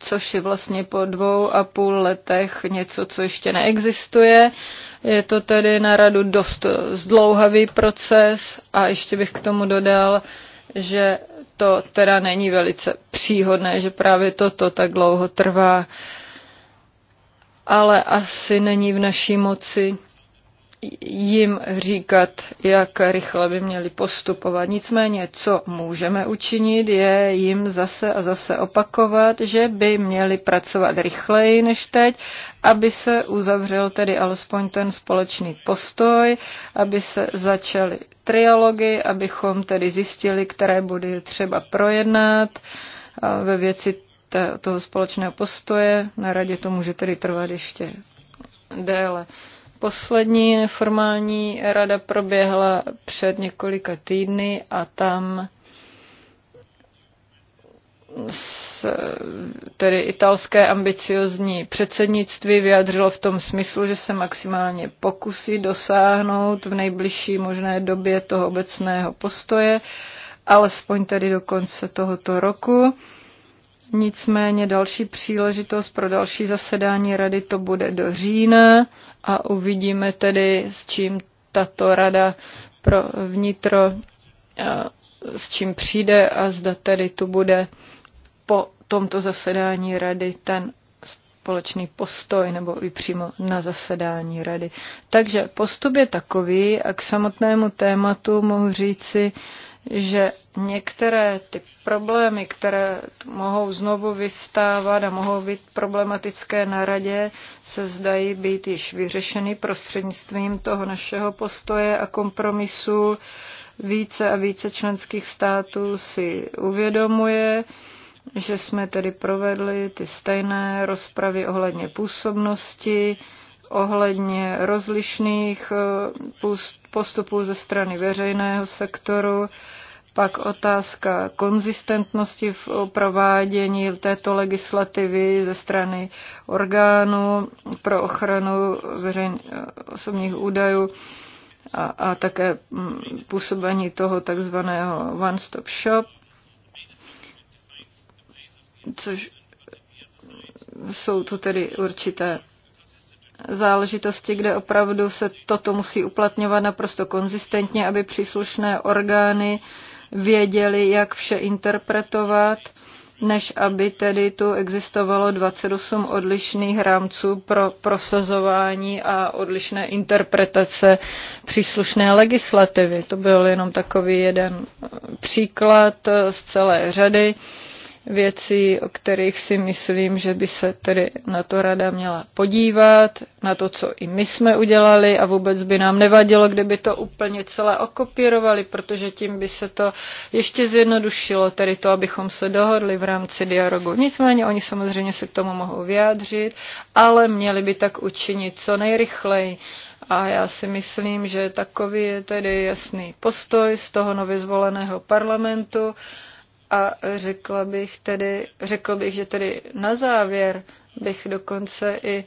což je vlastně po dvou a půl letech něco, co ještě neexistuje. Je to tedy na radu dost zdlouhavý proces a ještě bych k tomu dodal, že to teda není velice příhodné, že právě toto tak dlouho trvá, ale asi není v naší moci jim říkat, jak rychle by měli postupovat. Nicméně, co můžeme učinit, je jim zase a zase opakovat, že by měli pracovat rychleji než teď, aby se uzavřel tedy alespoň ten společný postoj, aby se začaly trialogy, abychom tedy zjistili, které body třeba projednat ve věci toho společného postoje. Na radě to může tedy trvat ještě déle. Poslední neformální rada proběhla před několika týdny a tam s, tedy italské ambiciozní předsednictví vyjadřilo v tom smyslu, že se maximálně pokusí dosáhnout v nejbližší možné době toho obecného postoje, alespoň tedy do konce tohoto roku. Nicméně další příležitost pro další zasedání rady to bude do října a uvidíme tedy, s čím tato rada pro vnitro, s čím přijde a zda tedy tu bude po tomto zasedání rady ten společný postoj nebo i přímo na zasedání rady. Takže postup je takový a k samotnému tématu mohu říci, že některé ty problémy, které mohou znovu vyvstávat a mohou být problematické na radě, se zdají být již vyřešeny prostřednictvím toho našeho postoje a kompromisu. Více a více členských států si uvědomuje, že jsme tedy provedli ty stejné rozpravy ohledně působnosti, ohledně rozlišných eh, postupů ze strany veřejného sektoru, pak otázka konzistentnosti v provádění této legislativy ze strany orgánů pro ochranu veřejn, osobních údajů a, a také mm, působení toho takzvaného one-stop shop, což jsou tu tedy určité záležitosti, kde opravdu se toto musí uplatňovat naprosto konzistentně, aby příslušné orgány věděly, jak vše interpretovat, než aby tedy tu existovalo 28 odlišných rámců pro prosazování a odlišné interpretace příslušné legislativy. To byl jenom takový jeden příklad z celé řady věcí, o kterých si myslím, že by se tedy na to rada měla podívat, na to, co i my jsme udělali a vůbec by nám nevadilo, kdyby to úplně celé okopírovali, protože tím by se to ještě zjednodušilo, tedy to, abychom se dohodli v rámci dialogu. Nicméně oni samozřejmě se k tomu mohou vyjádřit, ale měli by tak učinit co nejrychleji. A já si myslím, že takový je tedy jasný postoj z toho nově zvoleného parlamentu. A řekla bych tedy, řekl bych, že tedy na závěr bych dokonce i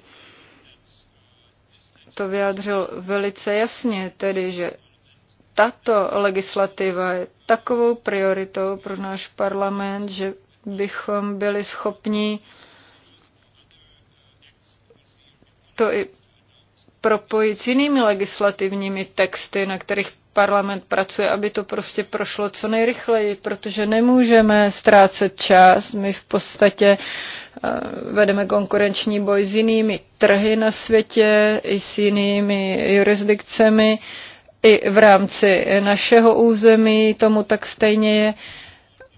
to vyjádřil velice jasně, tedy, že tato legislativa je takovou prioritou pro náš parlament, že bychom byli schopni to i propojit s jinými legislativními texty, na kterých parlament pracuje, aby to prostě prošlo co nejrychleji, protože nemůžeme ztrácet čas. My v podstatě eh, vedeme konkurenční boj s jinými trhy na světě, i s jinými jurisdikcemi, i v rámci našeho území tomu tak stejně je.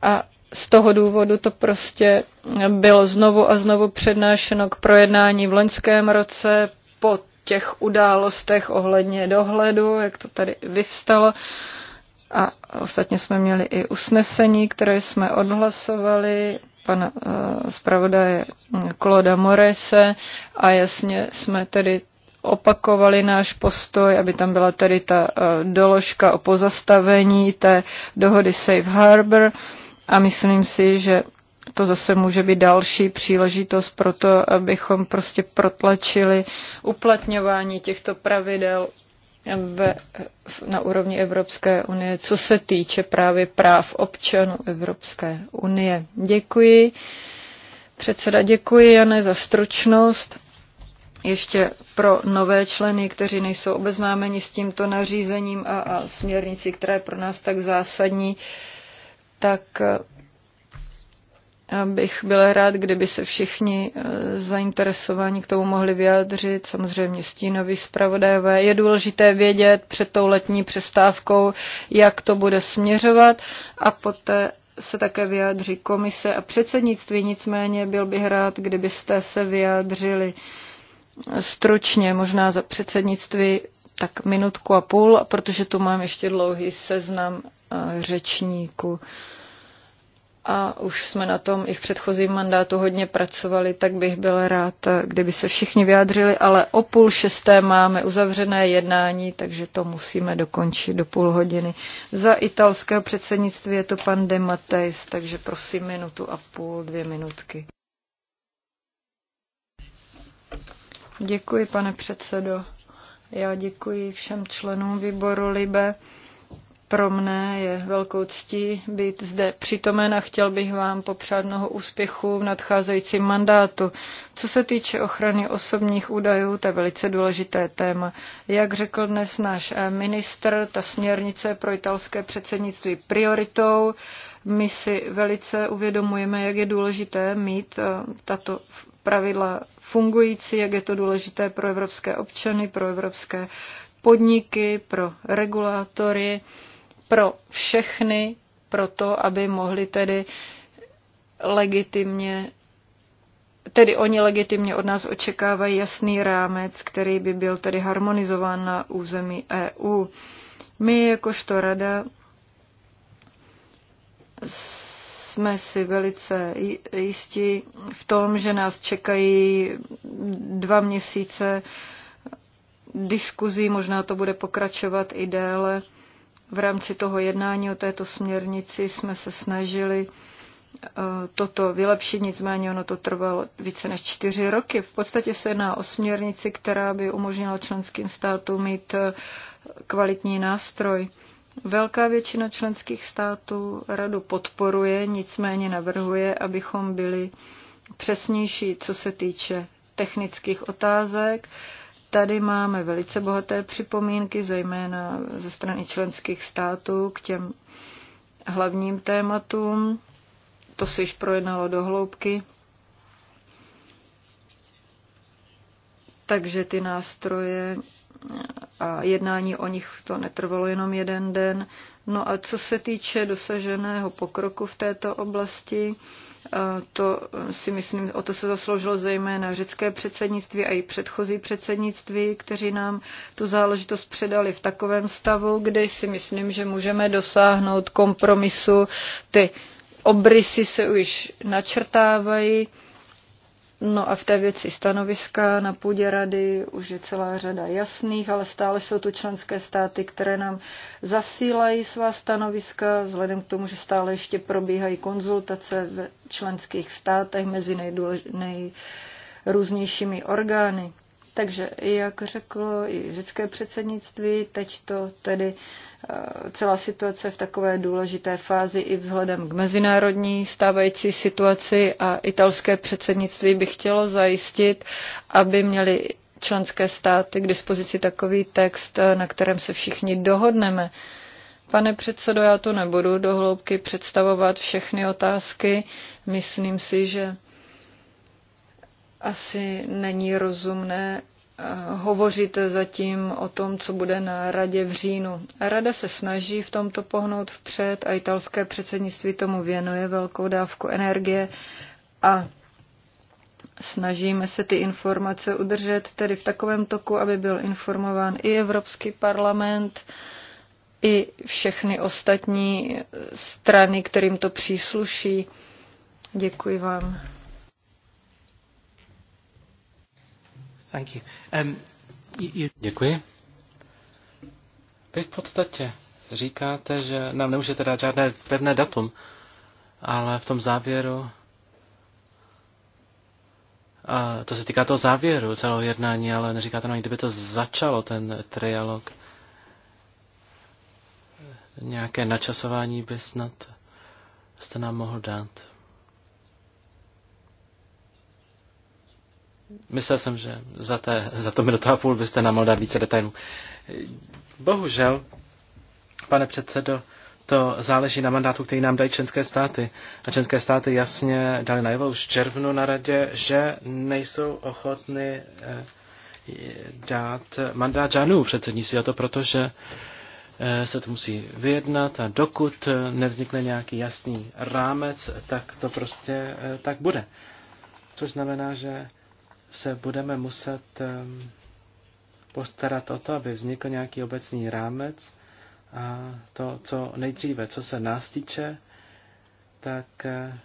A z toho důvodu to prostě bylo znovu a znovu přednášeno k projednání v loňském roce pod těch událostech ohledně dohledu, jak to tady vyvstalo. A ostatně jsme měli i usnesení, které jsme odhlasovali pana eh, zpravodaje Kloda Morese a jasně jsme tedy opakovali náš postoj, aby tam byla tedy ta eh, doložka o pozastavení té dohody Safe Harbor a myslím si, že to zase může být další příležitost pro to, abychom prostě protlačili uplatňování těchto pravidel ve, na úrovni Evropské unie, co se týče právě práv občanů Evropské unie. Děkuji. Předseda, děkuji, Jane, za stručnost. Ještě pro nové členy, kteří nejsou obeznámeni s tímto nařízením a, a směrnicí, která je pro nás tak zásadní, tak bych byl rád, kdyby se všichni eh, zainteresovaní k tomu mohli vyjádřit, samozřejmě stínový zpravodajové. Je důležité vědět před tou letní přestávkou, jak to bude směřovat a poté se také vyjádří komise a předsednictví. Nicméně byl bych rád, kdybyste se vyjádřili stručně, možná za předsednictví tak minutku a půl, protože tu mám ještě dlouhý seznam eh, řečníků a už jsme na tom i v předchozím mandátu hodně pracovali, tak bych byl rád, kdyby se všichni vyjádřili, ale o půl šesté máme uzavřené jednání, takže to musíme dokončit do půl hodiny. Za italského předsednictví je to pan De Mateis, takže prosím minutu a půl, dvě minutky. Děkuji, pane předsedo. Já děkuji všem členům výboru Libe. Pro mne je velkou ctí být zde přítomen a chtěl bych vám popřát mnoho úspěchů v nadcházejícím mandátu. Co se týče ochrany osobních údajů, to je velice důležité téma. Jak řekl dnes náš eh, ministr, ta směrnice pro italské předsednictví prioritou. My si velice uvědomujeme, jak je důležité mít eh, tato pravidla fungující, jak je to důležité pro evropské občany, pro evropské podniky, pro regulátory pro všechny, pro to, aby mohli tedy legitimně Tedy oni legitimně od nás očekávají jasný rámec, který by byl tedy harmonizován na území EU. My jakožto rada jsme si velice jistí v tom, že nás čekají dva měsíce diskuzí, možná to bude pokračovat i déle. V rámci toho jednání o této směrnici jsme se snažili eh, toto vylepšit, nicméně ono to trvalo více než čtyři roky. V podstatě se jedná o směrnici, která by umožnila členským státům mít eh, kvalitní nástroj. Velká většina členských států radu podporuje, nicméně navrhuje, abychom byli přesnější, co se týče technických otázek. Uh, Tady máme velice bohaté připomínky, zejména ze strany členských států k těm hlavním tématům. To se již projednalo do hloubky. Takže ty nástroje a jednání o nich to netrvalo jenom jeden den. No a co se týče dosaženého pokroku v této oblasti, Eh, to eh, si myslím, o to se zasloužilo zejména řecké předsednictví a i předchozí předsednictví, kteří nám tu záležitost předali v takovém stavu, kde si myslím, že můžeme dosáhnout kompromisu. Ty obrysy se už načrtávají No a v té věci stanoviska na půdě rady už je celá řada jasných, ale stále jsou tu členské státy, které nám zasílají svá stanoviska, vzhledem k tomu, že stále ještě probíhají konzultace v členských státech mezi nejdůlež- nejrůznějšími orgány. Takže, jak řeklo i řecké předsednictví, teď to tedy eh, celá situace v takové důležité fázi i vzhledem k mezinárodní stávající situaci a italské předsednictví by chtělo zajistit, aby měli členské státy k dispozici takový text, eh, na kterém se všichni dohodneme. Pane předsedo, já to nebudu dohloubky představovat všechny otázky. Myslím si, že asi není rozumné eh, hovořit zatím o tom, co bude na radě v říjnu. Rada se snaží v tomto pohnout vpřed a italské předsednictví tomu věnuje velkou dávku energie a snažíme se ty informace udržet tedy v takovém toku, aby byl informován i Evropský parlament, i všechny ostatní strany, kterým to přísluší. Děkuji vám. Um, Děkuji. Vy v podstatě říkáte, že nám nemůžete dát žádné pevné datum, ale v tom závěru a to se týká toho závěru celého jednání, ale neříkáte nám, kdyby to začalo, ten trialog. Nějaké načasování by snad jste nám mohl dát. Myslel jsem, že za, té, za to minutu a půl byste nám mohl dát více detailů. Bohužel, pane předsedo, to záleží na mandátu, který nám dají členské státy. A členské státy jasně dali najevo už v červnu na radě, že nejsou ochotny eh, dát mandát žádnou předsednictví. A to proto, že eh, se to musí vyjednat a dokud eh, nevznikne nějaký jasný rámec, tak to prostě tak bude. Což znamená, že se budeme muset postarat o to, aby vznikl nějaký obecný rámec a to, co nejdříve, co se nás týče, tak eh,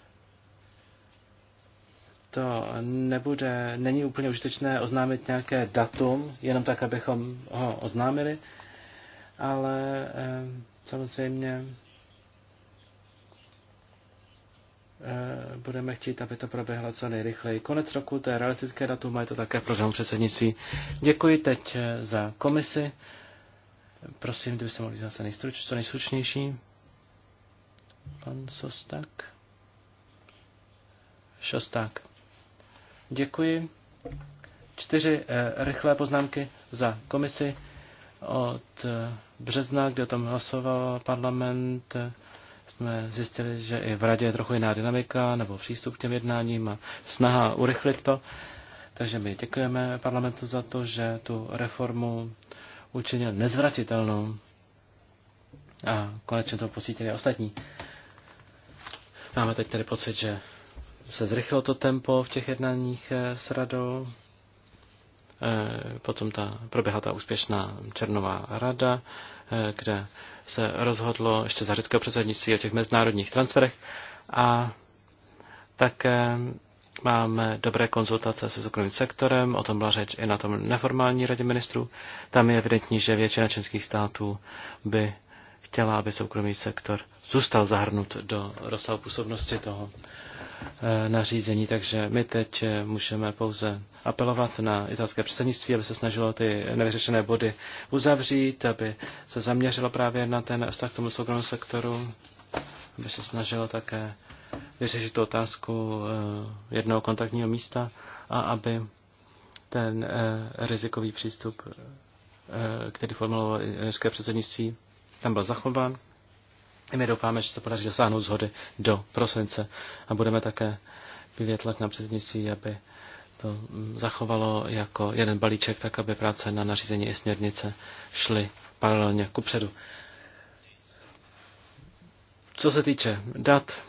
to nebude, není úplně užitečné oznámit nějaké datum, jenom tak, abychom ho oznámili, ale samozřejmě Eh, budeme chtít, aby to proběhlo co nejrychleji. Konec roku, to je realistické datum, je to také program předsednictví. Děkuji teď eh, za komisi. Prosím, kdyby se mohli zase nejstruč, co nejslučnější. Pan Sostak. Šosták. Děkuji. Čtyři eh, rychlé poznámky za komisi od eh, března, kde o tom hlasoval parlament. Eh, jsme zjistili, že i v radě je trochu jiná dynamika nebo přístup k těm jednáním a snaha urychlit to. Takže my děkujeme parlamentu za to, že tu reformu učinil nezvratitelnou a konečně to pocítili ostatní. Máme teď tedy pocit, že se zrychlo to tempo v těch jednáních eh, s radou, Eh, potom ta, proběhla ta úspěšná Černová rada, eh, kde se rozhodlo ještě za řeckého předsednictví o těch mezinárodních transferech a také máme dobré konzultace se soukromým sektorem, o tom byla řeč i na tom neformální radě ministrů. Tam je evidentní, že většina členských států by chtěla, aby soukromý sektor zůstal zahrnut do rozsahu působnosti toho Eh, nařízení, takže my teď eh, můžeme pouze apelovat na italské předsednictví, aby se snažilo ty nevyřešené body uzavřít, aby se zaměřilo právě na ten vztah k tomu soukromému sektoru, aby se snažilo také vyřešit tu otázku eh, jednoho kontaktního místa a aby ten rizikový přístup, který formulovalo italské předsednictví, tam byl zachován. I my doufáme, že se podaří dosáhnout zhody do prosince a budeme také vyvět tlak na předsednictví, aby to mm, zachovalo jako jeden balíček, tak aby práce na nařízení i směrnice šly paralelně ku předu. Co se týče dat,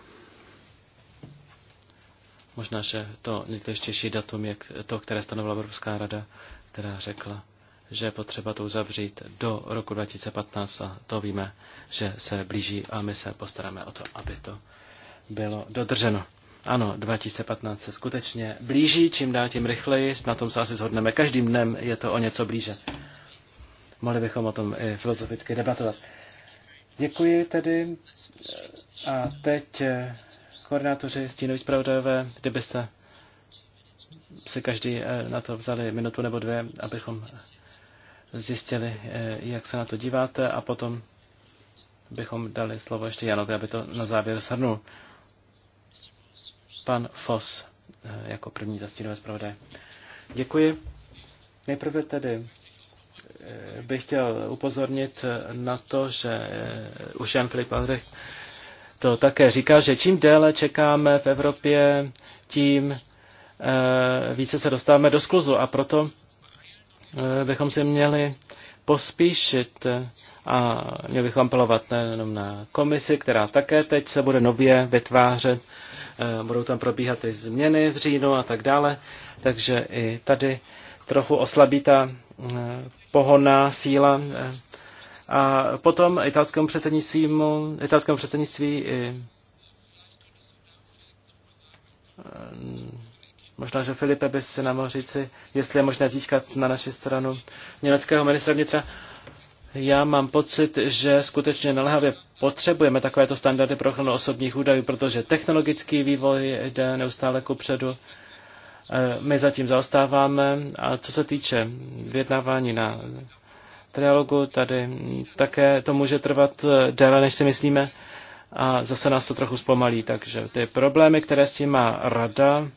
možná, že to nejtežtější datum je to, které stanovila Evropská rada, která řekla, že je potřeba to uzavřít do roku 2015 a to víme, že se blíží a my se postaráme o to, aby to bylo dodrženo. Ano, 2015 se skutečně blíží, čím dál tím rychleji, na tom se asi shodneme. Každým dnem je to o něco blíže. Mohli bychom o tom i filozoficky debatovat. Děkuji tedy a teď eh, koordinátoři stínoví zpravodajové, kdybyste si každý eh, na to vzali minutu nebo dvě, abychom zjistili, eh, jak se na to díváte a potom bychom dali slovo ještě Janovi, aby to na závěr shrnul. Pan Fos eh, jako první zastínové zpravodaj. Děkuji. Nejprve tedy eh, bych chtěl upozornit na to, že už Jan-Filip Andrech to také říká, že čím déle čekáme v Evropě, tím více se dostáváme do skluzu a proto Eh, bychom si měli pospíšit a měli bychom apelovat nejenom na komisi, která také teď se bude nově vytvářet, eh, budou tam probíhat i změny v říjnu a tak dále, takže i tady trochu oslabí ta eh, pohoná síla. A potom italskému předsednictví, italskému předsednictví i Možná, že Filipe by si nám mohl říci, jestli je možné získat na naši stranu německého ministra vnitra. Já mám pocit, že skutečně naléhavě potřebujeme takovéto standardy pro ochranu osobních údajů, protože technologický vývoj jde neustále ku předu. E, my zatím zaostáváme a co se týče vyjednávání na trialogu, tady také to může trvat e, déle, než si myslíme a zase nás to trochu zpomalí, takže ty problémy, které s tím má rada,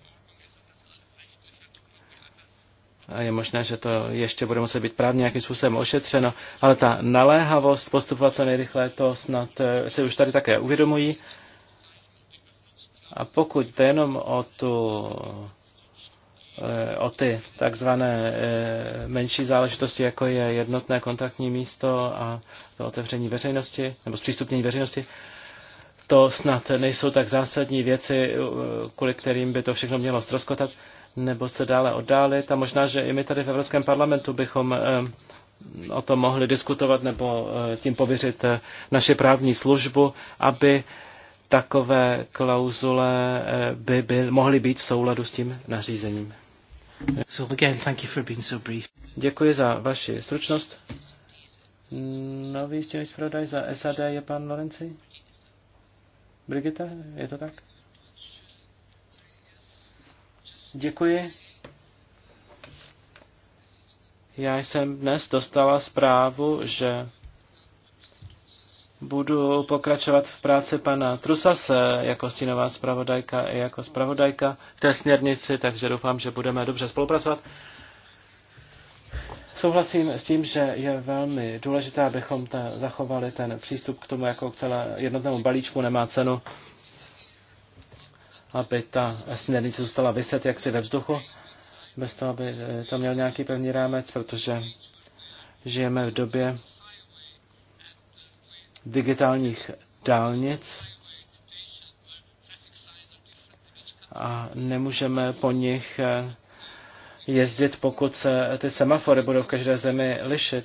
a je možné, že to ještě bude muset být právně nějakým způsobem ošetřeno, ale ta naléhavost postupovat co nejrychle, to snad eh, si už tady také uvědomují. A pokud jde jenom o, tu, eh, o ty takzvané eh, menší záležitosti, jako je jednotné kontaktní místo a to otevření veřejnosti, nebo zpřístupnění veřejnosti, to snad nejsou tak zásadní věci, kvůli kterým by to všechno mělo ztroskotat nebo se dále oddálit. A možná, že i my tady v Evropském parlamentu bychom eh, o tom mohli diskutovat nebo eh, tím pověřit eh, naši právní službu, aby takové klauzule by, by mohly být v souladu s tím nařízením. So again, thank you for being so brief. Děkuji za vaši stručnost. Nový stěný zpravodaj za SAD je pan Lorenci? Brigita, je to tak? Děkuji. Já jsem dnes dostala zprávu, že budu pokračovat v práci pana Trusase jako stínová zpravodajka i jako zpravodajka té směrnici, takže doufám, že budeme dobře spolupracovat. Souhlasím s tím, že je velmi důležité, abychom ta, zachovali ten přístup k tomu jako k celé jednotnému balíčku, nemá cenu aby ta směrnice zůstala vyset jaksi ve vzduchu, bez toho, aby eh, to měl nějaký pevný rámec, protože žijeme v době digitálních dálnic a nemůžeme po nich eh, jezdit, pokud se eh, ty semafory budou v každé zemi lišit.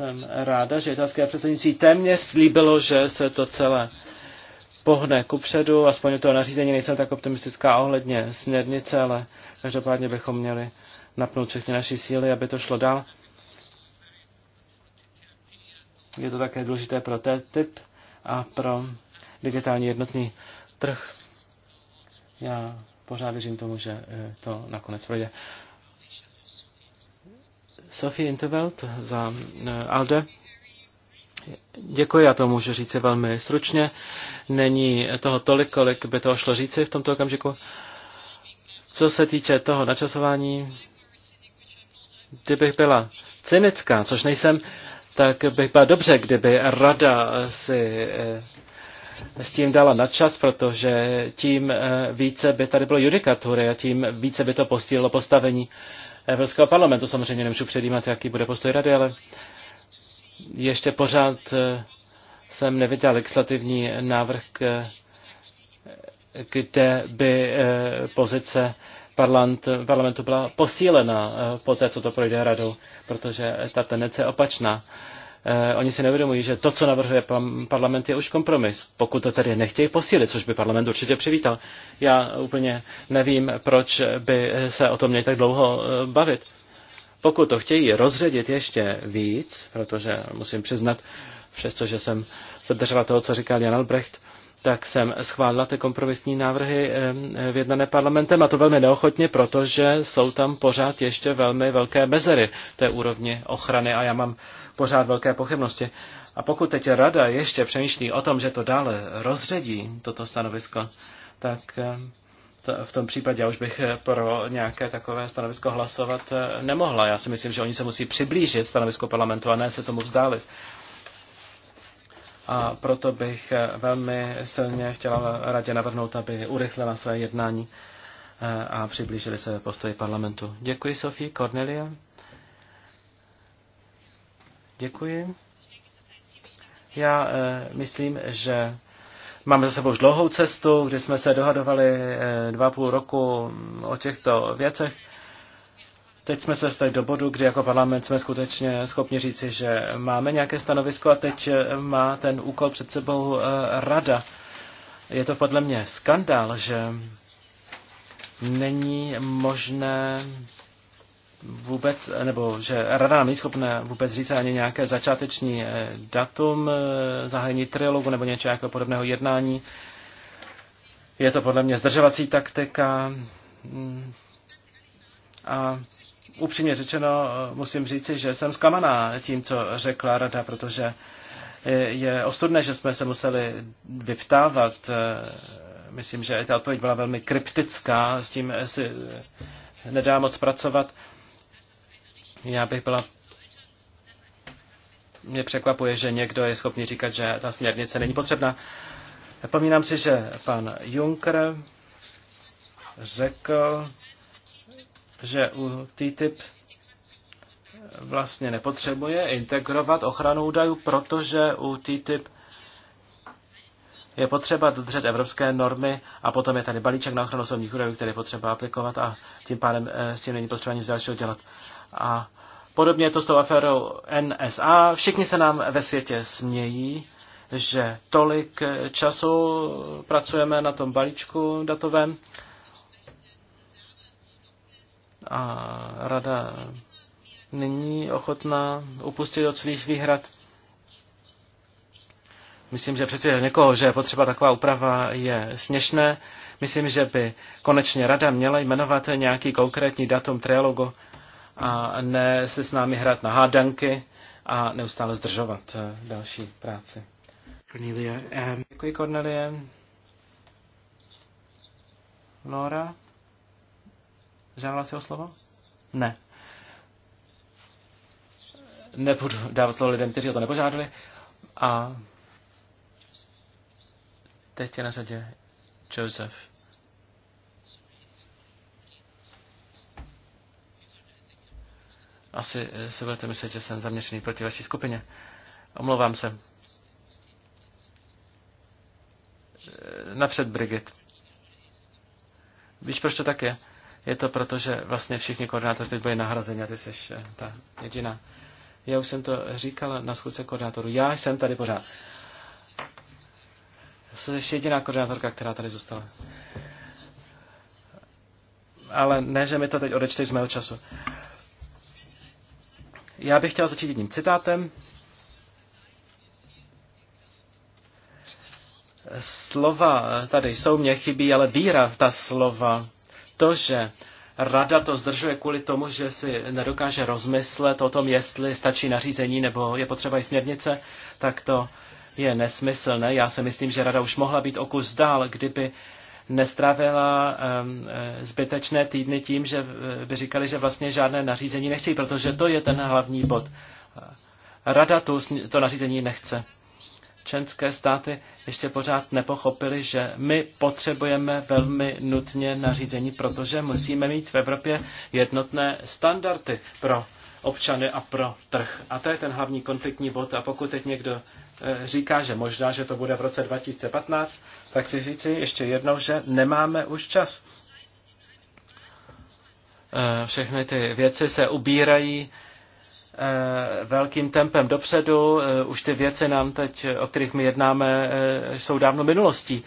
jsem ráda, že italské předsednictví téměř slíbilo, že se to celé pohne kupředu, aspoň toho nařízení nejsem tak optimistická ohledně směrnice, ale každopádně bychom měli napnout všechny naší síly, aby to šlo dál. Je to také důležité pro TTIP a pro digitální jednotný trh. Já pořád věřím tomu, že eh, to nakonec projde. Sofie Intervelt za eh, ALDE. Děkuji, já to můžu říct velmi stručně. Není toho tolik, kolik by toho šlo říci v tomto okamžiku. Co se týče toho načasování, kdybych byla cynická, což nejsem, tak bych byla dobře, kdyby rada si eh, s tím dala na čas, protože tím eh, více by tady bylo judikatury a tím více by to postihlo postavení Evropského parlamentu. Samozřejmě nemůžu předjímat, jaký bude postoj rady, ale ještě pořád eh, jsem neviděl legislativní návrh, kde by eh, pozice parlamentu byla posílena eh, po té, co to projde radou, protože ta tendence je opačná. Eh, oni si neuvědomují, že to, co navrhuje parlament, je už kompromis, pokud to tedy nechtějí posílit, což by parlament určitě přivítal. Já úplně nevím, proč by se o tom měli tak dlouho eh, bavit. Pokud to chtějí rozředit ještě víc, protože musím přiznat, přestože jsem se držela toho, co říkal Jan Albrecht, tak jsem schválila ty kompromisní návrhy eh, vyjednané parlamentem a to velmi neochotně, protože jsou tam pořád ještě velmi velké mezery té úrovni ochrany a já mám pořád velké pochybnosti. A pokud teď rada ještě přemýšlí o tom, že to dále rozředí, toto stanovisko, tak eh, to, v tom případě já už bych eh, pro nějaké takové stanovisko hlasovat nemohla. Já si myslím, že oni se musí přiblížit stanovisko parlamentu a ne se tomu vzdálit a proto bych eh, velmi silně chtěla radě navrhnout, aby urychlila své jednání eh, a přiblížili se postoji parlamentu. Děkuji, Sofie Cornelia. Děkuji. Já eh, myslím, že máme za sebou už dlouhou cestu, kdy jsme se dohadovali dva půl roku o těchto věcech. Teď jsme se dostali do bodu, kdy jako parlament jsme skutečně schopni říci, že máme nějaké stanovisko a teď eh, má ten úkol před sebou eh, rada. Je to podle mě skandál, že není možné vůbec, eh, nebo že rada nám není schopná vůbec říct ani nějaké začáteční datum zahájení trilogu nebo něčeho jako podobného jednání. Je to podle mě zdržovací taktika mm. a upřímně řečeno eh, musím říci, že jsem zklamaná tím, co řekla rada, protože eh, je ostudné, že jsme se museli vyptávat. Eh, myslím, že ta odpověď byla velmi kryptická, s tím si nedá moc pracovat. Já bych byla mě překvapuje, že někdo je schopný říkat, že ta směrnice není potřebná. Napomínám si, že pan Juncker řekl, že u TTIP vlastně nepotřebuje integrovat ochranu údajů, protože u TTIP je potřeba dodržet evropské normy a potom je tady balíček na ochranu osobních údajů, který je potřeba aplikovat a tím pádem eh, s tím není potřeba nic dalšího dělat. A podobně je to s tou aférou NSA. Všichni se nám ve světě smějí, že tolik času pracujeme na tom balíčku datovém a rada není ochotná upustit od svých výhrad. Myslím, že přesvědčit někoho, že je potřeba taková úprava, je směšné. Myslím, že by konečně rada měla jmenovat nějaký konkrétní datum trialogu a ne se s námi hrát na hádanky a neustále zdržovat eh, další práci. Cornelia, um... Děkuji, Cornelie. Nora? Žádala si o slovo? Ne. Nebudu dávat slovo lidem, kteří o to nepožádali. A teď je na řadě Joseph. Asi se budete myslet, že jsem zaměřený proti vaší skupině. Omlouvám se. Napřed, Brigit. Víš, proč to tak je? je to proto, že vlastně všichni koordinátoři teď byli nahrazeni a ty jsi eh, ta jediná. Já už jsem to říkal na schůzce koordinátorů. Já jsem tady pořád. Jsi ještě jediná koordinátorka, která tady zůstala. Ale ne, že mi to teď odečteš z mého času. Já bych chtěl začít jedním citátem. Slova tady jsou, mě chybí, ale víra v ta slova to, že rada to zdržuje kvůli tomu, že si nedokáže rozmyslet o tom, jestli stačí nařízení nebo je potřeba i směrnice, tak to je nesmyslné. Já si myslím, že rada už mohla být o kus dál, kdyby nestravila e, zbytečné týdny tím, že e, by říkali, že vlastně žádné nařízení nechtějí, protože to je ten hlavní bod. Rada to to nařízení nechce členské státy ještě pořád nepochopili, že my potřebujeme velmi nutně nařízení, protože musíme mít v Evropě jednotné standardy pro občany a pro trh. A to je ten hlavní konfliktní bod. A pokud teď někdo eh, říká, že možná, že to bude v roce 2015, tak si říci ještě jednou, že nemáme už čas. Eh, všechny ty věci se ubírají Eh, velkým tempem dopředu. Eh, už ty věci nám teď, o kterých my jednáme, eh, jsou dávno minulostí.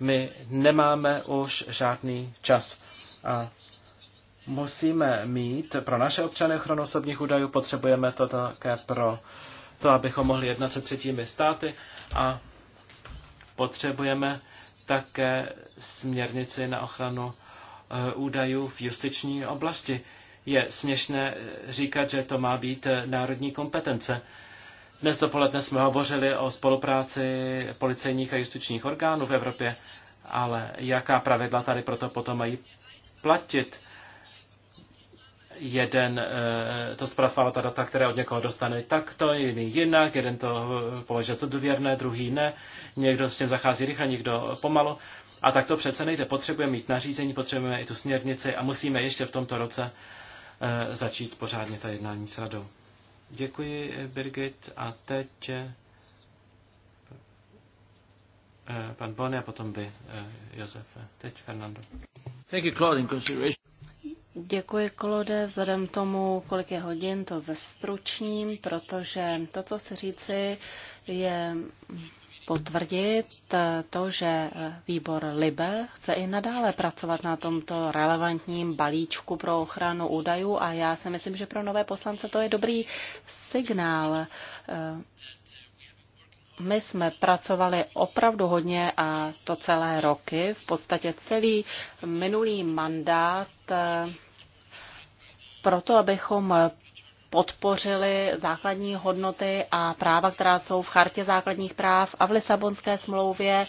My nemáme už žádný čas. A musíme mít pro naše občany ochranu osobních údajů, potřebujeme to také pro to, abychom mohli jednat se třetími státy a potřebujeme také směrnici na ochranu údajů v justiční oblasti je směšné eh, říkat, že to má být eh, národní kompetence. Dnes dopoledne jsme hovořili o spolupráci policejních a justičních orgánů v Evropě, ale jaká pravidla tady proto potom mají platit? jeden eh, to zpracovává ta data, které od někoho dostane takto, jiný jinak, jeden to považuje za důvěrné, druhý ne, někdo s tím zachází rychle, někdo pomalu. A tak to přece nejde. Potřebujeme mít nařízení, potřebujeme i tu směrnici a musíme ještě v tomto roce Eh, začít pořádně ta jednání s radou. Děkuji, eh, Birgit. A teď eh, pan Bony a potom by Josef. Teď Fernando. Thank you, Claude, in consideration. Děkuji, Klode. Vzhledem tomu, kolik je hodin, to zestručním, protože to, co chci říci, je potvrdit eh, to, že eh, výbor LIBE chce i nadále pracovat na tomto relevantním balíčku pro ochranu údajů a já si myslím, že pro nové poslance to je dobrý signál. Eh, my jsme pracovali opravdu hodně a to celé roky, v podstatě celý minulý mandát proto, abychom podpořili základní hodnoty a práva, která jsou v Chartě základních práv a v Lisabonské smlouvě.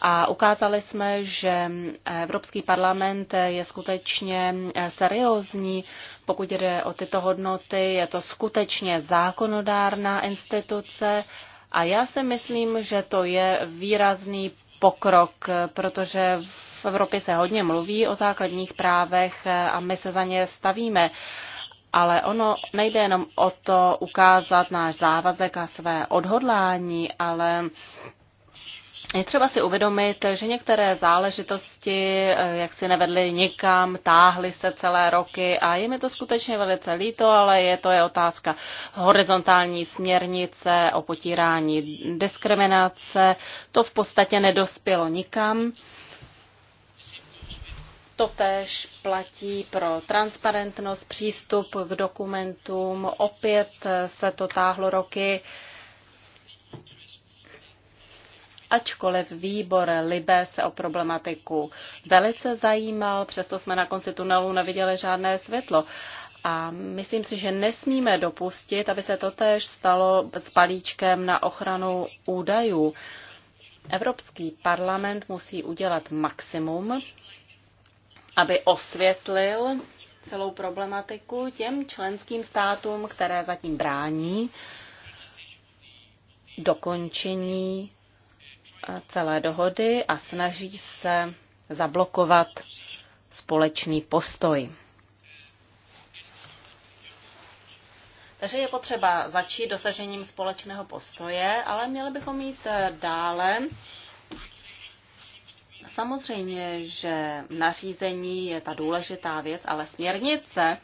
A ukázali jsme, že Evropský parlament je skutečně seriózní, pokud jde o tyto hodnoty. Je to skutečně zákonodárná instituce a já si myslím, že to je výrazný pokrok, protože v Evropě se hodně mluví o základních právech a my se za ně stavíme ale ono nejde jenom o to ukázat náš závazek a své odhodlání, ale je třeba si uvědomit, že některé záležitosti eh, jak si nevedly nikam, táhly se celé roky a je mi to skutečně velice líto, ale je to je otázka horizontální směrnice o potírání diskriminace. To v podstatě nedospělo nikam. Totež platí pro transparentnost, přístup k dokumentům. Opět se to táhlo roky. Ačkoliv výbor Libe se o problematiku velice zajímal, přesto jsme na konci tunelu neviděli žádné světlo. A myslím si, že nesmíme dopustit, aby se to též stalo s palíčkem na ochranu údajů. Evropský parlament musí udělat maximum, aby osvětlil celou problematiku těm členským státům, které zatím brání dokončení eh, celé dohody a snaží se zablokovat společný postoj. Takže je potřeba začít dosažením společného postoje, ale měli bychom mít eh, dále Samozřejmě, že nařízení je ta důležitá věc, ale směrnice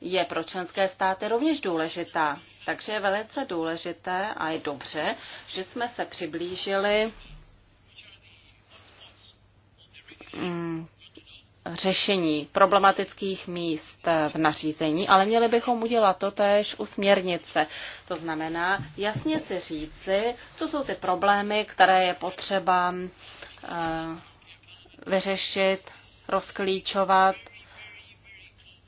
je pro členské státy rovněž důležitá. Takže je velice důležité a je dobře, že jsme se přiblížili mm, řešení problematických míst v nařízení, ale měli bychom udělat to též u směrnice. To znamená jasně si říci, co jsou ty problémy, které je potřeba Eh, vyřešit, rozklíčovat.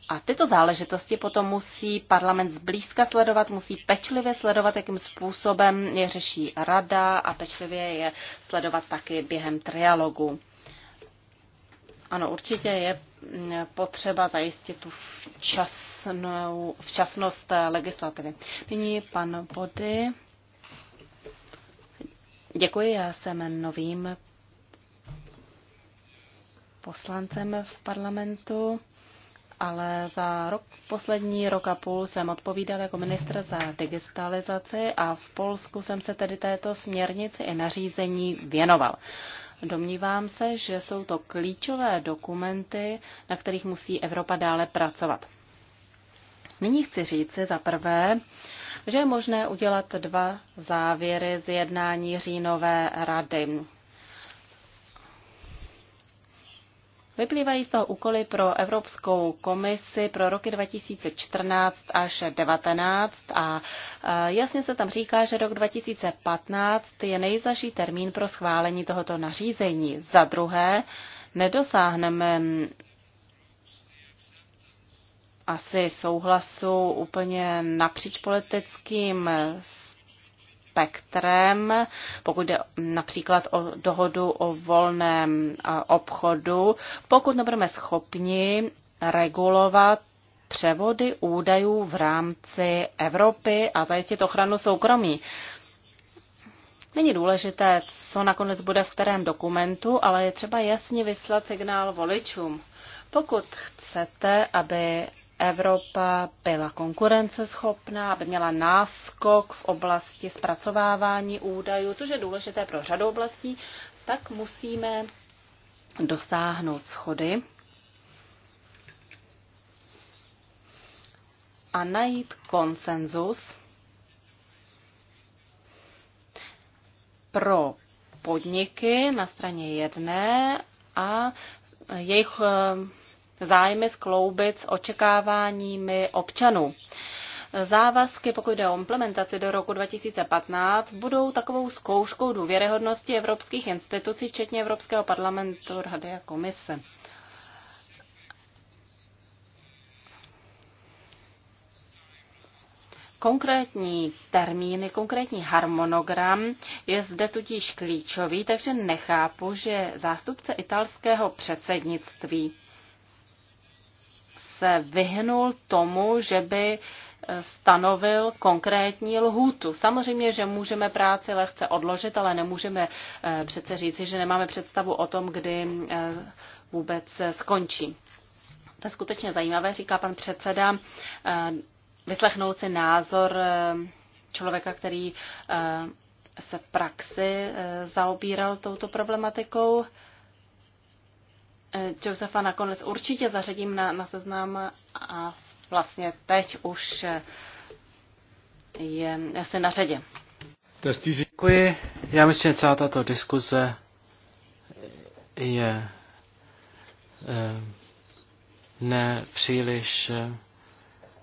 A tyto záležitosti potom musí parlament zblízka sledovat, musí pečlivě sledovat, jakým způsobem je řeší rada a pečlivě je sledovat taky během trialogu. Ano, určitě je mm, potřeba zajistit tu včasnou, včasnost legislativy. Nyní pan Body. Děkuji, já jsem novým poslancem v parlamentu, ale za rok, poslední rok a půl jsem odpovídal jako ministr za digitalizaci a v Polsku jsem se tedy této směrnici i nařízení věnoval. Domnívám se, že jsou to klíčové dokumenty, na kterých musí Evropa dále pracovat. Nyní chci říci za prvé, že je možné udělat dva závěry z jednání říjnové rady. Vyplývají z toho úkoly pro Evropskou komisi pro roky 2014 až 2019 a e, jasně se tam říká, že rok 2015 je nejzaší termín pro schválení tohoto nařízení. Za druhé, nedosáhneme asi souhlasu úplně napříč politickým spektrem, pokud jde například o dohodu o volném obchodu, pokud nebudeme schopni regulovat převody údajů v rámci Evropy a zajistit ochranu soukromí. Není důležité, co nakonec bude v kterém dokumentu, ale je třeba jasně vyslat signál voličům. Pokud chcete, aby Evropa byla konkurenceschopná, aby měla náskok v oblasti zpracovávání údajů, což je důležité pro řadu oblastí, tak musíme dosáhnout schody a najít konsenzus pro podniky na straně jedné a jejich eh, zájmy skloubit s očekáváními občanů. Závazky, pokud jde o implementaci do roku 2015, budou takovou zkouškou důvěryhodnosti evropských institucí, včetně Evropského parlamentu, Rady a komise. Konkrétní termíny, konkrétní harmonogram je zde tudíž klíčový, takže nechápu, že zástupce italského předsednictví se vyhnul tomu, že by eh, stanovil konkrétní lhůtu. Samozřejmě, že můžeme práci lehce odložit, ale nemůžeme eh, přece říci, že nemáme představu o tom, kdy eh, vůbec skončí. To je skutečně zajímavé, říká pan předseda, vyslechnout si názor člověka, který se v praxi zaobíral touto problematikou. Eh, Josefa nakonec určitě zařadím na, na seznam a vlastně teď už eh, je asi na řadě. Děkuji. Já myslím, že celá tato diskuze je eh, nepříliš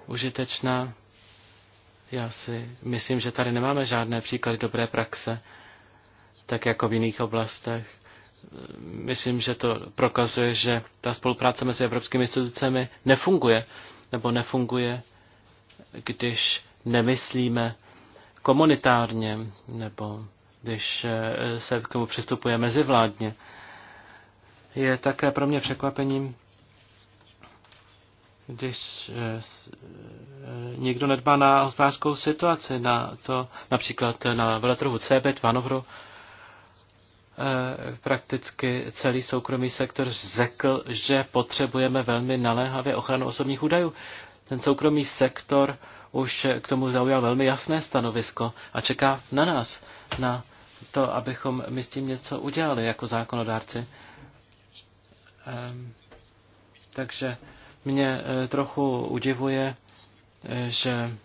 užitečná. Já si myslím, že tady nemáme žádné příklady dobré praxe, tak jako v jiných oblastech myslím, že to prokazuje, že ta spolupráce mezi evropskými institucemi nefunguje, nebo nefunguje, když nemyslíme komunitárně, nebo když eh, se k tomu přistupuje mezivládně. Je také pro mě překvapením, když eh, eh, někdo nedbá na hospodářskou situaci, na to například na veletrhu CB, Vanovru, Eh, prakticky celý soukromý sektor řekl, že potřebujeme velmi naléhavě ochranu osobních údajů. Ten soukromý sektor už k tomu zaujal velmi jasné stanovisko a čeká na nás, na to, abychom my s tím něco udělali jako zákonodárci. Ehm, takže mě eh, trochu udivuje, eh, že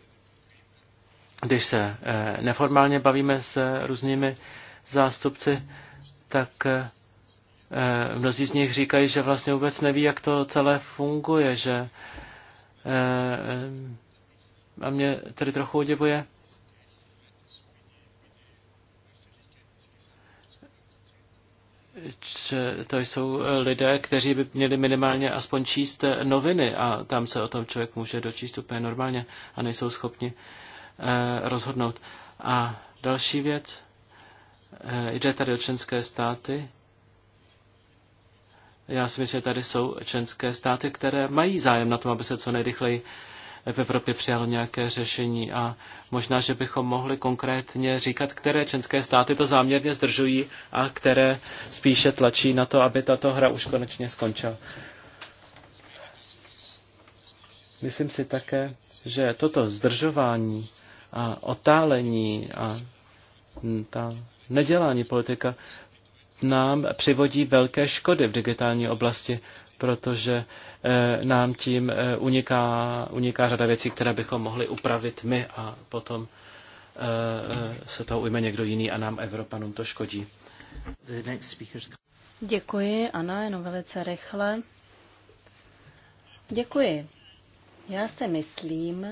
když se neformálně bavíme s různými zástupci tak eh, mnozí z nich říkají, že vlastně vůbec neví, jak to celé funguje, že eh, a mě tedy trochu udivuje, že to jsou lidé, kteří by měli minimálně aspoň číst noviny a tam se o tom člověk může dočíst úplně normálně a nejsou schopni eh, rozhodnout. A další věc, Eh, jde tady o členské státy. Já si myslím, že tady jsou členské státy, které mají zájem na tom, aby se co nejrychleji v Evropě přijalo nějaké řešení a možná, že bychom mohli konkrétně říkat, které členské státy to záměrně zdržují a které spíše tlačí na to, aby tato hra už konečně skončila. Myslím si také, že toto zdržování a otálení a ta nedělání politika nám přivodí velké škody v digitální oblasti, protože eh, nám tím eh, uniká, uniká řada věcí, které bychom mohli upravit my a potom eh, se toho ujme někdo jiný a nám Evropanům to škodí. Děkuji, Ana, jenom velice rychle. Děkuji. Já se myslím,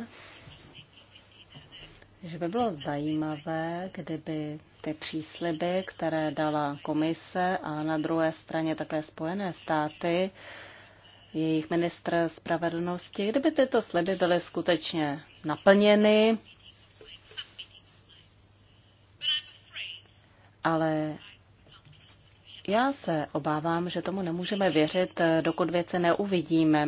že by bylo zajímavé, kdyby ty přísliby, které dala komise a na druhé straně také Spojené státy, jejich ministr spravedlnosti, kdyby tyto sliby byly skutečně naplněny, ale já se obávám, že tomu nemůžeme věřit, dokud věci neuvidíme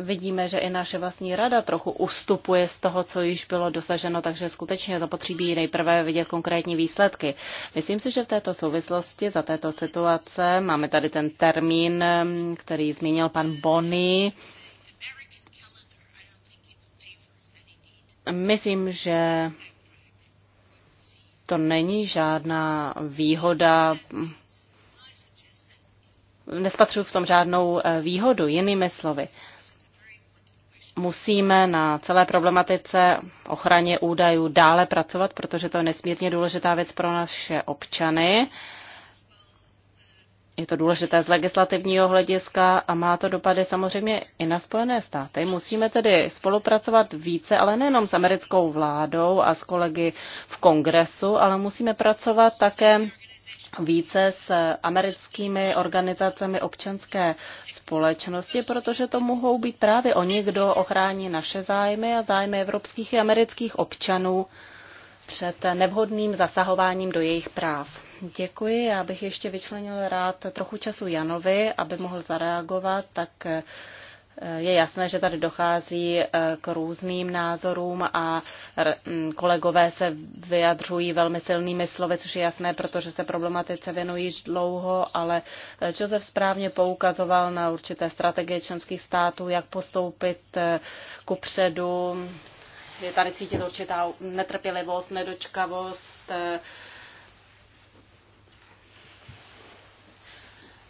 vidíme, že i naše vlastní rada trochu ustupuje z toho, co již bylo dosaženo, takže skutečně zapotřebí nejprve vidět konkrétní výsledky. Myslím si, že v této souvislosti, za této situace, máme tady ten termín, který zmínil pan Bonny. Myslím, že to není žádná výhoda nespatřuji v tom žádnou eh, výhodu, jinými slovy musíme na celé problematice ochraně údajů dále pracovat, protože to je nesmírně důležitá věc pro naše občany. Je to důležité z legislativního hlediska a má to dopady samozřejmě i na Spojené státy. Musíme tedy spolupracovat více, ale nejenom s americkou vládou a s kolegy v kongresu, ale musíme pracovat také více s americkými organizacemi občanské společnosti, protože to mohou být právě oni, kdo ochrání naše zájmy a zájmy evropských i amerických občanů před nevhodným zasahováním do jejich práv. Děkuji, já bych ještě vyčlenil rád trochu času Janovi, aby mohl zareagovat, tak je jasné, že tady dochází e, k různým názorům a kolegové se vyjadřují velmi silnými slovy, což je jasné, protože se problematice věnují dlouho, ale e, Josef správně poukazoval na určité strategie členských států, jak postoupit e, ku předu. Je tady cítit určitá netrpělivost, nedočkavost,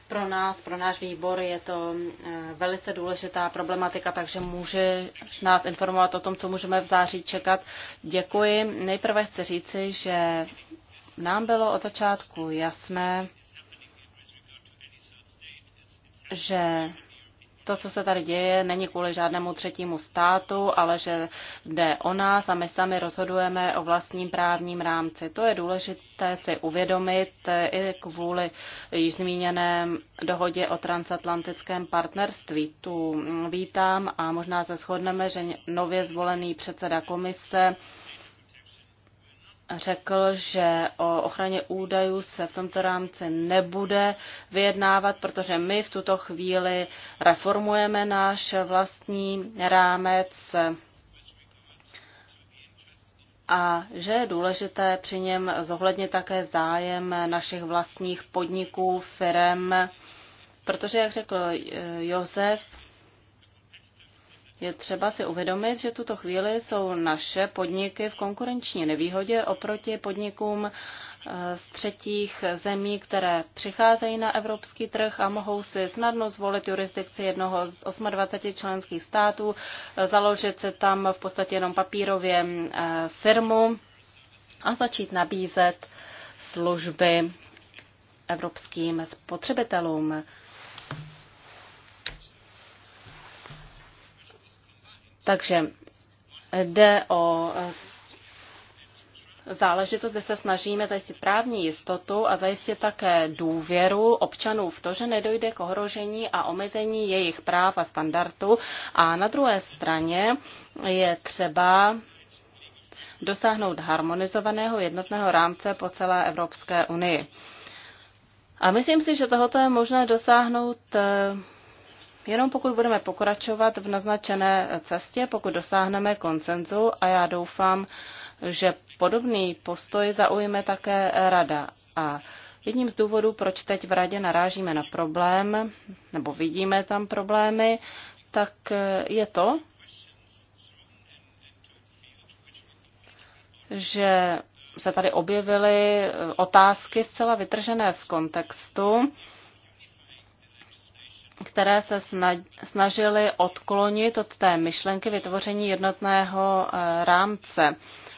Pro nás, pro náš výbor je to eh, velice důležitá problematika, takže může nás informovat o tom, co můžeme v září čekat. Děkuji. Nejprve chci říci, že nám bylo od začátku jasné, že to, co se tady děje, není kvůli žádnému třetímu státu, ale že jde o nás a my sami rozhodujeme o vlastním právním rámci. To je důležité si uvědomit i kvůli již zmíněné dohodě o transatlantickém partnerství. Tu vítám a možná se shodneme, že nově zvolený předseda komise řekl, že o ochraně údajů se v tomto rámci nebude vyjednávat, protože my v tuto chvíli reformujeme náš vlastní rámec a že je důležité při něm zohlednit také zájem našich vlastních podniků, firm, protože, jak řekl Josef, je třeba si uvědomit, že tuto chvíli jsou naše podniky v konkurenční nevýhodě oproti podnikům eh, z třetích zemí, které přicházejí na evropský trh a mohou si snadno zvolit jurisdikci jednoho z 28 členských států, eh, založit se tam v podstatě jenom papírově eh, firmu a začít nabízet služby evropským spotřebitelům. Takže jde o eh, záležitost, kde se snažíme zajistit právní jistotu a zajistit také důvěru občanů v to, že nedojde k ohrožení a omezení jejich práv a standardů. A na druhé straně je třeba dosáhnout harmonizovaného jednotného rámce po celé Evropské unii. A myslím si, že tohoto je možné dosáhnout eh, Jenom pokud budeme pokračovat v naznačené cestě, pokud dosáhneme koncenzu a já doufám, že podobný postoj zaujme také Rada. A jedním z důvodů, proč teď v Radě narážíme na problém, nebo vidíme tam problémy, tak je to, že se tady objevily otázky zcela vytržené z kontextu které se snažily odklonit od té myšlenky vytvoření jednotného eh, rámce.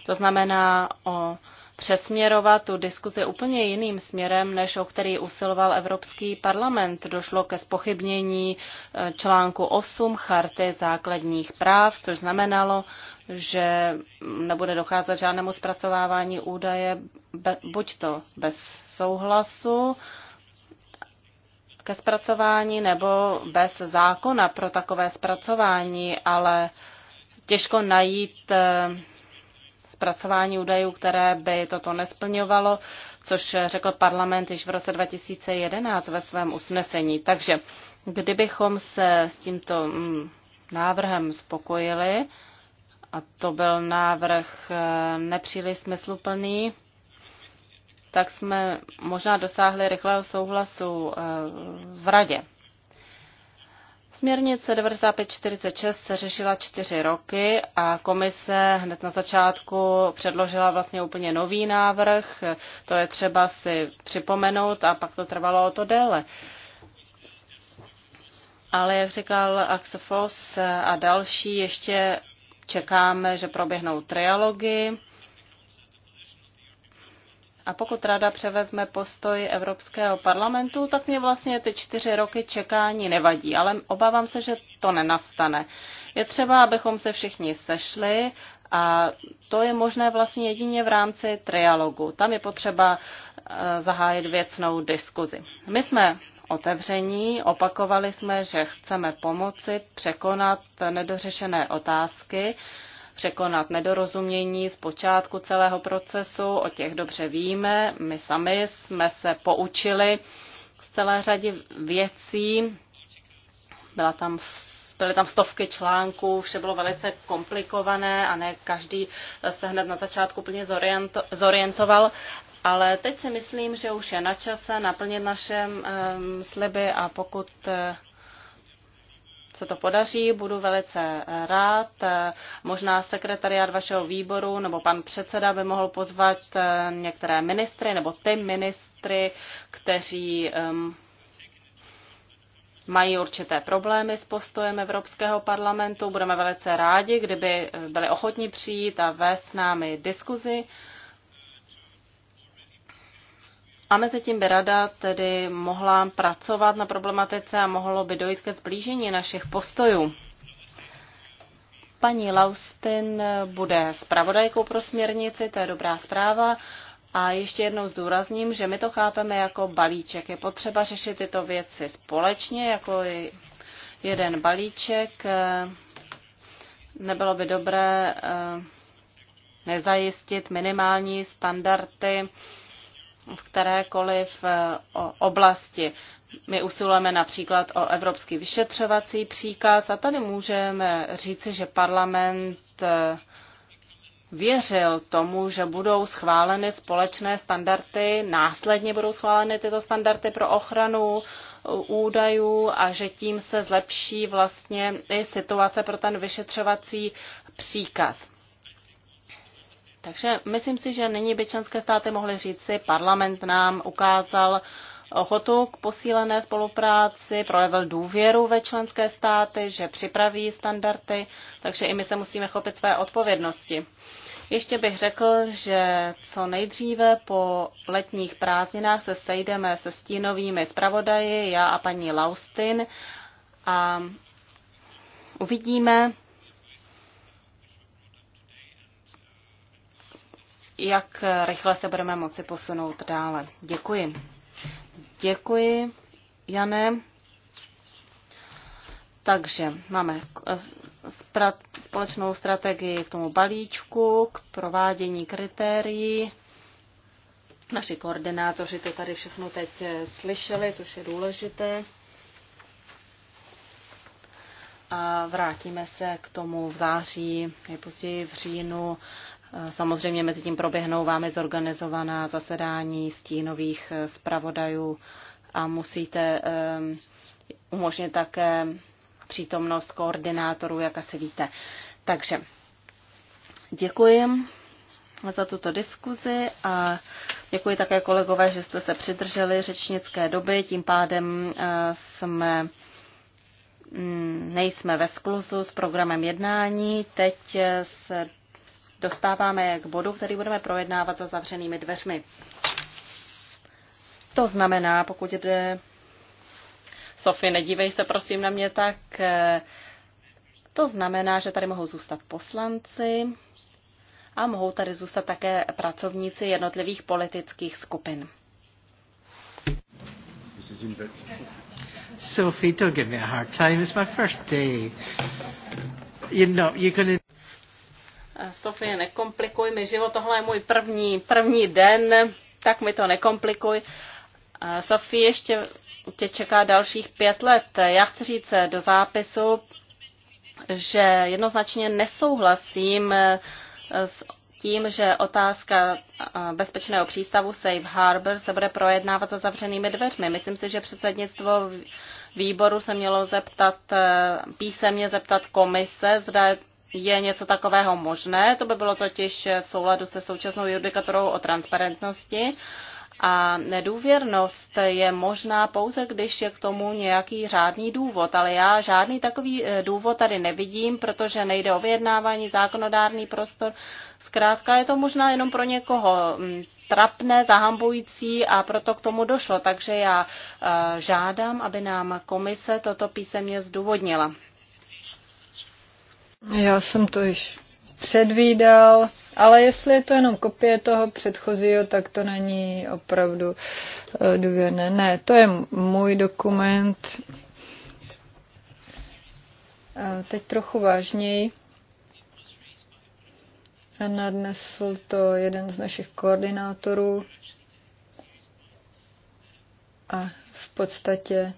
To znamená o přesměrovat tu diskuzi úplně jiným směrem, než o který usiloval Evropský parlament. Došlo ke spochybnění eh, článku 8 Charty základních práv, což znamenalo, že nebude docházet žádnému zpracovávání údaje, buď to bez souhlasu, ke zpracování nebo bez zákona pro takové zpracování, ale těžko najít eh, zpracování údajů, které by toto nesplňovalo, což řekl parlament již v roce 2011 ve svém usnesení. Takže kdybychom se s tímto mm, návrhem spokojili, a to byl návrh eh, nepříliš smysluplný, tak jsme možná dosáhli rychlého souhlasu eh, v radě. Směrnice 9546 se řešila čtyři roky a komise hned na začátku předložila vlastně úplně nový návrh. To je třeba si připomenout a pak to trvalo o to déle. Ale jak říkal Axofos a další, ještě čekáme, že proběhnou trialogy a pokud rada převezme postoj Evropského parlamentu, tak mě vlastně ty čtyři roky čekání nevadí, ale obávám se, že to nenastane. Je třeba, abychom se všichni sešli a to je možné vlastně jedině v rámci trialogu. Tam je potřeba eh, zahájit věcnou diskuzi. My jsme otevření, opakovali jsme, že chceme pomoci překonat nedořešené otázky, překonat nedorozumění z počátku celého procesu, o těch dobře víme, my sami jsme se poučili z celé řady věcí, byla tam, byly tam stovky článků, vše bylo velice komplikované a ne každý se hned na začátku plně zoriento, zorientoval, ale teď si myslím, že už je na čase naplnit naše um, sliby a pokud uh, se to podaří, budu velice rád. Možná sekretariát vašeho výboru nebo pan předseda by mohl pozvat eh, některé ministry nebo ty ministry, kteří mají určité problémy s postojem Evropského parlamentu. Budeme velice rádi, kdyby eh, byli ochotní přijít a vést s námi diskuzi. A mezi tím by rada tedy mohla pracovat na problematice a mohlo by dojít ke zblížení našich postojů. Paní Laustin bude zpravodajkou pro směrnici, to je dobrá zpráva. A ještě jednou zdůrazním, že my to chápeme jako balíček. Je potřeba řešit tyto věci společně, jako jeden balíček. Nebylo by dobré eh, nezajistit minimální standardy v kterékoliv eh, oblasti. My usilujeme například o evropský vyšetřovací příkaz a tady můžeme říci, že parlament eh, věřil tomu, že budou schváleny společné standardy, následně budou schváleny tyto standardy pro ochranu eh, údajů a že tím se zlepší vlastně i situace pro ten vyšetřovací příkaz. Takže myslím si, že nyní by členské státy mohly říci, parlament nám ukázal ochotu k posílené spolupráci, projevil důvěru ve členské státy, že připraví standardy, takže i my se musíme chopit své odpovědnosti. Ještě bych řekl, že co nejdříve po letních prázdninách se sejdeme se stínovými zpravodaji, já a paní Laustin, a uvidíme, jak rychle se budeme moci posunout dále. Děkuji. Děkuji, Jane. Takže máme společnou strategii k tomu balíčku, k provádění kritérií. Naši koordinátoři to tady všechno teď eh, slyšeli, což je důležité. A vrátíme se k tomu v září, nejpozději v říjnu Samozřejmě mezi tím proběhnou vámi zorganizovaná zasedání stínových eh, zpravodajů a musíte ehm, umožnit také přítomnost koordinátorů, jak asi víte. Takže děkuji za tuto diskuzi a děkuji také kolegové, že jste se přidrželi řečnické doby. Tím pádem eh, jsme mm, nejsme ve skluzu s programem jednání. Teď eh, se dostáváme k bodu, který budeme projednávat za zavřenými dveřmi. To znamená, pokud jde... Sofie, nedívej se prosím na mě tak. Eh, to znamená, že tady mohou zůstat poslanci a mohou tady zůstat také pracovníci jednotlivých politických skupin. Sophie, don't give me a hard time. It's my first day. You know, you're gonna... Sofie, nekomplikuj mi život, tohle je můj první, první den, tak mi to nekomplikuj. Sofie, ještě tě čeká dalších pět let. Já chci říct do zápisu, že jednoznačně nesouhlasím eh, s tím, že otázka eh, bezpečného přístavu Safe Harbor se bude projednávat za zavřenými dveřmi. Myslím si, že předsednictvo výboru se mělo zeptat, eh, písemně zeptat komise, zda je něco takového možné. To by bylo totiž v souladu se současnou judikatorou o transparentnosti. A nedůvěrnost je možná pouze, když je k tomu nějaký řádný důvod, ale já žádný takový eh, důvod tady nevidím, protože nejde o vyjednávání, zákonodárný prostor. Zkrátka je to možná jenom pro někoho mm, trapné, zahambující a proto k tomu došlo. Takže já eh, žádám, aby nám komise toto písemně zdůvodnila. Já jsem to již předvídal, ale jestli je to jenom kopie toho předchozího, tak to není opravdu eh, důvěrné. Ne, to je můj dokument. A teď trochu vážněji. A nadnesl to jeden z našich koordinátorů. A v podstatě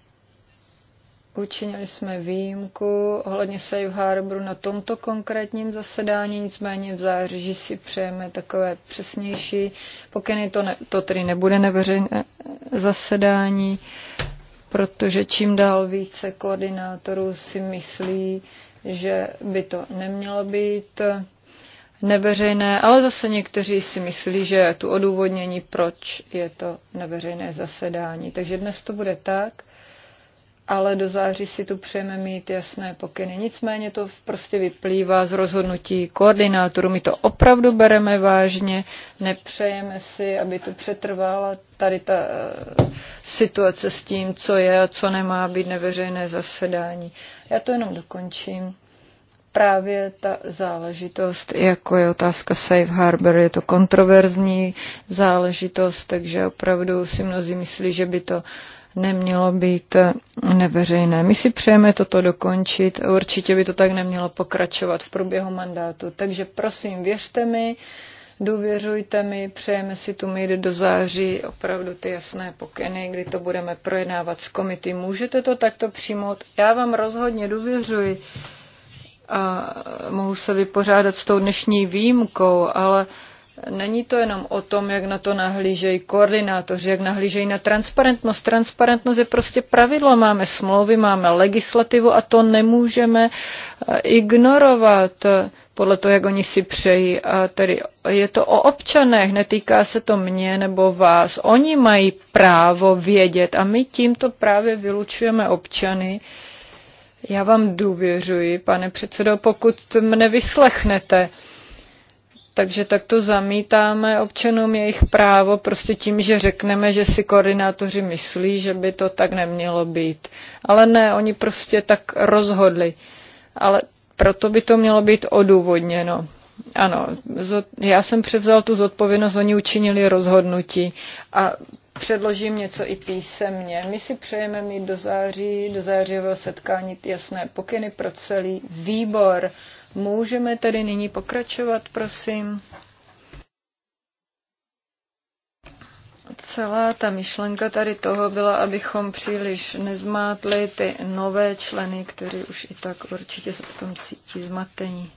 Učinili jsme výjimku ohledně Safe Harboru na tomto konkrétním zasedání, nicméně v září si přejeme takové přesnější pokyny. To, ne, to tedy nebude neveřejné eh, zasedání, protože čím dál více koordinátorů si myslí, že by to nemělo být neveřejné, ale zase někteří si myslí, že je tu odůvodnění, proč je to neveřejné zasedání. Takže dnes to bude tak, ale do září si tu přejeme mít jasné pokyny. Nicméně to prostě vyplývá z rozhodnutí koordinátoru. My to opravdu bereme vážně, nepřejeme si, aby to přetrvala tady ta eh, situace s tím, co je a co nemá být neveřejné zasedání. Já to jenom dokončím. Právě ta záležitost, jako je otázka Safe Harbor, je to kontroverzní záležitost, takže opravdu si mnozí myslí, že by to uh, nemělo být eh, neveřejné. My si přejeme toto dokončit, určitě by to tak nemělo pokračovat v průběhu mandátu. Takže prosím, věřte mi, důvěřujte mi, přejeme si tu mít do září opravdu ty jasné pokyny, kdy to budeme projednávat s komity. Můžete to takto přijmout? Já vám rozhodně důvěřuji a mohu se vypořádat s tou dnešní výjimkou, ale uh, Není to jenom o tom, jak na to nahlížejí koordinátoři, jak nahlížejí na transparentnost. Transparentnost je prostě pravidlo. Máme smlouvy, máme legislativu a to nemůžeme eh, ignorovat podle toho, jak oni si přejí. A tedy je to o občanech, netýká se to mě nebo vás. Oni mají právo vědět a my tímto právě vylučujeme občany. Já vám důvěřuji, pane předsedo, pokud mne vyslechnete. Takže takto zamítáme občanům jejich právo prostě tím, že řekneme, že si koordinátoři myslí, že by to tak nemělo být. Ale ne, oni prostě tak rozhodli. Ale proto by to mělo být odůvodněno. Ano, já jsem převzal tu zodpovědnost, oni učinili rozhodnutí a předložím něco i písemně. My si přejeme mít do září, do zářivého setkání jasné pokyny pro celý výbor Můžeme tedy nyní pokračovat, prosím. Celá ta myšlenka tady toho byla, abychom příliš nezmátli ty nové členy, kteří už i tak určitě se tom cítí zmatení.